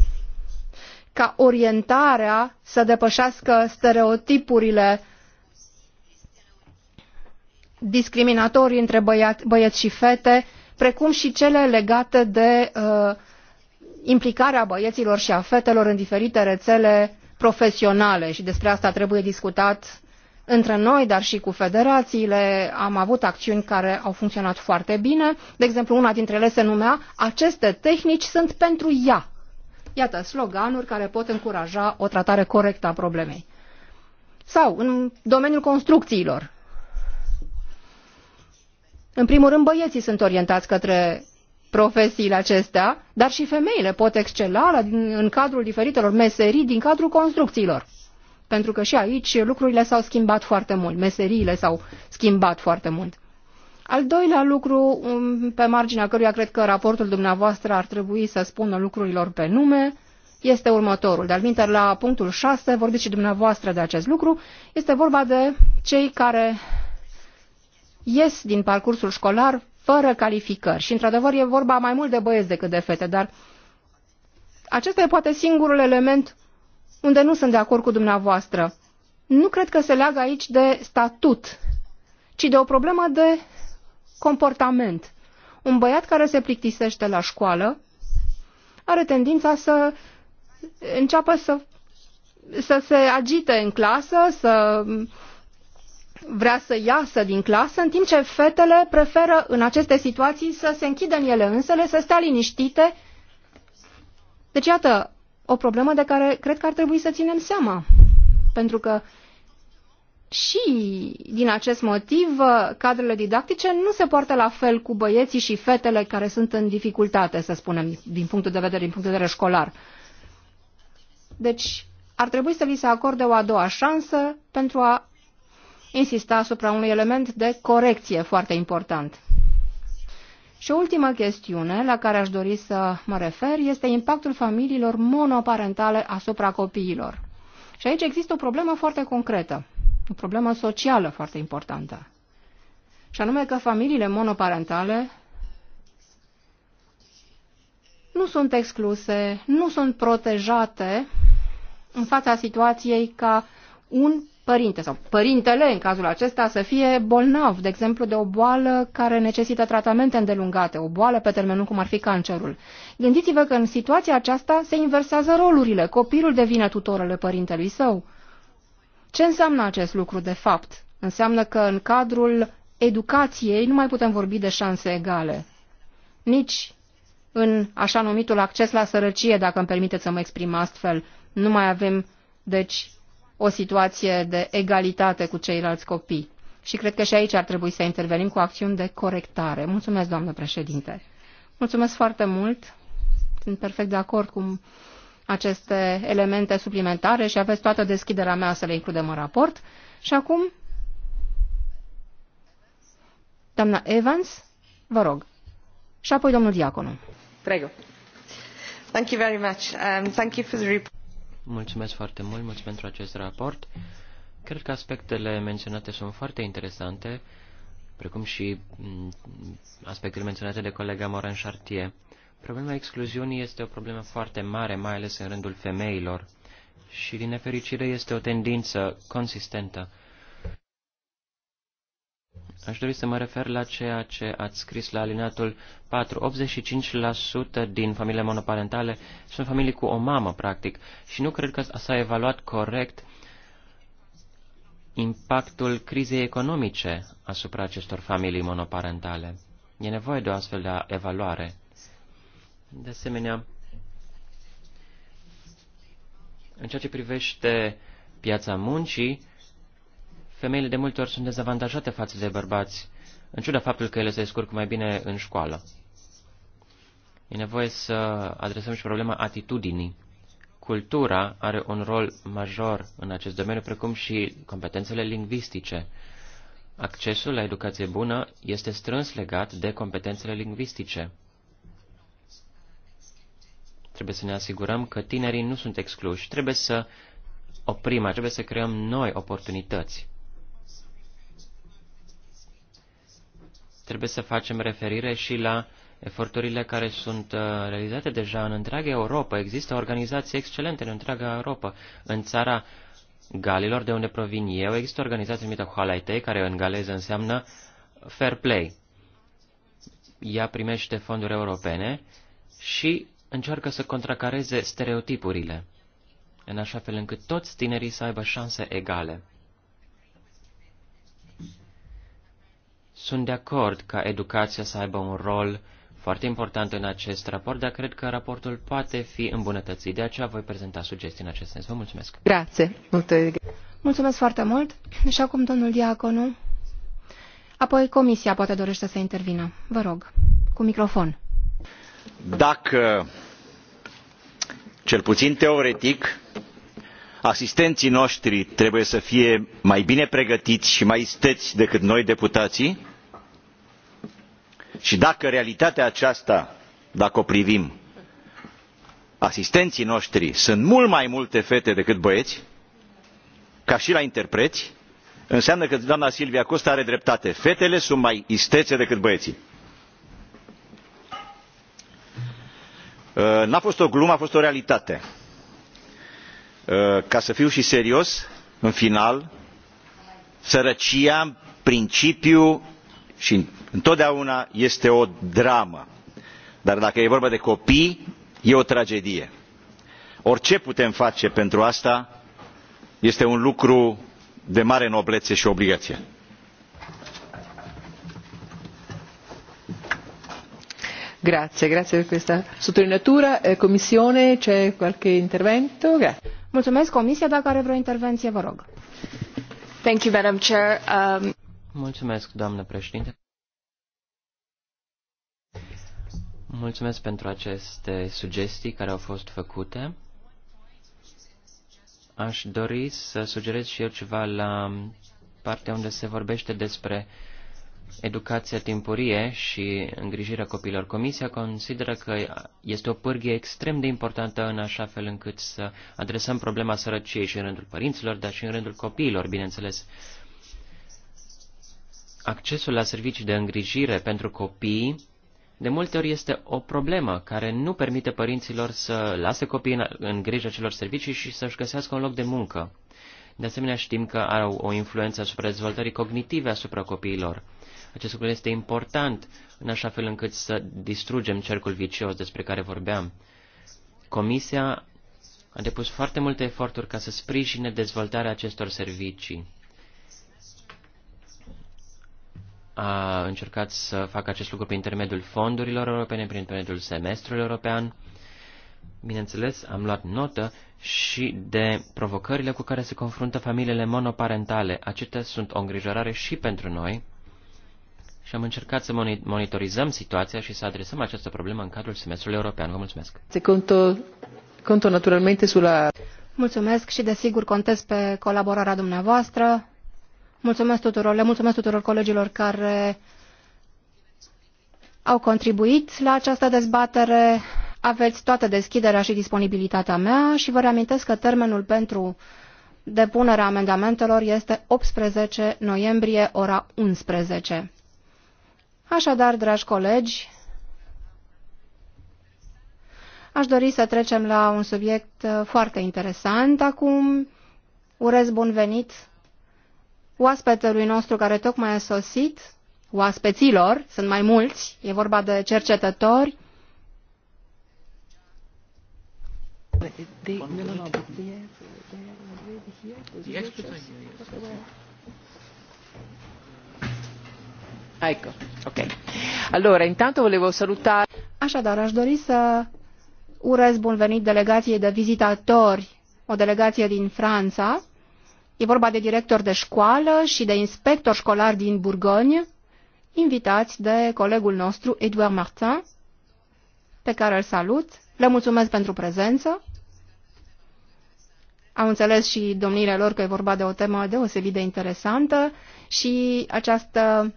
ca orientarea să depășească stereotipurile discriminatorii între băiați băieți și fete, precum și cele legate de uh, implicarea băieților și a fetelor în diferite rețele profesionale și despre asta trebuie discutat între noi, dar și cu federațiile. Am avut acțiuni care au funcționat foarte bine. De exemplu, una dintre ele se numea Aceste tehnici sunt pentru ea. Iată, sloganuri care pot încuraja o tratare corectă a problemei. Sau în domeniul construcțiilor. În primul rând, băieții sunt orientați către profesiile acestea, dar și femeile pot excela în cadrul diferitelor meserii din cadrul construcțiilor. Pentru că și aici lucrurile s-au schimbat foarte mult, meseriile s-au schimbat foarte mult. Al doilea lucru, um, pe marginea căruia cred că raportul dumneavoastră ar trebui să spună lucrurilor pe nume, este următorul. De-al minter, la punctul 6, vorbiți și dumneavoastră de acest lucru, este vorba de cei care ies din parcursul școlar fără calificări. Și, într-adevăr, e vorba mai mult de băieți decât de fete, dar acesta e poate singurul element unde nu sunt de acord cu dumneavoastră. Nu cred că se leagă aici de statut, ci de o problemă de comportament. Un băiat care se plictisește la școală are tendința să înceapă să, să se agite în clasă, să vrea să iasă din clasă, în timp ce fetele preferă în aceste situații să se închidă în ele însele, să stea liniștite. Deci, iată, o problemă de care cred că ar trebui să ținem seama. Pentru că și din acest motiv, cadrele didactice nu se poartă la fel cu băieții și fetele care sunt în dificultate, să spunem, din punctul de vedere, din punct de vedere școlar. Deci, ar trebui să li se acorde o a doua șansă pentru a insista asupra unui element de corecție foarte important. Și o ultimă chestiune la care aș dori să mă refer este impactul familiilor monoparentale asupra copiilor. Și aici există o problemă foarte concretă, o problemă socială foarte importantă. Și anume că familiile monoparentale nu sunt excluse, nu sunt protejate în fața situației ca un părinte sau părintele, în cazul acesta, să fie bolnav, de exemplu, de o boală care necesită tratamente îndelungate, o boală pe termen lung, cum ar fi cancerul. Gândiți-vă că în situația aceasta se inversează rolurile, copilul devine tutorele părintelui său. Ce înseamnă acest lucru, de fapt? Înseamnă că în cadrul educației nu mai putem vorbi de șanse egale. Nici în așa numitul acces la sărăcie, dacă îmi permiteți să mă exprim astfel, nu mai avem, deci, o situație de egalitate cu ceilalți copii. Și cred că și aici ar trebui să intervenim cu acțiuni de corectare. Mulțumesc, doamnă președinte. Mulțumesc foarte mult. Sunt perfect de acord cu aceste elemente suplimentare și aveți toată deschiderea mea să le includem în raport. Și acum, doamna Evans, vă rog. Și apoi domnul Diaconu. Prego. Thank you very much. Um, thank you for the report mulțumesc foarte mult, mulțumesc pentru acest raport. Cred că aspectele menționate sunt foarte interesante, precum și mm, aspectele menționate de colega Moran Chartier. Problema excluziunii este o problemă foarte mare, mai ales în rândul femeilor, și din nefericire este o tendință consistentă. Aș dori să mă refer la ceea ce ați scris la alineatul 4. 85% din familiile monoparentale sunt familii cu o mamă, practic, și nu cred că s-a evaluat corect impactul crizei economice asupra acestor familii monoparentale. E nevoie de o astfel de evaluare. De asemenea, în ceea ce privește piața muncii, femeile de multe ori sunt dezavantajate față de bărbați, în ciuda faptului că ele se descurcă mai bine în școală. E nevoie să adresăm și problema atitudinii. Cultura are un rol major în acest domeniu, precum și competențele lingvistice. Accesul la educație bună este strâns legat de competențele lingvistice. Trebuie să ne asigurăm că tinerii nu sunt excluși. Trebuie să oprim, trebuie să creăm noi oportunități. trebuie să facem referire și la eforturile care sunt uh, realizate deja în întreaga Europa. Există organizații excelente în întreaga Europa. În țara Galilor, de unde provin eu, există organizații numită Halaitei, care în galeză înseamnă Fair Play. Ea primește fonduri europene și încearcă să contracareze stereotipurile, în așa fel încât toți tinerii să aibă șanse egale. Sunt de acord ca educația să aibă un rol foarte important în acest raport, dar cred că raportul poate fi îmbunătățit. De aceea voi prezenta sugestii în acest sens. Vă mulțumesc. Grație. Mulțumesc foarte mult. Și acum domnul Diaconu. Apoi comisia poate dorește să intervină. Vă rog, cu microfon. Dacă, cel puțin teoretic, asistenții noștri trebuie să fie mai bine pregătiți și mai isteți decât noi deputații și dacă realitatea aceasta, dacă o privim, asistenții noștri sunt mult mai multe fete decât băieți, ca și la interpreți, înseamnă că doamna Silvia Costa are dreptate. Fetele sunt mai istețe decât băieții. Ă, n-a fost o glumă, a fost o realitate. Uh, ca să fiu și serios în final sărăcia în principiu și întotdeauna este o dramă dar dacă e vorba de copii e o tragedie. orice putem face pentru asta este un lucru de mare noblețe și obligație. Grazie, grazie per questa sottolineatura. Eh, Commissione, c'è qualche intervento? Grazie. Mulțumesc, Comisia, dacă are vreo intervenție, vă rog. Thank you, Madam Chair. Um... Mulțumesc, doamnă președinte. Mulțumesc pentru aceste sugestii care au fost făcute. Aș dori să sugerez și eu ceva la partea unde se vorbește despre uh, educația timpurie și îngrijirea copiilor. Comisia consideră că este o pârghie extrem de importantă în așa fel încât să adresăm problema sărăciei și în rândul părinților, dar și în rândul copiilor, bineînțeles. Accesul la servicii de îngrijire pentru copii de multe ori este o problemă care nu permite părinților să lase copiii în grijă celor servicii și să-și găsească un loc de muncă. De asemenea, știm că au o influență asupra dezvoltării cognitive asupra copiilor. Acest lucru este important în așa fel încât să distrugem cercul vicios despre care vorbeam. Comisia a depus foarte multe eforturi ca să sprijine dezvoltarea acestor servicii. A încercat să facă acest lucru prin intermediul fondurilor europene, prin intermediul semestrului european. Bineînțeles, am luat notă și de provocările cu care se confruntă familiile monoparentale. Acestea sunt o îngrijorare și pentru noi și am încercat să monitorizăm situația și să adresăm această problemă în cadrul semestrului european. Vă mulțumesc. Conto, conto naturalmente sulla... Mulțumesc și desigur contez pe colaborarea dumneavoastră. Mulțumesc tuturor, le mulțumesc tuturor colegilor care au contribuit la această dezbatere. Aveți toată deschiderea și disponibilitatea mea și vă reamintesc că termenul pentru depunerea amendamentelor este 18 noiembrie, ora 11. Așadar, dragi colegi, aș dori să trecem la un subiect uh, foarte interesant acum. Urez bun venit oaspetelui nostru care tocmai a sosit, oaspeților, sunt mai mulți, e vorba de cercetători. The, no, Ecco, ok. Allora, intanto volevo salutare... Așadar, aș dori să urez bun venit delegației de vizitatori, o delegație din Franța. E vorba de director de școală și de inspector școlar din Burgogne, invitați de colegul nostru, Edouard Martin, pe care îl salut. Le mulțumesc pentru prezență. Au înțeles și domniile lor că e vorba de o temă deosebit de interesantă și această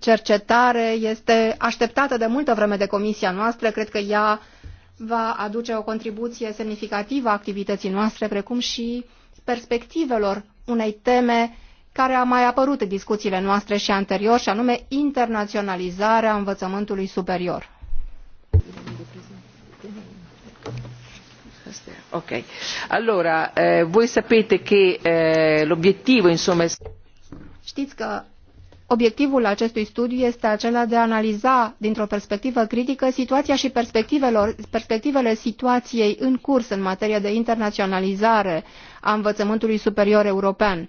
cercetare este așteptată de multă vreme de comisia noastră. Cred că ea va aduce o contribuție semnificativă a activității noastre, precum și perspectivelor unei teme care a mai apărut în discuțiile noastre și anterior, și anume internaționalizarea învățământului superior. Ok. Allora, eh, voi sapete che eh, l'obiettivo, insomma... Știți că Obiectivul acestui studiu este acela de a analiza, dintr-o perspectivă critică, situația și perspectivele situației în curs în materie de internaționalizare a învățământului superior european.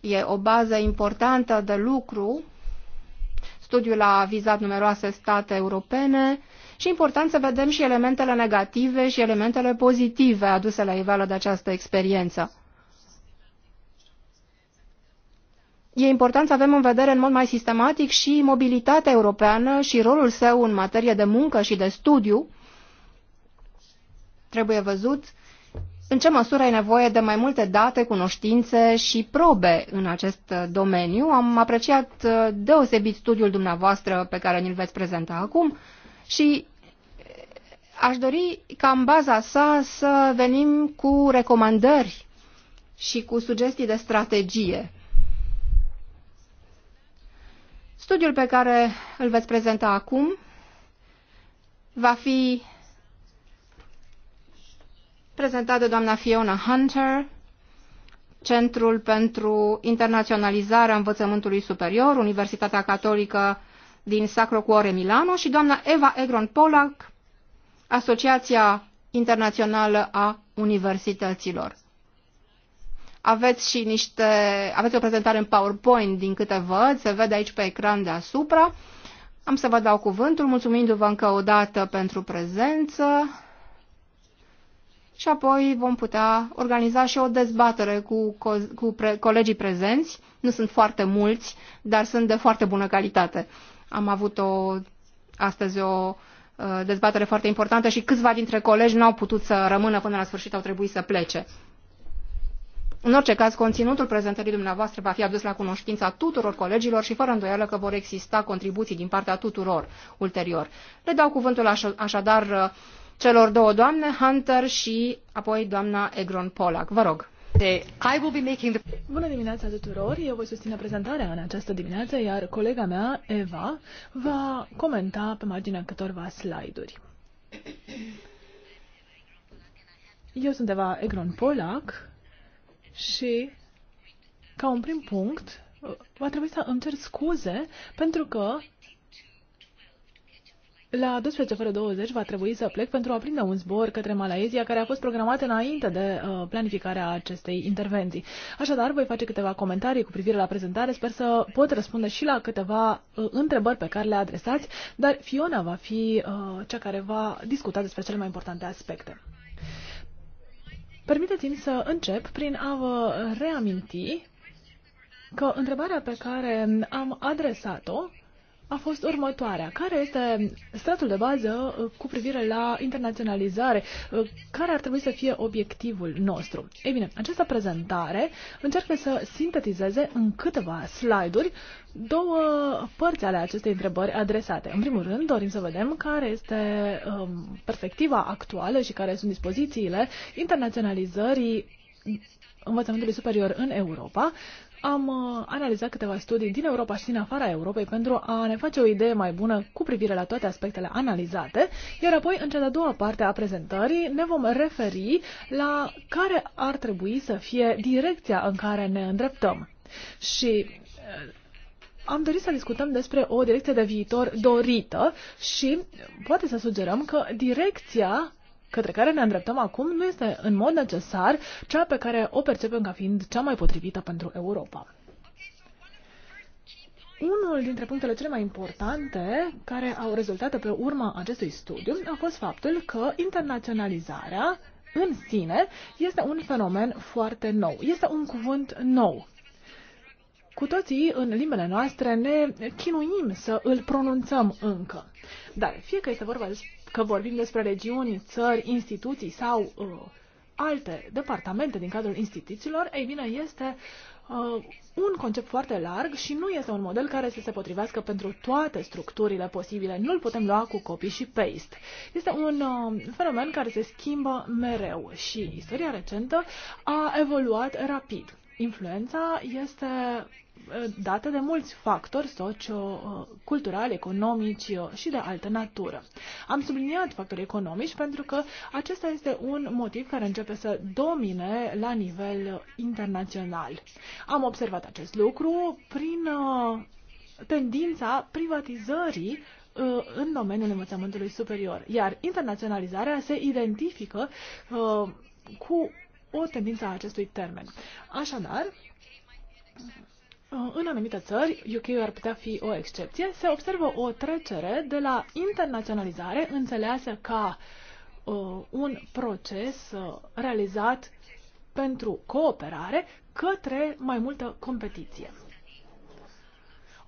E o bază importantă de lucru. Studiul a vizat numeroase state europene și important să vedem și elementele negative și elementele pozitive aduse la iveală de această experiență. e important să avem în vedere în mod mai sistematic și mobilitatea europeană și rolul său în materie de muncă și de studiu. Trebuie văzut în ce măsură e nevoie de mai multe date, cunoștințe și probe în acest domeniu. Am apreciat uh, deosebit studiul dumneavoastră pe care ni-l veți prezenta acum și uh, aș dori ca în baza sa să venim cu recomandări și cu sugestii de strategie Studiul pe care îl veți prezenta acum va fi prezentat de doamna Fiona Hunter, Centrul pentru Internaționalizarea Învățământului Superior, Universitatea Catolică din Sacro Cuore Milano și doamna Eva Egron Polak, Asociația Internațională a Universităților. Aveți și niște, aveți o prezentare în PowerPoint din câte văd, se vede aici pe ecran deasupra. Am să vă dau cuvântul, mulțumindu-vă încă o dată pentru prezență și apoi vom putea organiza și o dezbatere cu, co cu pre colegii prezenți. Nu sunt foarte mulți, dar sunt de foarte bună calitate. Am avut o, astăzi o uh, dezbatere foarte importantă și câțiva dintre colegi nu au putut să rămână până la sfârșit, au trebuit să plece. În orice caz, conținutul prezentării dumneavoastră va fi adus la cunoștința tuturor colegilor și fără îndoială că vor exista contribuții din partea tuturor ulterior. Le dau cuvântul aș așadar uh, celor două doamne, Hunter și apoi doamna Egron Polak. Vă rog. Bună dimineața tuturor! Eu voi susține prezentarea în această dimineață, iar colega mea, Eva, va comenta pe marginea câtorva slide-uri. Eu sunt Eva Egron Polak, și, ca un prim punct, va trebui să îmi cer scuze pentru că la 12 fără 20 va trebui să plec pentru a prinde un zbor către Malaezia care a fost programat înainte de uh, planificarea acestei intervenții. Așadar, voi face câteva comentarii cu privire la prezentare. Sper să pot răspunde și la câteva uh, întrebări pe care le adresați, dar Fiona va fi uh, cea care va discuta despre cele mai importante aspecte. Permiteți-mi să încep prin a vă reaminti că întrebarea pe care am adresat-o a fost următoarea. Care este statul de bază uh, cu privire la internaționalizare? Uh, care ar trebui să fie obiectivul nostru? Ei bine, această prezentare încearcă să sintetizeze în câteva slide-uri două părți ale acestei întrebări adresate. În primul rând, dorim să vedem care este um, perspectiva actuală și care sunt dispozițiile internaționalizării învățământului superior în Europa am uh, analizat câteva studii din Europa și din afara Europei pentru a ne face o idee mai bună cu privire la toate aspectele analizate, iar apoi, în cea de-a doua parte a prezentării, ne vom referi la care ar trebui să fie direcția în care ne îndreptăm. Și uh, am dorit să discutăm despre o direcție de viitor dorită și poate să sugerăm că direcția către care ne îndreptăm acum nu este în mod necesar cea pe care o percepem ca fiind cea mai potrivită pentru Europa. Unul dintre punctele cele mai importante care au rezultat pe urma acestui studiu a fost faptul că internaționalizarea în sine este un fenomen foarte nou. Este un cuvânt nou. Cu toții în limbele noastre ne chinuim să îl pronunțăm încă. Dar fie că este vorba că vorbim despre regiuni, țări, instituții sau uh, alte departamente din cadrul instituțiilor, ei bine, este uh, un concept foarte larg și nu este un model care să se potrivească pentru toate structurile posibile. nu îl putem lua cu copii și paste. Este un uh, fenomen care se schimbă mereu și istoria recentă a evoluat rapid. Influența este Eh, date de mulți factori socio-culturali, economici eh, și de altă natură. Am subliniat factorii economici pentru că acesta este un motiv care începe să domine la nivel internațional. Am observat acest lucru prin eh, tendința privatizării în domeniul învățământului superior, iar internaționalizarea se identifică cu o tendință a acestui termen. Așadar, Uh, în anumite țări, UK ar putea fi o excepție, se observă o trecere de la internaționalizare, înțeleasă ca uh, un proces uh, realizat pentru cooperare, către mai multă competiție.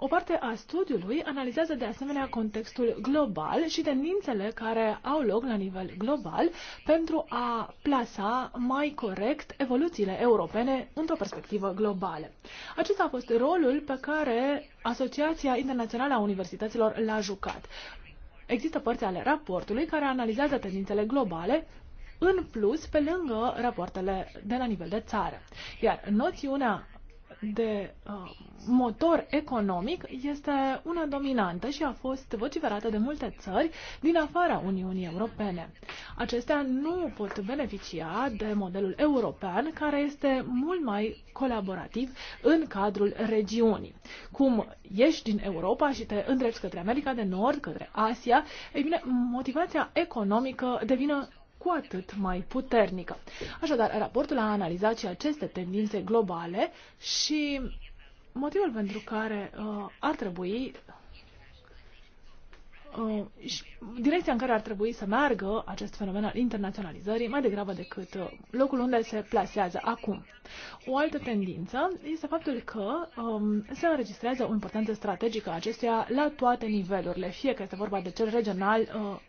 O parte a studiului analizează de asemenea contextul global și tendințele care au loc la nivel global pentru a plasa mai corect evoluțiile europene într-o perspectivă globală. Acesta a fost rolul pe care Asociația Internațională a Universităților l-a jucat. Există părți ale raportului care analizează tendințele globale, în plus pe lângă rapoartele de la nivel de țară. Iar noțiunea de uh, motor economic este una dominantă și a fost vociferată de multe țări din afara Uniunii Europene. Acestea nu pot beneficia de modelul european care este mult mai colaborativ în cadrul regiunii. Cum ieși din Europa și te îndrepți către America de Nord, către Asia, ei bine, motivația economică devine cu atât mai puternică. Așadar, raportul a analizat și aceste tendințe globale și motivul pentru care uh, ar trebui uh, direcția în care ar trebui să meargă acest fenomen al internaționalizării mai degrabă decât uh, locul unde se plasează acum. O altă tendință este faptul că um, se înregistrează o importanță strategică a acestuia la toate nivelurile, fie că este vorba de cel regional, uh,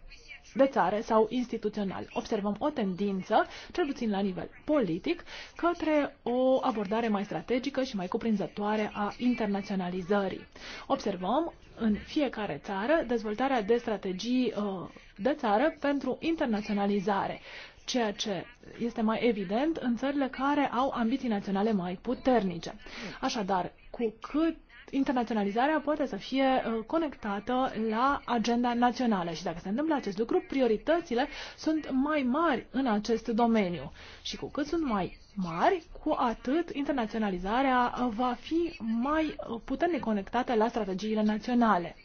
de țară sau instituțional. Observăm o tendință, cel puțin la nivel politic, către o abordare mai strategică și mai cuprinzătoare a internaționalizării. Observăm în fiecare țară dezvoltarea de strategii uh, de țară pentru internaționalizare, ceea ce este mai evident în țările care au ambiții naționale mai puternice. Așadar, cu cât internaționalizarea poate să fie uh, conectată la agenda națională și dacă se întâmplă acest lucru, prioritățile sunt mai mari în acest domeniu. Și cu cât sunt mai mari, cu atât internaționalizarea uh, va fi mai uh, puternic conectată la strategiile naționale.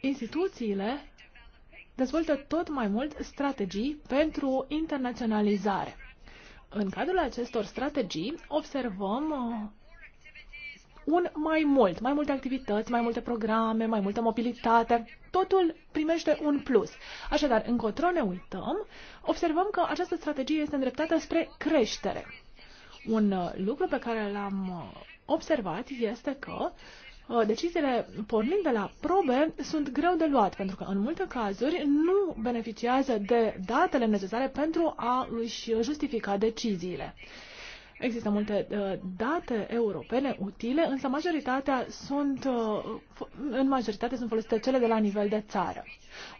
Instituțiile dezvoltă tot mai mult strategii pentru internaționalizare. În cadrul acestor strategii observăm un mai mult, mai multe activități, mai multe programe, mai multă mobilitate, totul primește un plus. Așadar, încotro ne uităm, observăm că această strategie este îndreptată spre creștere. Un uh, lucru pe care l-am uh, observat este că uh, deciziile pornind de la probe sunt greu de luat, pentru că în multe cazuri nu beneficiază de datele necesare pentru a își justifica deciziile. Există multe uh, date europene utile, însă majoritatea sunt, uh, în majoritate sunt folosite cele de la nivel de țară.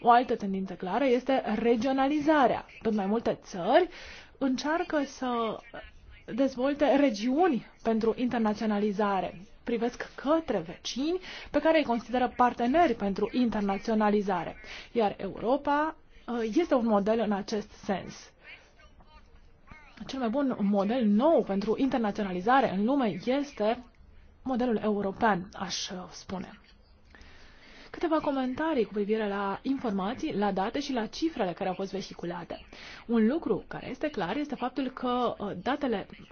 O altă tendință clară este regionalizarea. Tot mai multe țări încearcă să dezvolte regiuni pentru internaționalizare. Privesc către vecini pe care îi consideră parteneri pentru internaționalizare. Iar Europa uh, este un model în acest sens. Cel mai bun model nou pentru internaționalizare în lume este modelul european, aș uh, spune. Câteva comentarii cu privire la informații, la date și la cifrele care au fost vehiculate. Un lucru care este clar este faptul că uh, datele uh,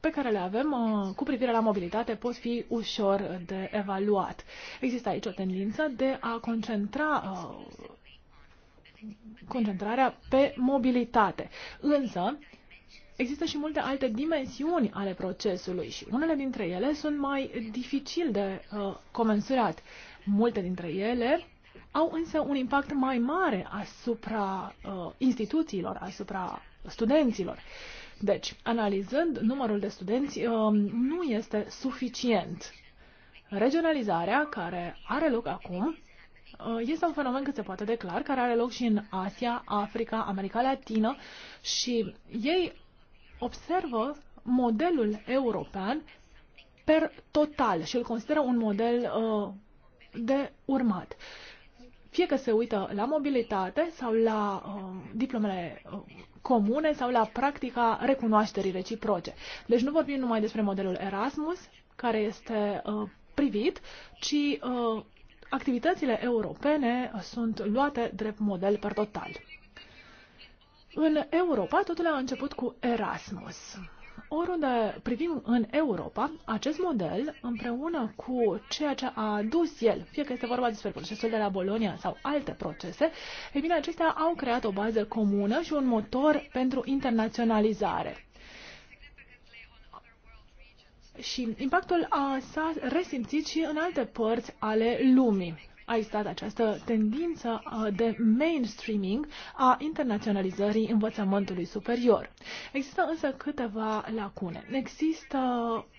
pe care le avem cu privire la mobilitate pot fi ușor de evaluat. Există aici o tendință de a concentra concentrarea pe mobilitate. Însă, există și multe alte dimensiuni ale procesului și unele dintre ele sunt mai dificil de uh, comensurat. Multe dintre ele au însă un impact mai mare asupra uh, instituțiilor, asupra studenților. Deci, analizând numărul de studenți, uh, nu este suficient. Regionalizarea care are loc acum Uh, este un fenomen cât se poate de clar, care are loc și în Asia, Africa, America Latină și ei observă modelul european per total și îl consideră un model uh, de urmat. Fie că se uită la mobilitate sau la uh, diplomele comune sau la practica recunoașterii reciproce. Deci nu vorbim numai despre modelul Erasmus, care este privit, ci uh, activitățile europene sunt luate drept model per total. În Europa, totul a început cu Erasmus. Oriunde privim în Europa, acest model, împreună cu ceea ce a adus el, fie că este vorba despre procesul de la Bolonia sau alte procese, ei bine, acestea au creat o bază comună și un motor pentru internaționalizare și impactul a, s-a resimțit și în alte părți ale lumii. A existat această tendință uh, de mainstreaming a internaționalizării învățământului superior. Există însă câteva lacune. Există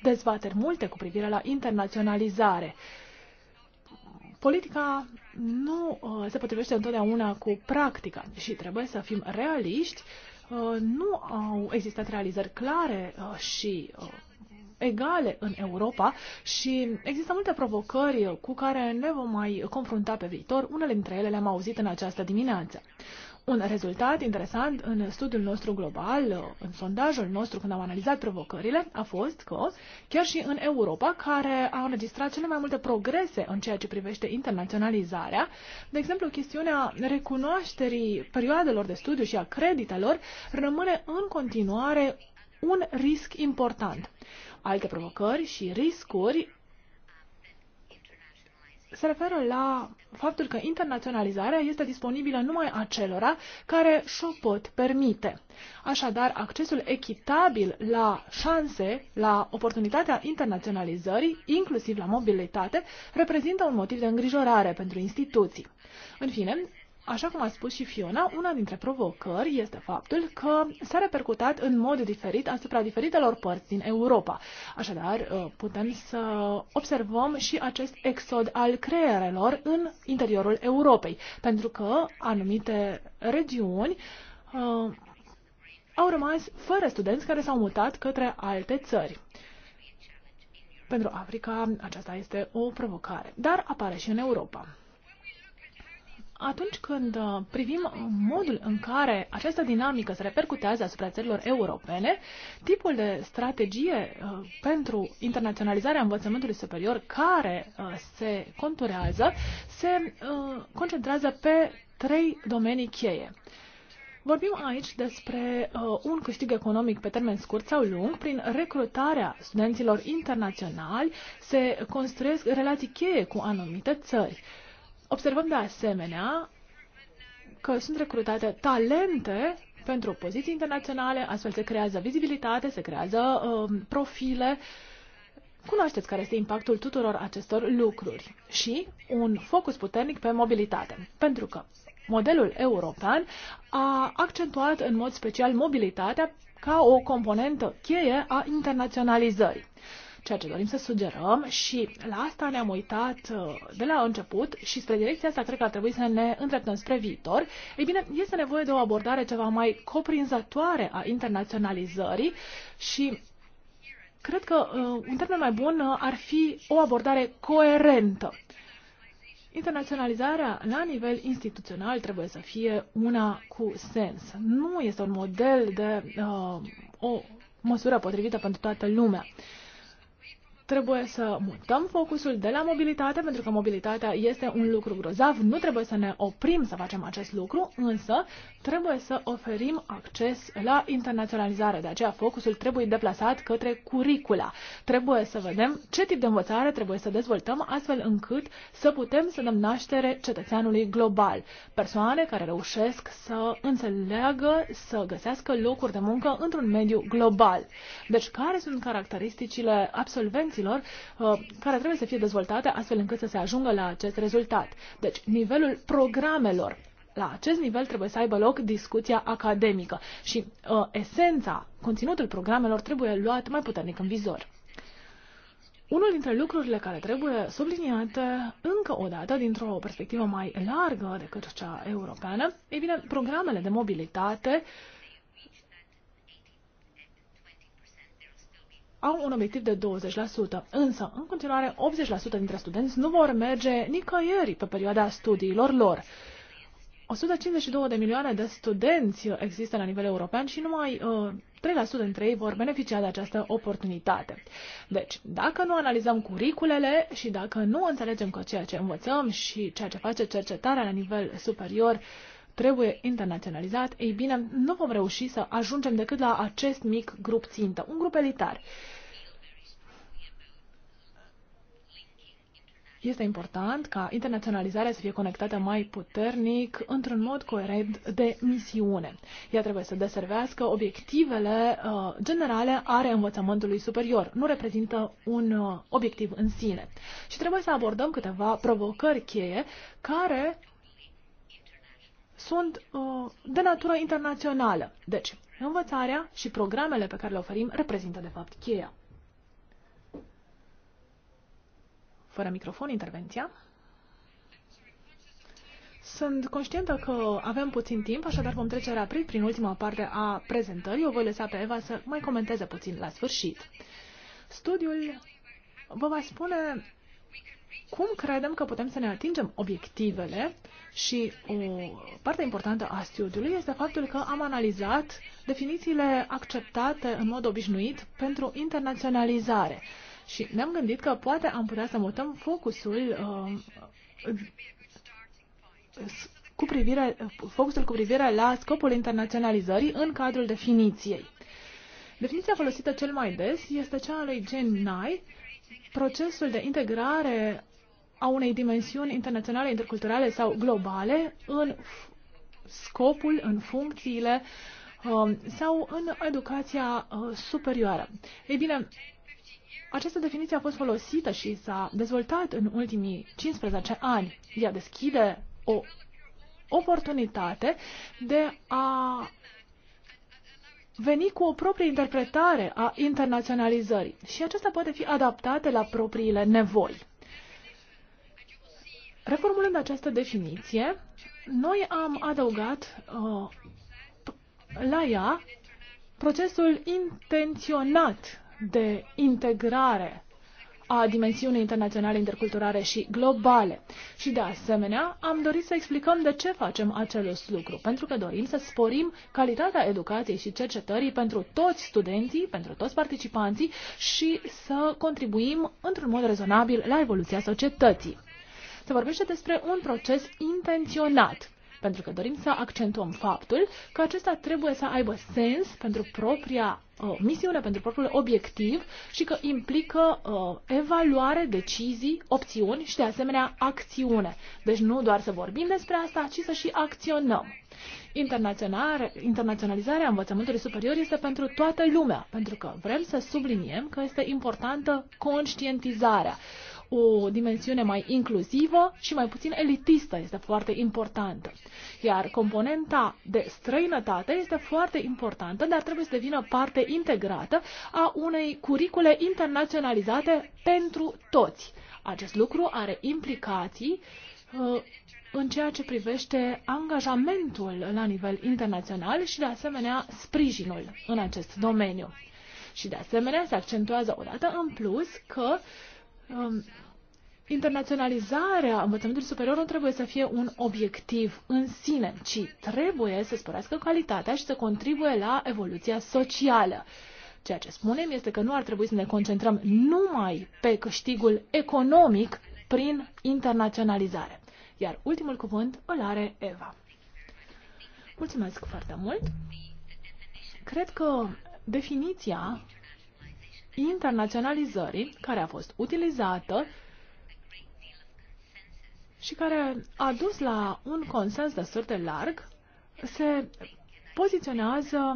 dezbateri multe cu privire la internaționalizare. Politica nu uh, se potrivește întotdeauna cu practica și trebuie să fim realiști. Uh, nu au existat realizări clare și egale în Europa și există multe provocări cu care ne vom mai confrunta pe viitor. Unele dintre ele le-am auzit în această dimineață. Un rezultat interesant în studiul nostru global, în sondajul nostru când am analizat provocările, a fost că chiar și în Europa, care a înregistrat cele mai multe progrese în ceea ce privește internaționalizarea, de exemplu, chestiunea recunoașterii perioadelor de studiu și a creditelor rămâne în continuare un risc important. Alte provocări și riscuri se referă la faptul că internaționalizarea este disponibilă numai acelora care și-o pot permite. Așadar, accesul echitabil la șanse, la oportunitatea internaționalizării, inclusiv la mobilitate, reprezintă un motiv de îngrijorare pentru instituții. În fine, Așa cum a spus și Fiona, una dintre provocări este faptul că s-a repercutat în mod diferit asupra diferitelor părți din Europa. Așadar, uh, putem să observăm și acest exod al creierelor în interiorul Europei, pentru că anumite regiuni uh, au rămas fără studenți care s-au mutat către alte țări. Pentru Africa, aceasta este o provocare, dar apare și în Europa atunci când uh, privim modul în care această dinamică se repercutează asupra țărilor europene, tipul de strategie uh, pentru internaționalizarea învățământului superior care uh, se conturează se concentrează pe trei domenii cheie. Vorbim aici despre uh, un câștig economic pe termen scurt sau lung. Prin recrutarea studenților internaționali se construiesc relații cheie cu anumite țări. Uh, Observăm de asemenea că sunt recrutate talente pentru poziții internaționale, astfel se creează vizibilitate, se creează um, profile. Cunoașteți care este impactul tuturor acestor lucruri și un focus puternic pe mobilitate, pentru că modelul european a accentuat în mod special mobilitatea ca o componentă cheie a internaționalizării ceea ce dorim să sugerăm și la asta ne-am uitat uh, de la început și spre direcția asta cred că ar trebui să ne îndreptăm spre viitor. Ei bine, este nevoie de o abordare ceva mai coprinzătoare a internaționalizării și cred că uh, un termen mai bun uh, ar fi o abordare coerentă. Internaționalizarea la nivel instituțional trebuie să fie una cu sens. Nu este un model de uh, o măsură potrivită pentru toată lumea. Uh, Trebuie să mutăm focusul de la mobilitate, pentru că mobilitatea este un lucru grozav. Nu trebuie să ne oprim să facem acest lucru, însă trebuie să oferim acces la internaționalizare. De aceea focusul trebuie deplasat către curicula. Trebuie să vedem ce tip de învățare trebuie să dezvoltăm astfel încât să putem să dăm naștere cetățeanului global. Persoane care reușesc să înțeleagă, să găsească locuri de muncă într-un mediu global. Deci care sunt caracteristicile absolvenților activităților uh, care trebuie să fie dezvoltate astfel încât să se ajungă la acest rezultat. Deci, nivelul programelor la acest nivel trebuie să aibă loc discuția academică și uh, esența, conținutul programelor trebuie luat mai puternic în vizor. Unul dintre lucrurile care trebuie subliniate încă o dată dintr-o perspectivă mai largă decât cea europeană, e bine, programele de mobilitate uh, au un obiectiv de 20%, însă, în continuare, 80% dintre studenți nu vor merge nicăieri pe perioada studiilor lor. 152 de milioane de studenți există la nivel european și numai uh, 3% dintre ei vor beneficia de această oportunitate. Deci, dacă nu analizăm curiculele și dacă nu înțelegem că ceea ce învățăm și ceea ce face cercetarea la nivel superior uh, trebuie internaționalizat, ei bine, nu vom reuși să ajungem decât la acest mic grup țintă, un grup elitar. Este important ca internaționalizarea să fie conectată mai puternic, într-un mod coerent de misiune. Ea trebuie să deservească obiectivele uh, generale ale învățământului superior. Nu reprezintă un uh, obiectiv în sine. Și trebuie să abordăm câteva provocări cheie care sunt uh, de natură internațională. Deci, învățarea și programele pe care le oferim reprezintă, de fapt, cheia. Fără microfon, intervenția. Sunt conștientă că avem puțin timp, așadar vom trece rapid prin ultima parte a prezentării. O voi lăsa pe Eva să mai comenteze puțin la sfârșit. Studiul vă va spune cum credem că putem să ne atingem obiectivele și o parte importantă a studiului este faptul că am analizat definițiile acceptate în mod obișnuit pentru internaționalizare. Și ne-am gândit că poate am putea să mutăm focusul uh, cu privire, focusul cu privire la scopul internaționalizării în cadrul definiției. Definiția folosită cel mai des este cea a lui Jane Nye, procesul de integrare a unei dimensiuni internaționale, interculturale sau globale în scopul, în funcțiile um, sau în educația uh, superioară. Ei bine, această definiție a fost folosită și s-a dezvoltat în ultimii 15 ani. Ea deschide o oportunitate de a veni cu o proprie interpretare a internaționalizării și aceasta poate fi adaptată la propriile nevoi. Reformulând această definiție, noi am adăugat uh, la ea procesul intenționat de integrare a dimensiunii internaționale, interculturale și globale. Și de asemenea, am dorit să explicăm de ce facem acest lucru, pentru că dorim să sporim calitatea educației și cercetării pentru toți studenții, pentru toți participanții și să contribuim într-un mod rezonabil la evoluția societății se vorbește despre un proces intenționat pentru că dorim să accentuăm faptul că acesta trebuie să aibă sens pentru propria uh, misiune, pentru propriul obiectiv și că implică uh, evaluare, decizii, opțiuni și de asemenea acțiune. Deci nu doar să vorbim despre asta, ci să și acționăm. Internaționalizarea învățământului superior este pentru toată lumea, pentru că vrem să subliniem că este importantă conștientizarea. Uh, o dimensiune mai inclusivă și mai puțin elitistă este foarte importantă. Iar componenta de străinătate este foarte importantă, dar trebuie să devină parte integrată a unei curicule internaționalizate pentru toți. Acest lucru are implicații uh, în ceea ce privește angajamentul la nivel internațional și, de asemenea, sprijinul în acest domeniu. Și, de asemenea, se accentuează odată în plus că uh, um, internaționalizarea învățământului superior nu trebuie să fie un obiectiv în sine, ci trebuie să sporească calitatea și să contribuie la evoluția socială. Ceea ce spunem este că nu ar trebui să ne concentrăm numai pe câștigul economic prin internaționalizare. Iar ultimul cuvânt îl are Eva. Mulțumesc foarte mult! Cred că definiția internaționalizării, care a fost utilizată și care a dus la un consens destul de larg, se poziționează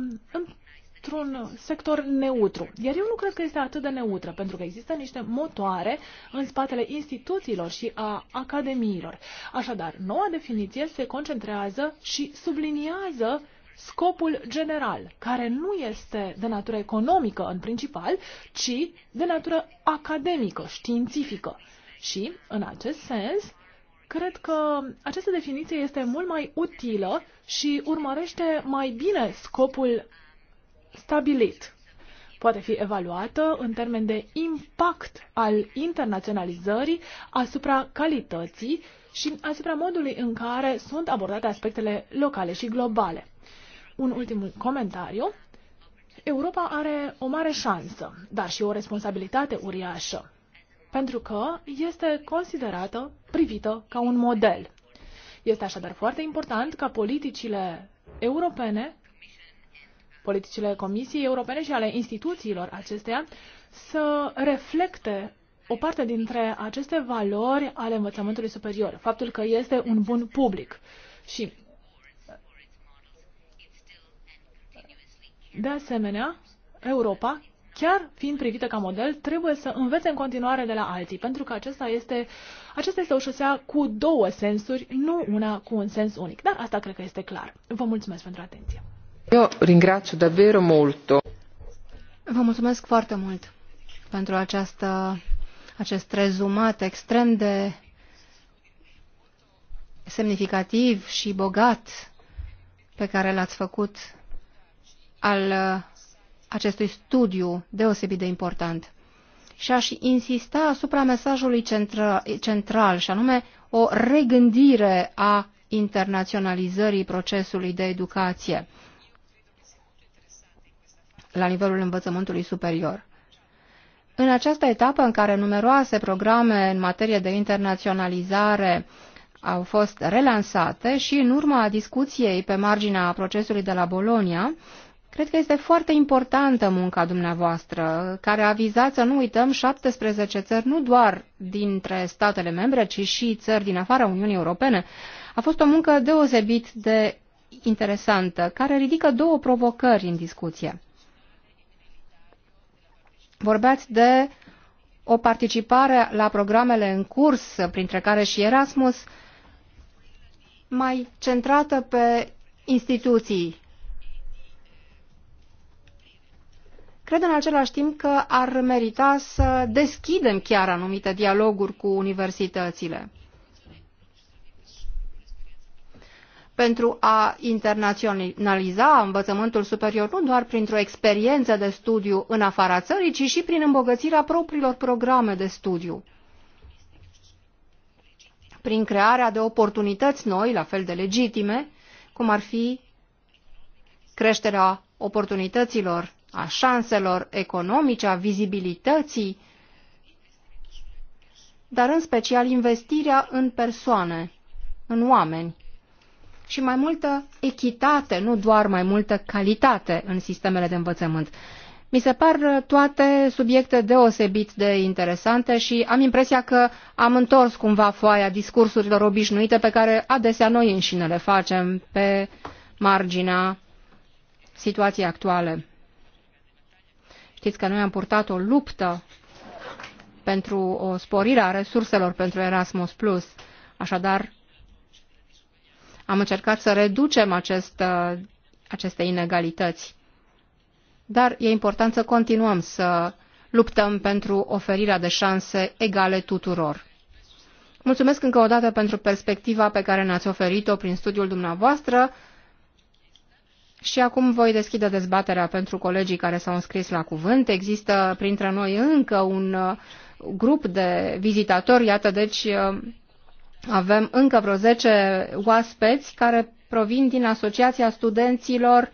într-un sector neutru. Iar eu nu cred că este atât de neutră, pentru că există niște motoare în spatele instituțiilor și a academiilor. Așadar, noua definiție se concentrează și subliniază scopul general, care nu este de natură economică în principal, ci de natură academică, științifică. Și, în acest sens, cred că această definiție este mult mai utilă și urmărește mai bine scopul stabilit. Poate fi evaluată în termen de impact al internaționalizării asupra calității și asupra modului în care sunt abordate aspectele locale și globale. Un ultim comentariu. Europa are o mare șansă, dar și o responsabilitate uriașă, pentru că este considerată, privită ca un model. Este așadar foarte important ca politicile europene, politicile Comisiei Europene și ale instituțiilor acesteia să reflecte o parte dintre aceste valori ale învățământului superior, faptul că este un bun public. Și De asemenea, Europa, chiar fiind privită ca model, trebuie să învețe în continuare de la alții, pentru că acesta este, acesta este o șosea cu două sensuri, nu una cu un sens unic. Dar asta cred că este clar. Vă mulțumesc pentru atenție. Eu ringrazio davvero molto. Vă mulțumesc foarte mult pentru această, acest rezumat extrem de semnificativ și bogat pe care l-ați făcut al uh, acestui studiu deosebit de important. Și aș insista asupra mesajului centra, central, și anume o regândire a internaționalizării procesului de educație la nivelul învățământului superior. În această etapă în care numeroase programe în materie de internaționalizare au fost relansate și în urma discuției pe marginea procesului de la Bolonia, Cred că este foarte importantă munca dumneavoastră, care a vizat, să nu uităm, 17 țări, nu doar dintre statele membre, ci și țări din afara Uniunii Europene. A fost o muncă deosebit de interesantă, care ridică două provocări în discuție. Vorbeați de o participare la programele în curs, printre care și Erasmus, mai centrată pe instituții Cred în același timp că ar merita să deschidem chiar anumite dialoguri cu universitățile pentru a internaționaliza învățământul superior nu doar printr-o experiență de studiu în afara țării, ci și prin îmbogățirea propriilor programe de studiu prin crearea de oportunități noi, la fel de legitime, cum ar fi creșterea oportunităților a șanselor economice, a vizibilității, dar în special investirea în persoane, în oameni și mai multă echitate, nu doar mai multă calitate în sistemele de învățământ. Mi se par uh, toate subiecte deosebit de interesante și am impresia că am întors cumva foaia discursurilor obișnuite pe care adesea noi înșine le facem pe marginea situației actuale. Știți că noi am purtat o luptă pentru o sporire a resurselor pentru Erasmus+. Plus, Așadar, am încercat să reducem acest, aceste inegalități. Dar e important să continuăm să luptăm pentru oferirea de șanse egale tuturor. Mulțumesc încă o dată pentru perspectiva pe care ne-ați oferit-o prin studiul dumneavoastră. Și acum voi deschide dezbaterea pentru colegii care s-au înscris la cuvânt. Există printre noi încă un uh, grup de vizitatori, iată, deci uh, avem încă vreo 10 oaspeți care provin din Asociația Studenților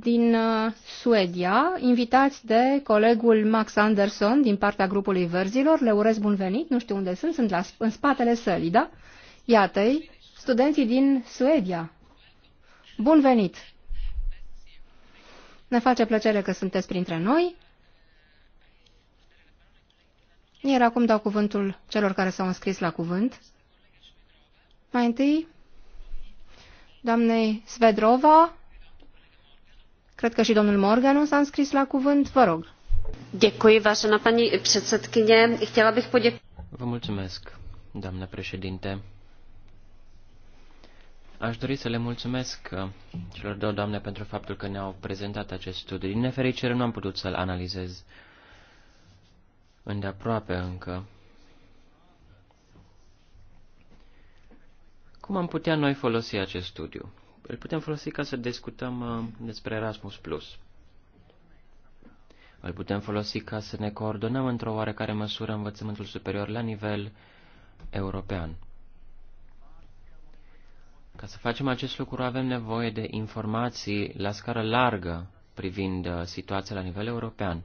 din uh, Suedia, invitați de colegul Max Anderson din partea grupului Verzilor. Le urez bun venit, nu știu unde sunt, sunt la, în spatele sălii, da? Iată-i, studenții din Suedia. Bun venit! Ne face plăcere că sunteți printre noi. Iar acum dau cuvântul celor care s-au înscris la cuvânt. Mai întâi, doamnei Svedrova, cred că și domnul Morganu s-a înscris la cuvânt, vă rog. Děkuji, vážená paní předsedkyně. Chtěla bych poděkovat. Vă mulțumesc, doamnă președinte. Aș dori să le mulțumesc uh, celor două doamne pentru faptul că ne-au prezentat acest studiu. Din nefericire nu am putut să-l analizez îndeaproape încă. Cum am putea noi folosi acest studiu? Îl putem folosi ca să discutăm uh, despre Erasmus+. Îl putem folosi ca să ne coordonăm într-o oarecare măsură învățământul superior la nivel european. Ca să facem acest lucru avem nevoie de informații la scară largă privind uh, situația la nivel european.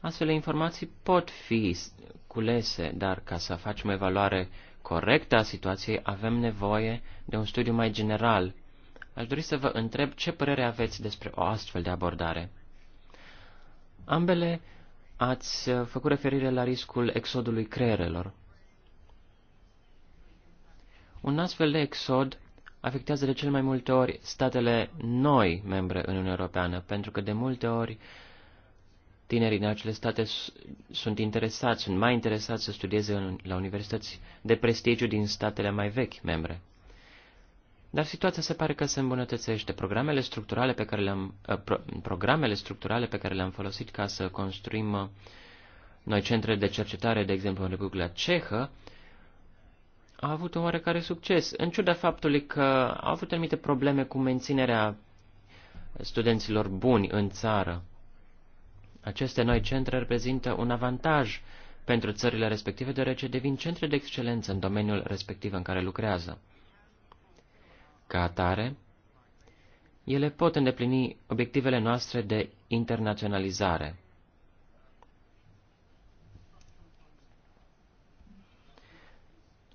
Astfel de informații pot fi culese, dar ca să facem o evaluare corectă a situației avem nevoie de un studiu mai general. Aș dori să vă întreb ce părere aveți despre o astfel de abordare. Ambele ați uh, făcut referire la riscul exodului creierelor. Un astfel de exod afectează de cel mai multe ori statele noi membre în Uniunea Europeană, pentru că de multe ori tinerii din acele state sunt interesați, sunt mai interesați să studieze la universități de prestigiu din statele mai vechi membre. Dar situația se pare că se îmbunătățește. Programele structurale pe care le-am, ă, pro, programele structurale pe care le-am folosit ca să construim ă, noi centre de cercetare, de exemplu, în Republica Cehă, a avut un oarecare succes, în ciuda faptului că a avut anumite probleme cu menținerea studenților buni în țară. Aceste noi centre reprezintă un avantaj pentru țările respective, deoarece devin centre de excelență în domeniul respectiv în care lucrează. Ca atare, ele pot îndeplini obiectivele noastre de internaționalizare.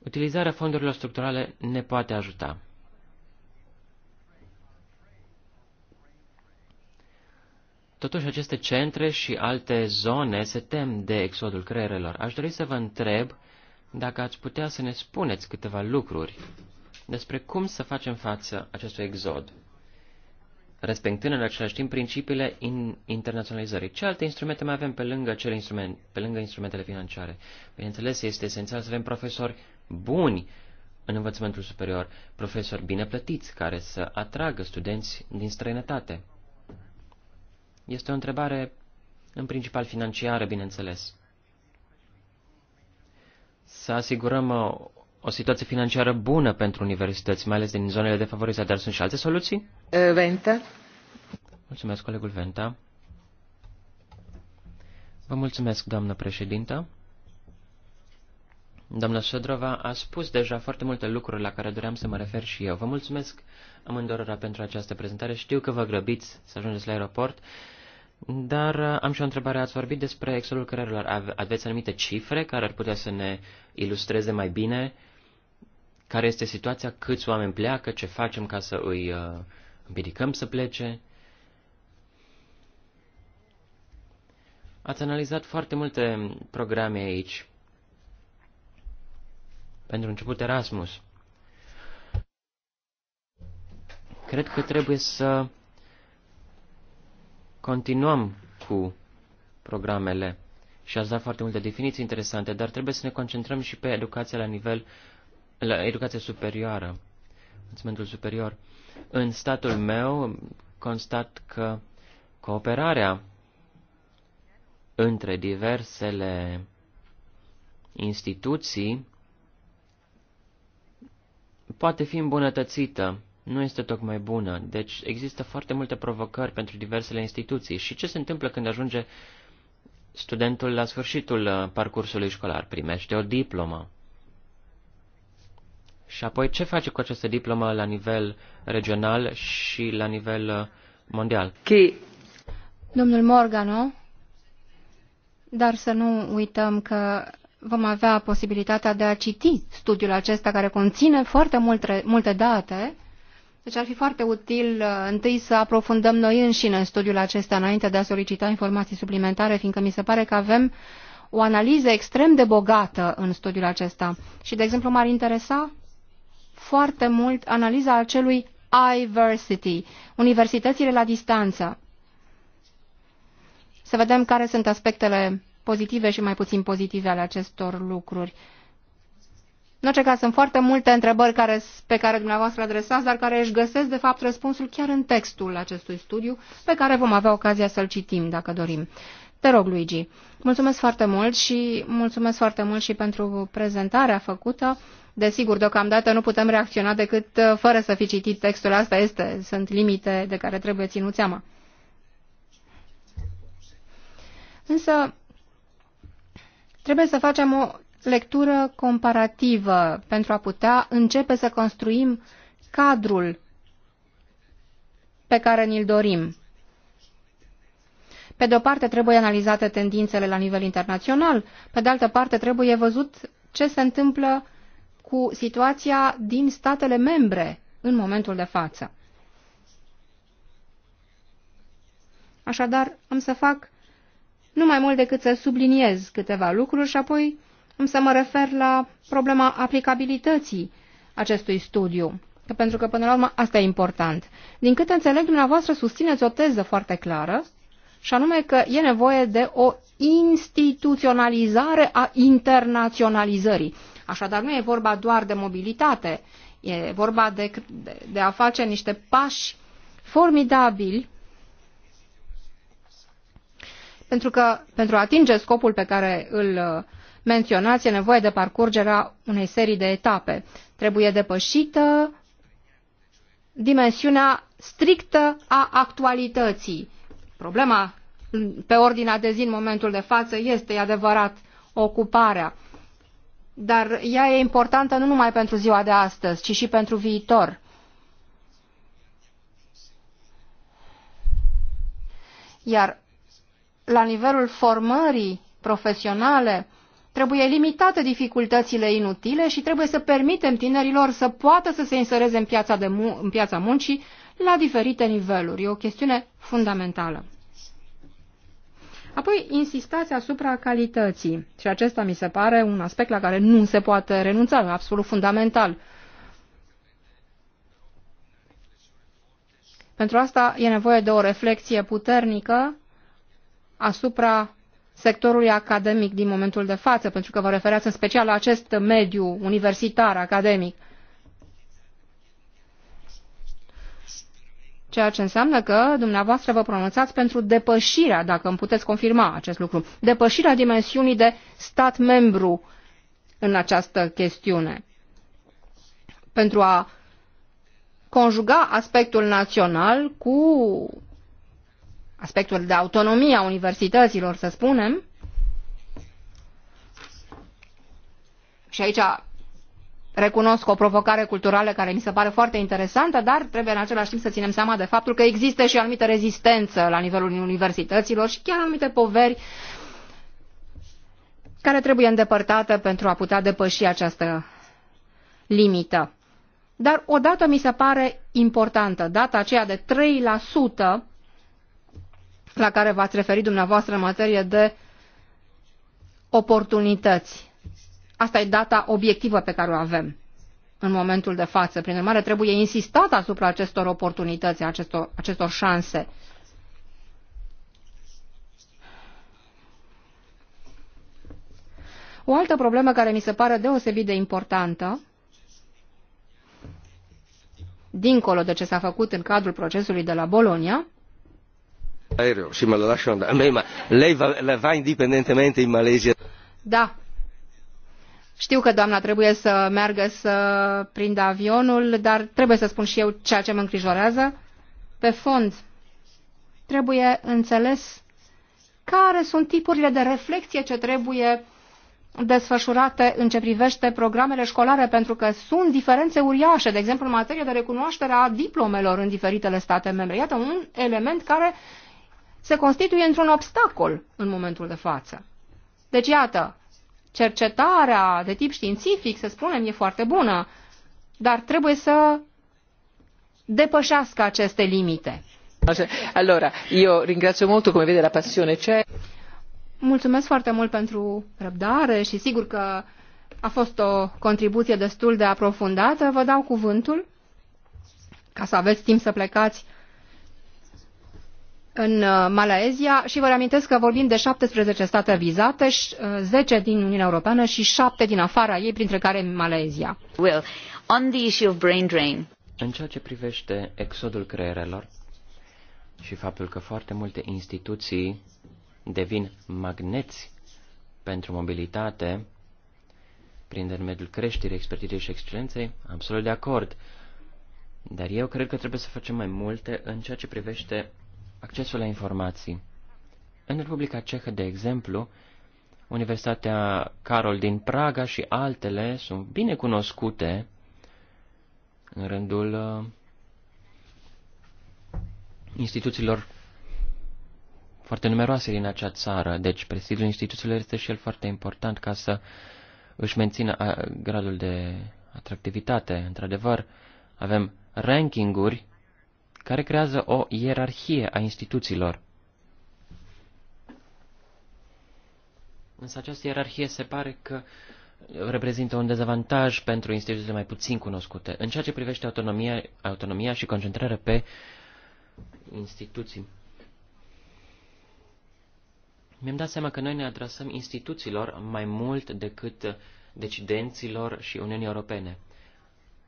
Utilizarea fondurilor structurale ne poate ajuta. Totuși, aceste centre și alte zone se tem de exodul creierelor. Aș dori să vă întreb dacă ați putea să ne spuneți câteva lucruri despre cum să facem față acestui exod, respectând în același timp principiile in internaționalizării. Ce alte instrumente mai avem pe lângă, cele instrument, pe lângă instrumentele financiare? Bineînțeles, este esențial să avem profesori buni în învățământul superior, profesori bine plătiți care să atragă studenți din străinătate. Este o întrebare în principal financiară, bineînțeles. Să asigurăm o, uh, o situație financiară bună pentru universități, mai ales din zonele defavorizate, dar sunt și alte soluții? Uh, Venta. Mulțumesc, colegul Venta. Vă mulțumesc, doamnă președintă. Doamna Sodrova a spus deja foarte multe lucruri la care doream să mă refer și eu. Vă mulțumesc amândorora pentru această prezentare. Știu că vă grăbiți să ajungeți la aeroport, dar uh, am și o întrebare. Ați vorbit despre excelul cărărilor. Aveți anumite cifre care ar putea să ne ilustreze mai bine care este situația, câți oameni pleacă, ce facem ca să îi uh, împiedicăm să plece? Ați analizat foarte multe programe aici pentru început, Erasmus. Cred că trebuie să continuăm cu programele și ați dat foarte multe definiții interesante, dar trebuie să ne concentrăm și pe educația la nivel, la educația superioară, învățământul superior. În statul meu constat că cooperarea între diversele instituții poate fi îmbunătățită, nu este tocmai bună, deci există foarte multe provocări pentru diversele instituții. Și ce se întâmplă când ajunge studentul la sfârșitul uh, parcursului școlar? Primește o diplomă. Și apoi ce face cu această diplomă la nivel regional și la nivel uh, mondial? Chi. Domnul Morgano, dar să nu uităm că vom avea posibilitatea de a citi studiul acesta care conține foarte multe, multe date. Deci ar fi foarte util uh, întâi să aprofundăm noi înșine în studiul acesta înainte de a solicita informații suplimentare, fiindcă mi se pare că avem o analiză extrem de bogată în studiul acesta. Și, de exemplu, m-ar interesa foarte mult analiza acelui iVersity, universitățile la distanță. Să vedem care sunt aspectele pozitive și mai puțin pozitive ale acestor lucruri. În orice caz, sunt foarte multe întrebări care, pe care dumneavoastră adresați, dar care își găsesc, de fapt, răspunsul chiar în textul acestui studiu, pe care vom avea ocazia să-l citim, dacă dorim. Te rog, Luigi. Mulțumesc foarte mult și mulțumesc foarte mult și pentru prezentarea făcută. Desigur, deocamdată nu putem reacționa decât uh, fără să fi citit textul. Asta este, sunt limite de care trebuie ținut seama. Însă, Trebuie să facem o lectură comparativă pentru a putea începe să construim cadrul pe care ni-l dorim. Pe de o parte trebuie analizate tendințele la nivel internațional, pe de altă parte trebuie văzut ce se întâmplă cu situația din statele membre în momentul de față. Așadar, am să fac nu mai mult decât să subliniez câteva lucruri și apoi am să mă refer la problema aplicabilității acestui studiu, că pentru că până la urmă asta e important. Din câte înțeleg, dumneavoastră susțineți o teză foarte clară, și anume că e nevoie de o instituționalizare a internaționalizării. Așadar, nu e vorba doar de mobilitate, e vorba de, de, de a face niște pași formidabili pentru că pentru a atinge scopul pe care îl uh, menționați e nevoie de parcurgerea unei serii de etape. Trebuie depășită dimensiunea strictă a actualității. Problema mm, pe ordinea de zi în momentul de față este, e adevărat, ocuparea. Dar ea e importantă nu numai pentru ziua de astăzi, ci și pentru viitor. Iar la nivelul formării profesionale, trebuie limitate dificultățile inutile și trebuie să permitem tinerilor să poată să se insereze în piața, de mu- în piața muncii la diferite niveluri. E o chestiune fundamentală. Apoi insistați asupra calității și acesta mi se pare un aspect la care nu se poate renunța, absolut fundamental. Pentru asta e nevoie de o reflexie puternică asupra sectorului academic din momentul de față, pentru că vă refereați în special la acest mediu universitar, academic. Ceea ce înseamnă că dumneavoastră vă pronunțați pentru depășirea, dacă îmi puteți confirma acest lucru, depășirea dimensiunii de stat membru în această chestiune. Pentru a conjuga aspectul național cu aspectul de autonomie a universităților, să spunem, și aici recunosc o provocare culturală care mi se pare foarte interesantă, dar trebuie în același timp să ținem seama de faptul că există și anumită rezistență la nivelul universităților și chiar anumite poveri care trebuie îndepărtată pentru a putea depăși această limită. Dar odată mi se pare importantă, data aceea de la care v-ați referit dumneavoastră în materie de oportunități. Asta e data obiectivă pe care o avem în momentul de față. Prin urmare, trebuie insistat asupra acestor oportunități, acestor, acestor șanse. O altă problemă care mi se pare deosebit de importantă, dincolo de ce s-a făcut în cadrul procesului de la Bologna, Aereo, și mă lasă andare. Lei va, le va independentemente în Malezia. Da. Știu că doamna trebuie să meargă să prindă avionul, dar trebuie să spun și eu ceea ce mă îngrijorează. Pe fond, trebuie înțeles care sunt tipurile de reflexie ce trebuie desfășurate în ce privește programele școlare, pentru că sunt diferențe uriașe, de exemplu în materie de recunoaștere a diplomelor în diferitele state membre. Iată un element care se constituie într-un obstacol în momentul de față. Deci, iată, cercetarea de tip științific, să spunem, e foarte bună, dar trebuie să depășească aceste limite. Allora, eu ringrazio molto, come vede, la passione c'è. Mulțumesc foarte mult pentru răbdare și sigur că a fost o contribuție destul de aprofundată. Vă dau cuvântul ca să aveți timp să plecați în uh, Malaezia și vă reamintesc că vorbim de 17 state vizate, 10 uh, din Uniunea Europeană și 7 din afara ei, printre care Malaezia. Will, on the issue of brain drain. În ceea ce privește exodul creierelor și faptul că foarte multe instituții devin magneți pentru mobilitate prin intermediul creșterii, expertizei și excelenței, absolut de acord. Dar eu cred că trebuie să facem mai multe în ceea ce privește accesul la informații. În Republica Cehă, de exemplu, Universitatea Carol din Praga și altele sunt bine cunoscute în rândul uh, instituțiilor foarte numeroase din acea țară. Deci, prestigiul instituțiilor este și el foarte important ca să își mențină uh, gradul de atractivitate. Într-adevăr, avem rankinguri care creează o ierarhie a instituțiilor. Însă această ierarhie se pare că reprezintă un dezavantaj pentru instituțiile mai puțin cunoscute, în ceea ce privește autonomia, autonomia și concentrarea pe instituții. Mi-am dat seama că noi ne adresăm instituțiilor mai mult decât decidenților și Uniunii Europene.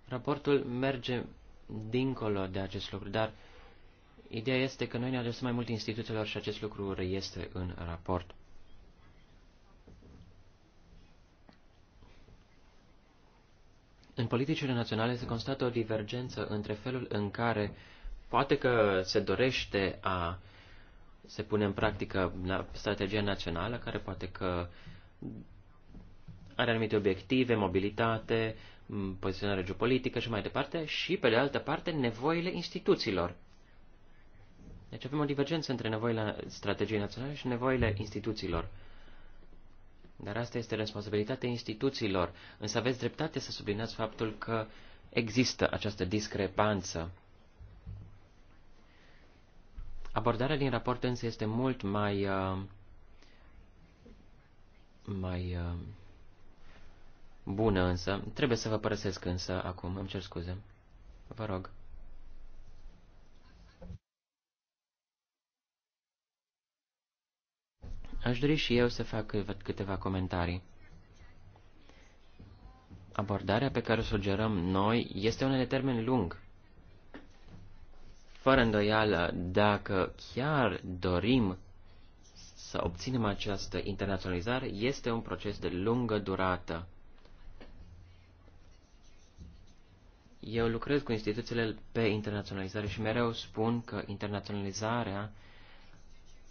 Raportul merge dincolo de acest lucru, dar ideea este că noi ne adresăm mai mult instituțiilor și acest lucru reiese în raport. În politicile naționale se constată o divergență între felul în care poate că se dorește a se pune în practică strategia națională, care poate că are anumite obiective, mobilitate, Mm, poziționare geopolitică și mai departe, și, pe de altă parte, nevoile instituțiilor. Deci avem o divergență între nevoile strategiei naționale și nevoile instituțiilor. Dar asta este responsabilitatea instituțiilor. Însă aveți dreptate să subliniați faptul că există această discrepanță. Abordarea din raport însă este mult mai, uh, mai uh, bună însă. Trebuie să vă părăsesc însă acum, îmi cer scuze. Vă rog. Aș dori și eu să fac câteva comentarii. Abordarea pe care o sugerăm noi este una de termen lung. Fără îndoială, dacă chiar dorim să obținem această internaționalizare, este un proces de lungă durată. Eu lucrez cu instituțiile pe internaționalizare și mereu spun că internaționalizarea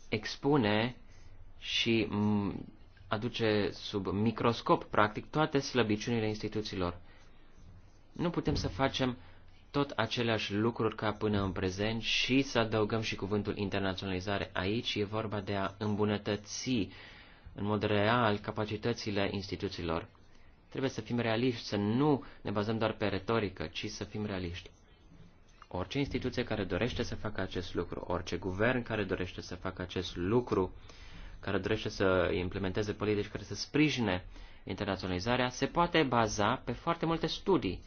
expune și mm, aduce sub microscop, practic, toate slăbiciunile instituțiilor. Nu putem să facem tot aceleași lucruri ca până în prezent și să adăugăm și cuvântul internaționalizare. Aici e vorba de a îmbunătăți în mod real capacitățile instituțiilor. Trebuie să fim realiști, să nu ne bazăm doar pe retorică, ci să fim realiști. Orice instituție care dorește să facă acest lucru, orice guvern care dorește să facă acest lucru, care dorește să implementeze politici care să sprijine internaționalizarea, se poate baza pe foarte multe studii.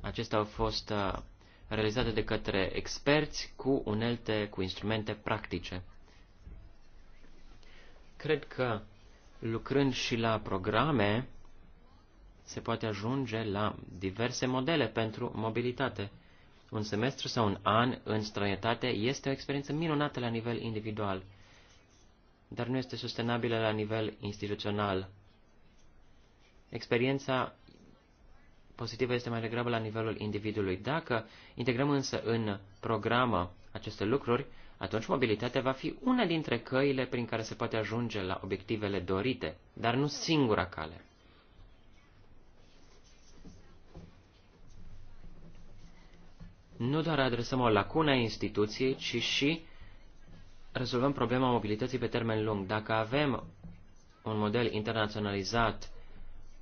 Acestea au fost uh, realizate de către experți cu unelte, cu instrumente practice. Cred că lucrând și la programe, se poate ajunge la diverse modele pentru mobilitate. Un semestru sau un an în străinătate este o experiență minunată la nivel individual, dar nu este sustenabilă la nivel instituțional. Experiența pozitivă este mai degrabă la nivelul individului. Dacă integrăm însă în programă aceste lucruri, atunci mobilitatea va fi una dintre căile prin care se poate ajunge la obiectivele dorite, dar nu singura cale. Nu doar adresăm o lacună a instituției, ci și rezolvăm problema mobilității pe termen lung. Dacă avem un model internaționalizat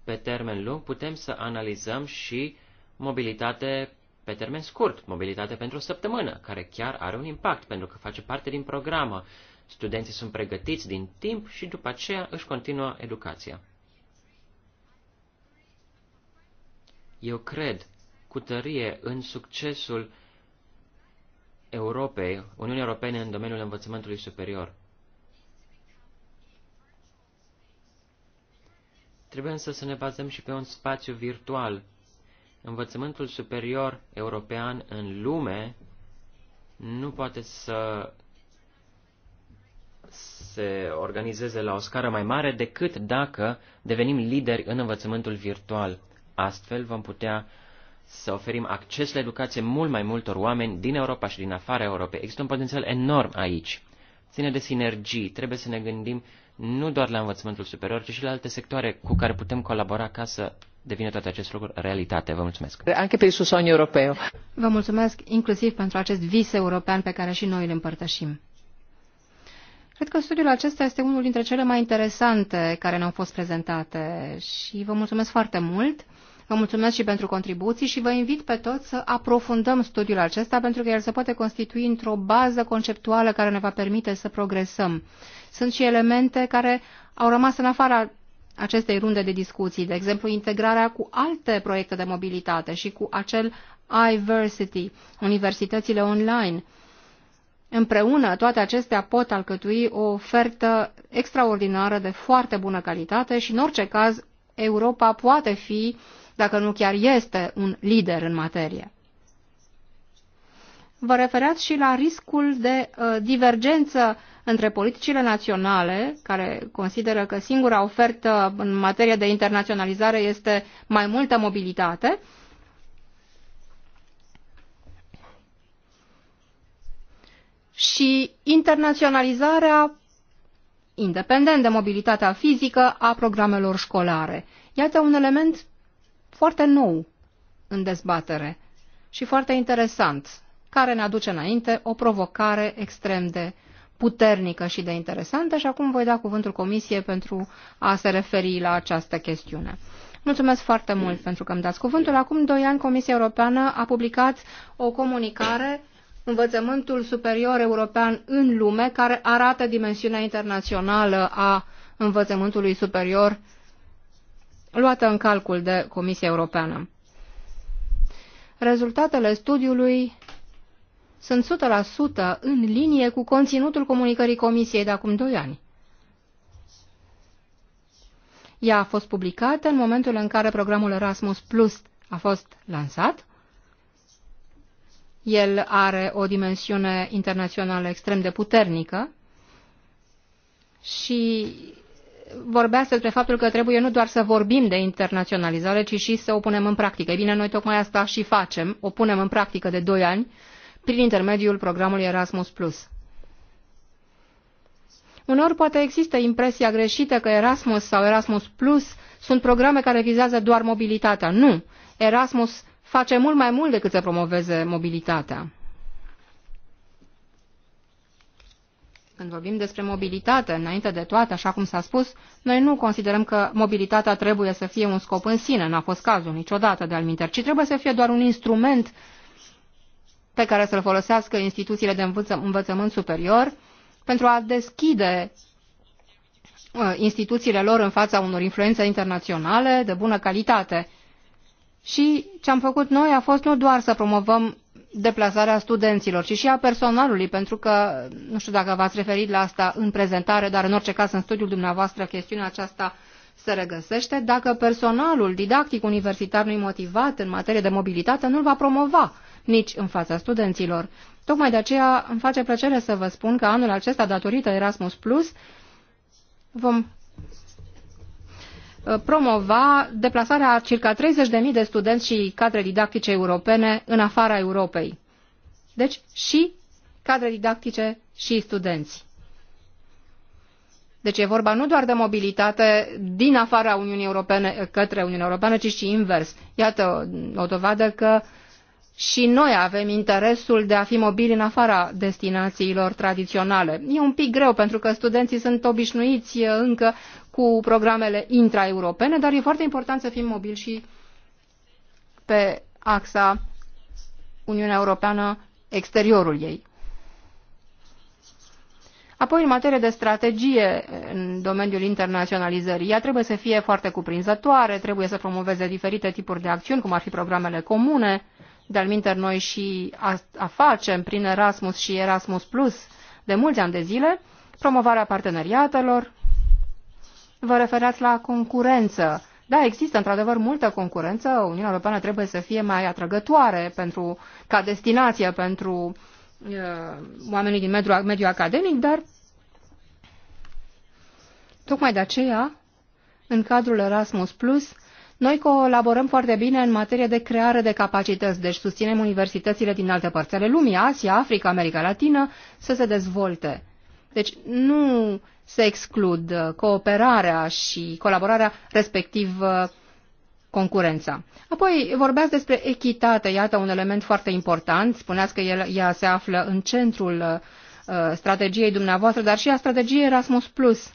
pe termen lung, putem să analizăm și mobilitate pe termen scurt, mobilitate pentru o săptămână, care chiar are un impact pentru că face parte din programă. Studenții sunt pregătiți din timp și după aceea își continuă educația. Eu cred cu tărie în succesul Europei, Uniunii Europene în domeniul învățământului superior. Trebuie însă să ne bazăm și pe un spațiu virtual învățământul superior european în lume nu poate să se organizeze la o scară mai mare decât dacă devenim lideri în învățământul virtual. Astfel vom putea să oferim acces la educație mult mai multor oameni din Europa și din afara Europei. Există un potențial enorm aici. Ține de sinergii. Trebuie să ne gândim nu doar la învățământul superior, ci și la alte sectoare cu care putem colabora ca să devine toate aceste lucruri realitate. Vă mulțumesc. Anche per il suo sogno europeo. Vă mulțumesc inclusiv pentru acest vis european pe care și noi îl împărtășim. Cred că studiul acesta este unul dintre cele mai interesante care ne-au fost prezentate și vă mulțumesc foarte mult. Vă mulțumesc și pentru contribuții și vă invit pe toți să aprofundăm studiul acesta pentru că el se poate constitui într-o bază conceptuală care ne va permite să progresăm. Sunt și elemente care au rămas în afara acestei runde de discuții, de exemplu integrarea cu alte proiecte de mobilitate și cu acel iVersity, universitățile online. Împreună, toate acestea pot alcătui o ofertă extraordinară de foarte bună calitate și, în orice caz, Europa poate fi, dacă nu chiar este, un lider în materie vă referați și la riscul de uh, divergență între politicile naționale, care consideră că singura ofertă în materie de internaționalizare este mai multă mobilitate, și internaționalizarea independent de mobilitatea fizică a programelor școlare. Iată un element foarte nou în dezbatere și foarte interesant care ne aduce înainte o provocare extrem de puternică și de interesantă și acum voi da cuvântul Comisiei pentru a se referi la această chestiune. Mulțumesc foarte mult pentru că îmi dați cuvântul. Acum doi ani Comisia Europeană a publicat o comunicare Învățământul Superior European în lume, care arată dimensiunea internațională a învățământului superior luată în calcul de Comisia Europeană. Rezultatele studiului sunt 100% în linie cu conținutul comunicării Comisiei de acum 2 ani. Ea a fost publicată în momentul în care programul Erasmus Plus a fost lansat. El are o dimensiune internațională extrem de puternică și vorbea despre faptul că trebuie nu doar să vorbim de internaționalizare, ci și să o punem în practică. Ei bine, noi tocmai asta și facem, o punem în practică de 2 ani prin intermediul programului Erasmus+. Uneori poate există impresia greșită că Erasmus sau Erasmus Plus sunt programe care vizează doar mobilitatea. Nu! Erasmus face mult mai mult decât să promoveze mobilitatea. Când vorbim despre mobilitate, înainte de toate, așa cum s-a spus, noi nu considerăm că mobilitatea trebuie să fie un scop în sine, n-a fost cazul niciodată de-al minter, ci trebuie să fie doar un instrument pe care să-l folosească instituțiile de învățământ superior pentru a deschide uh, instituțiile lor în fața unor influențe internaționale de bună calitate. Și ce am făcut noi a fost nu doar să promovăm deplasarea studenților, ci și a personalului, pentru că, nu știu dacă v-ați referit la asta în prezentare, dar în orice caz în studiul dumneavoastră chestiunea aceasta se regăsește, dacă personalul didactic universitar nu-i motivat în materie de mobilitate, nu-l va promova nici în fața studenților. Tocmai de aceea îmi face plăcere să vă spun că anul acesta, datorită Erasmus+, Plus, vom uh, promova deplasarea a circa 30.000 de studenți și cadre didactice europene în afara Europei. Deci și cadre didactice și studenți. Deci e vorba nu doar de mobilitate din afara Uniunii Europene către Uniunea Europeană, ci și invers. Iată o, dovadă că uh, și noi avem interesul de a fi mobili în afara destinațiilor tradiționale. E un pic greu pentru că studenții sunt obișnuiți încă cu programele intraeuropene, dar e foarte important să fim mobili și pe axa Uniunea Europeană exteriorul ei. Apoi, în materie de strategie în domeniul internaționalizării, ea trebuie să fie foarte cuprinzătoare, trebuie să promoveze diferite tipuri de acțiuni, cum ar fi programele comune, de-al noi și a, a facem prin Erasmus și Erasmus Plus de mulți ani de zile, promovarea parteneriatelor. Vă referați la concurență. Da, există într-adevăr multă concurență. Uniunea Europeană trebuie să fie mai atrăgătoare pentru, ca destinație pentru uh, oamenii din mediul, mediul academic, dar tocmai de aceea, în cadrul Erasmus Plus, noi colaborăm foarte bine în materie de creare de capacități, deci susținem universitățile din alte părți ale lumii, Asia, Africa, America Latină, să se dezvolte. Deci nu se exclud uh, cooperarea și colaborarea, respectiv uh, concurența. Apoi vorbeați despre echitate, iată un element foarte important. Spuneați că el, ea se află în centrul uh, strategiei dumneavoastră, dar și a strategiei Erasmus+. Plus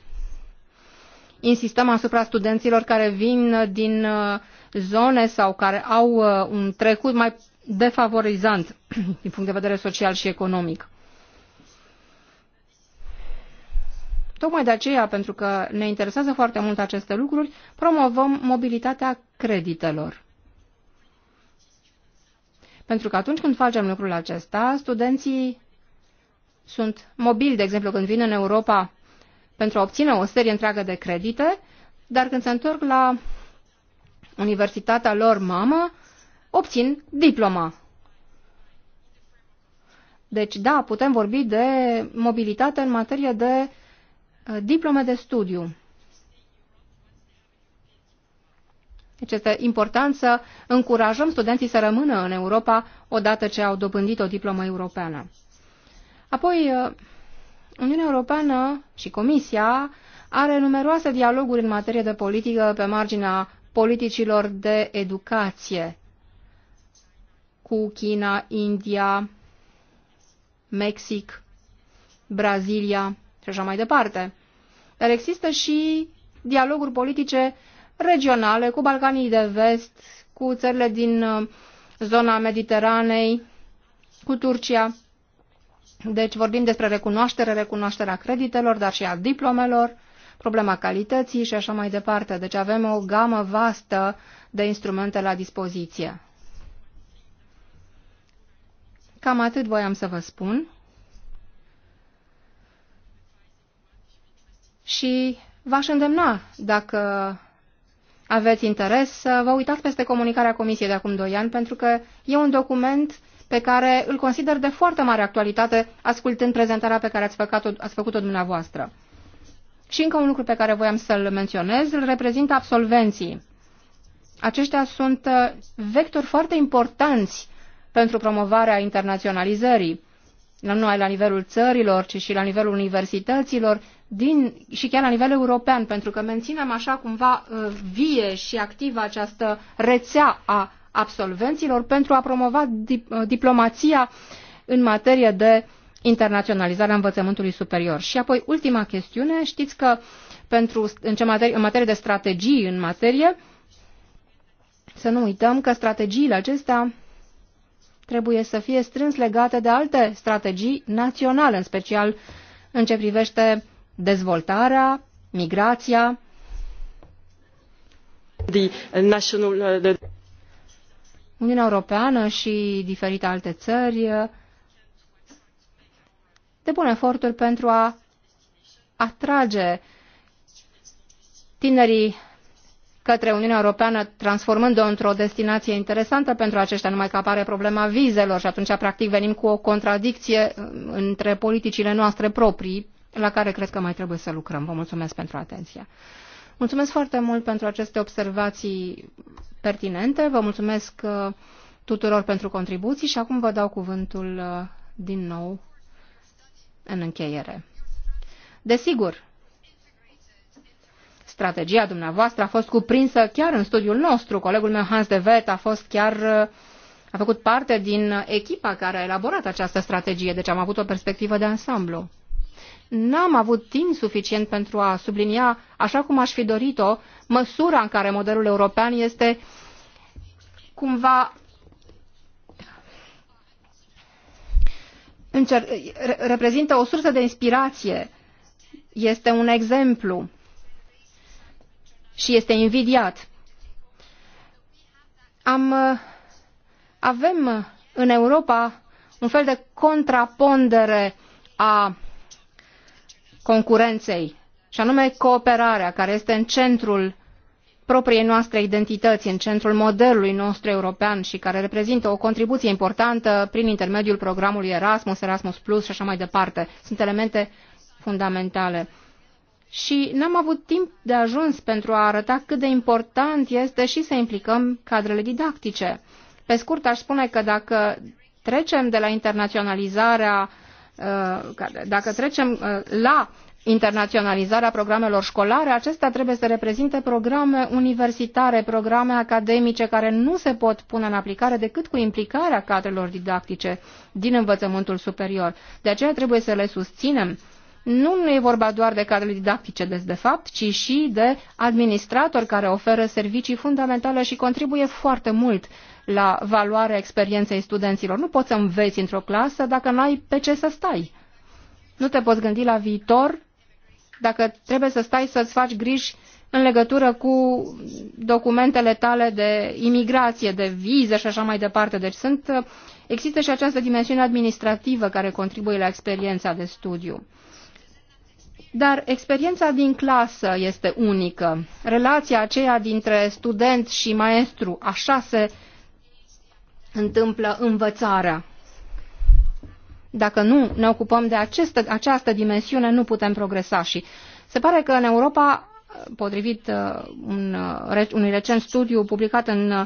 insistăm asupra studenților care vin uh, din uh, zone sau care au uh, un trecut mai defavorizant din punct de vedere social și economic. Tocmai de aceea, pentru că ne interesează foarte mult aceste lucruri, promovăm mobilitatea creditelor. Pentru că atunci când facem lucrul acesta, studenții sunt mobili, de exemplu, când vin în Europa pentru a obține o serie întreagă de credite, dar când se întorc la universitatea lor mamă, obțin diploma. Deci, da, putem vorbi de mobilitate în materie de uh, diplome de studiu. Deci este important să încurajăm studenții să rămână în Europa odată ce au dobândit o diplomă europeană. Apoi, uh, Uniunea Europeană și Comisia are numeroase dialoguri în materie de politică pe marginea politicilor de educație cu China, India, Mexic, Brazilia și așa mai departe. Dar există și dialoguri politice regionale cu Balcanii de Vest, cu țările din uh, zona Mediteranei, cu Turcia. Deci vorbim despre recunoaștere, recunoașterea creditelor, dar și a diplomelor, problema calității și așa mai departe. Deci avem o gamă vastă de instrumente la dispoziție. Cam atât voiam să vă spun. Și v-aș îndemna, dacă aveți interes, să vă uitați peste comunicarea Comisiei de acum 2 ani, pentru că e un document pe care îl consider de foarte mare actualitate, ascultând prezentarea pe care ați făcut-o, ați făcut-o dumneavoastră. Și încă un lucru pe care voiam să-l menționez, îl reprezintă absolvenții. Aceștia sunt uh, vectori foarte importanți pentru promovarea internaționalizării, nu numai la nivelul țărilor, ci și la nivelul universităților din, și chiar la nivel european, pentru că menținem așa cumva uh, vie și activă această rețea a absolvenților pentru a promova uh, diplomația în materie de internaționalizarea învățământului superior. Și apoi, ultima chestiune, știți că pentru, în, ce materie, în materie de strategii în materie, să nu uităm că strategiile acestea trebuie să fie strâns legate de alte strategii naționale, în special în ce privește dezvoltarea, migrația. The national, uh, the... Uniunea Europeană și diferite alte țări depun eforturi pentru a atrage tinerii către Uniunea Europeană, transformând-o într-o destinație interesantă pentru aceștia, numai că apare problema vizelor și atunci, practic, venim cu o contradicție uh, între politicile noastre proprii, la care cred că mai trebuie să lucrăm. Vă mulțumesc pentru atenție. Mulțumesc foarte mult pentru aceste observații pertinente, vă mulțumesc uh, tuturor pentru contribuții și acum vă dau cuvântul uh, din nou în încheiere. Desigur, strategia dumneavoastră a fost cuprinsă chiar în studiul nostru. Colegul meu Hans de Vet a fost chiar uh, a făcut parte din echipa care a elaborat această strategie, deci am avut o perspectivă de ansamblu n-am avut timp suficient pentru a sublinia, așa cum aș fi dorit-o, măsura în care modelul european este cumva încer- reprezintă o sursă de inspirație, este un exemplu și este invidiat. Am, avem în Europa un fel de contrapondere a concurenței, și anume cooperarea, care este în centrul propriei noastre identități, în centrul modelului nostru european și care reprezintă o contribuție importantă prin intermediul programului Erasmus, Erasmus Plus și așa mai departe. Sunt elemente fundamentale. Și n-am avut timp de ajuns pentru a arăta cât de important este și să implicăm cadrele didactice. Pe scurt, aș spune că dacă trecem de la internaționalizarea Uh, dacă trecem uh, la internaționalizarea programelor școlare, acestea trebuie să reprezinte programe universitare, programe academice care nu se pot pune în aplicare decât cu implicarea cadrelor didactice din învățământul superior. De aceea trebuie să le susținem. Nu, nu e vorba doar de cadre didactice, de, de fapt, ci și de administratori care oferă servicii fundamentale și contribuie foarte mult la valoarea experienței studenților. Nu poți să înveți într-o clasă dacă n-ai pe ce să stai. Nu te poți gândi la viitor dacă trebuie să stai să-ți faci griji în legătură cu documentele tale de imigrație, de viză și așa mai departe. Deci sunt, există și această dimensiune administrativă care contribuie la experiența de studiu. Dar experiența din clasă este unică. Relația aceea dintre student și maestru, așa se întâmplă învățarea. Dacă nu ne ocupăm de această, această dimensiune, nu putem progresa și se pare că în Europa, potrivit uh, un, uh, unui recent studiu publicat în uh,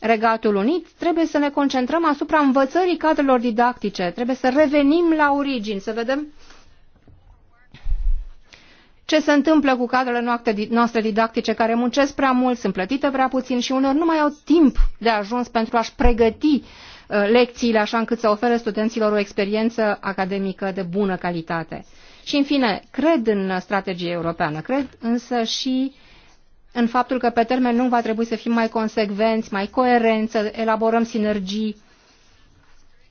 Regatul Unit, trebuie să ne concentrăm asupra învățării cadrelor didactice, trebuie să revenim la origini, să vedem ce se întâmplă cu cadrele noastre didactice care muncesc prea mult, sunt plătite prea puțin și uneori nu mai au timp de ajuns pentru a-și pregăti uh, lecțiile așa încât să ofere studenților o experiență academică de bună calitate. Și în fine, cred în strategie europeană, cred însă și în faptul că pe termen lung va trebui să fim mai consecvenți, mai coerenți, să elaborăm sinergii.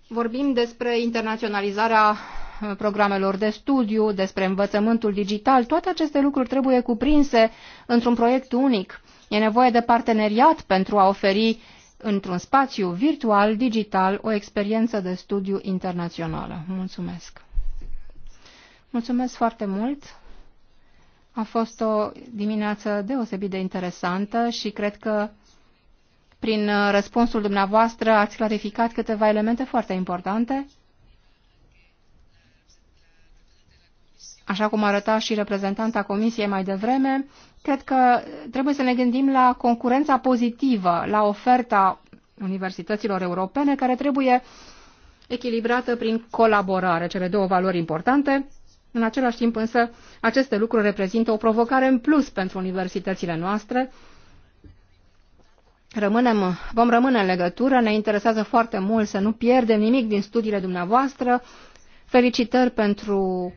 Vorbim despre internaționalizarea programelor de studiu, despre învățământul digital, toate aceste lucruri trebuie cuprinse într-un proiect unic. E nevoie de parteneriat pentru a oferi într-un spațiu virtual, digital, o experiență de studiu internațională. Mulțumesc! Mulțumesc foarte mult! A fost o dimineață deosebit de interesantă și cred că prin răspunsul dumneavoastră ați clarificat câteva elemente foarte importante. Așa cum arăta și reprezentanta Comisiei mai devreme, cred că trebuie să ne gândim la concurența pozitivă, la oferta universităților europene, care trebuie echilibrată prin colaborare, cele două valori importante. În același timp însă, aceste lucruri reprezintă o provocare în plus pentru universitățile noastre. Rămânem, vom rămâne în legătură, ne interesează foarte mult să nu pierdem nimic din studiile dumneavoastră. Felicitări pentru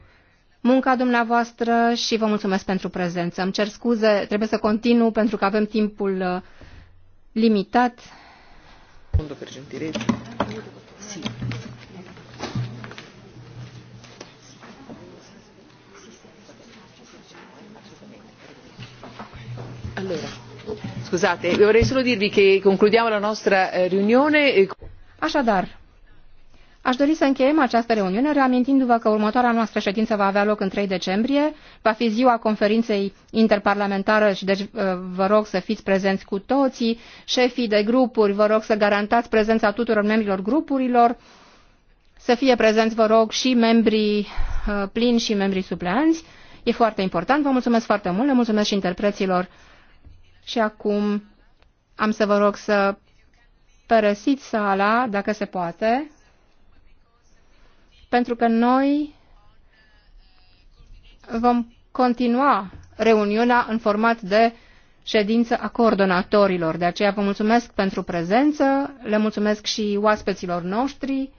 munca dumneavoastră și vă mulțumesc pentru prezență. Îmi cer scuze, trebuie să continu pentru că avem timpul uh, limitat. Allora, scusate, vorrei solo dirvi che concludiamo la nostra eh, riunione. Așadar, Aș dori să încheiem această reuniune reamintindu-vă că următoarea noastră ședință va avea loc în 3 decembrie, va fi ziua conferinței interparlamentară și deci uh, vă rog să fiți prezenți cu toții, șefii de grupuri, vă rog să garantați prezența tuturor membrilor grupurilor, să fie prezenți, vă rog, și membrii uh, plini și membrii supleanți. E foarte important, vă mulțumesc foarte mult, le mulțumesc și interpreților. Și acum am să vă rog să părăsiți sala, dacă se poate pentru că noi vom continua reuniunea în format de ședință a coordonatorilor. De aceea vă mulțumesc pentru prezență, le mulțumesc și oaspeților noștri.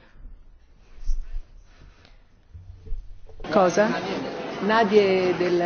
Cosa? Nadie del...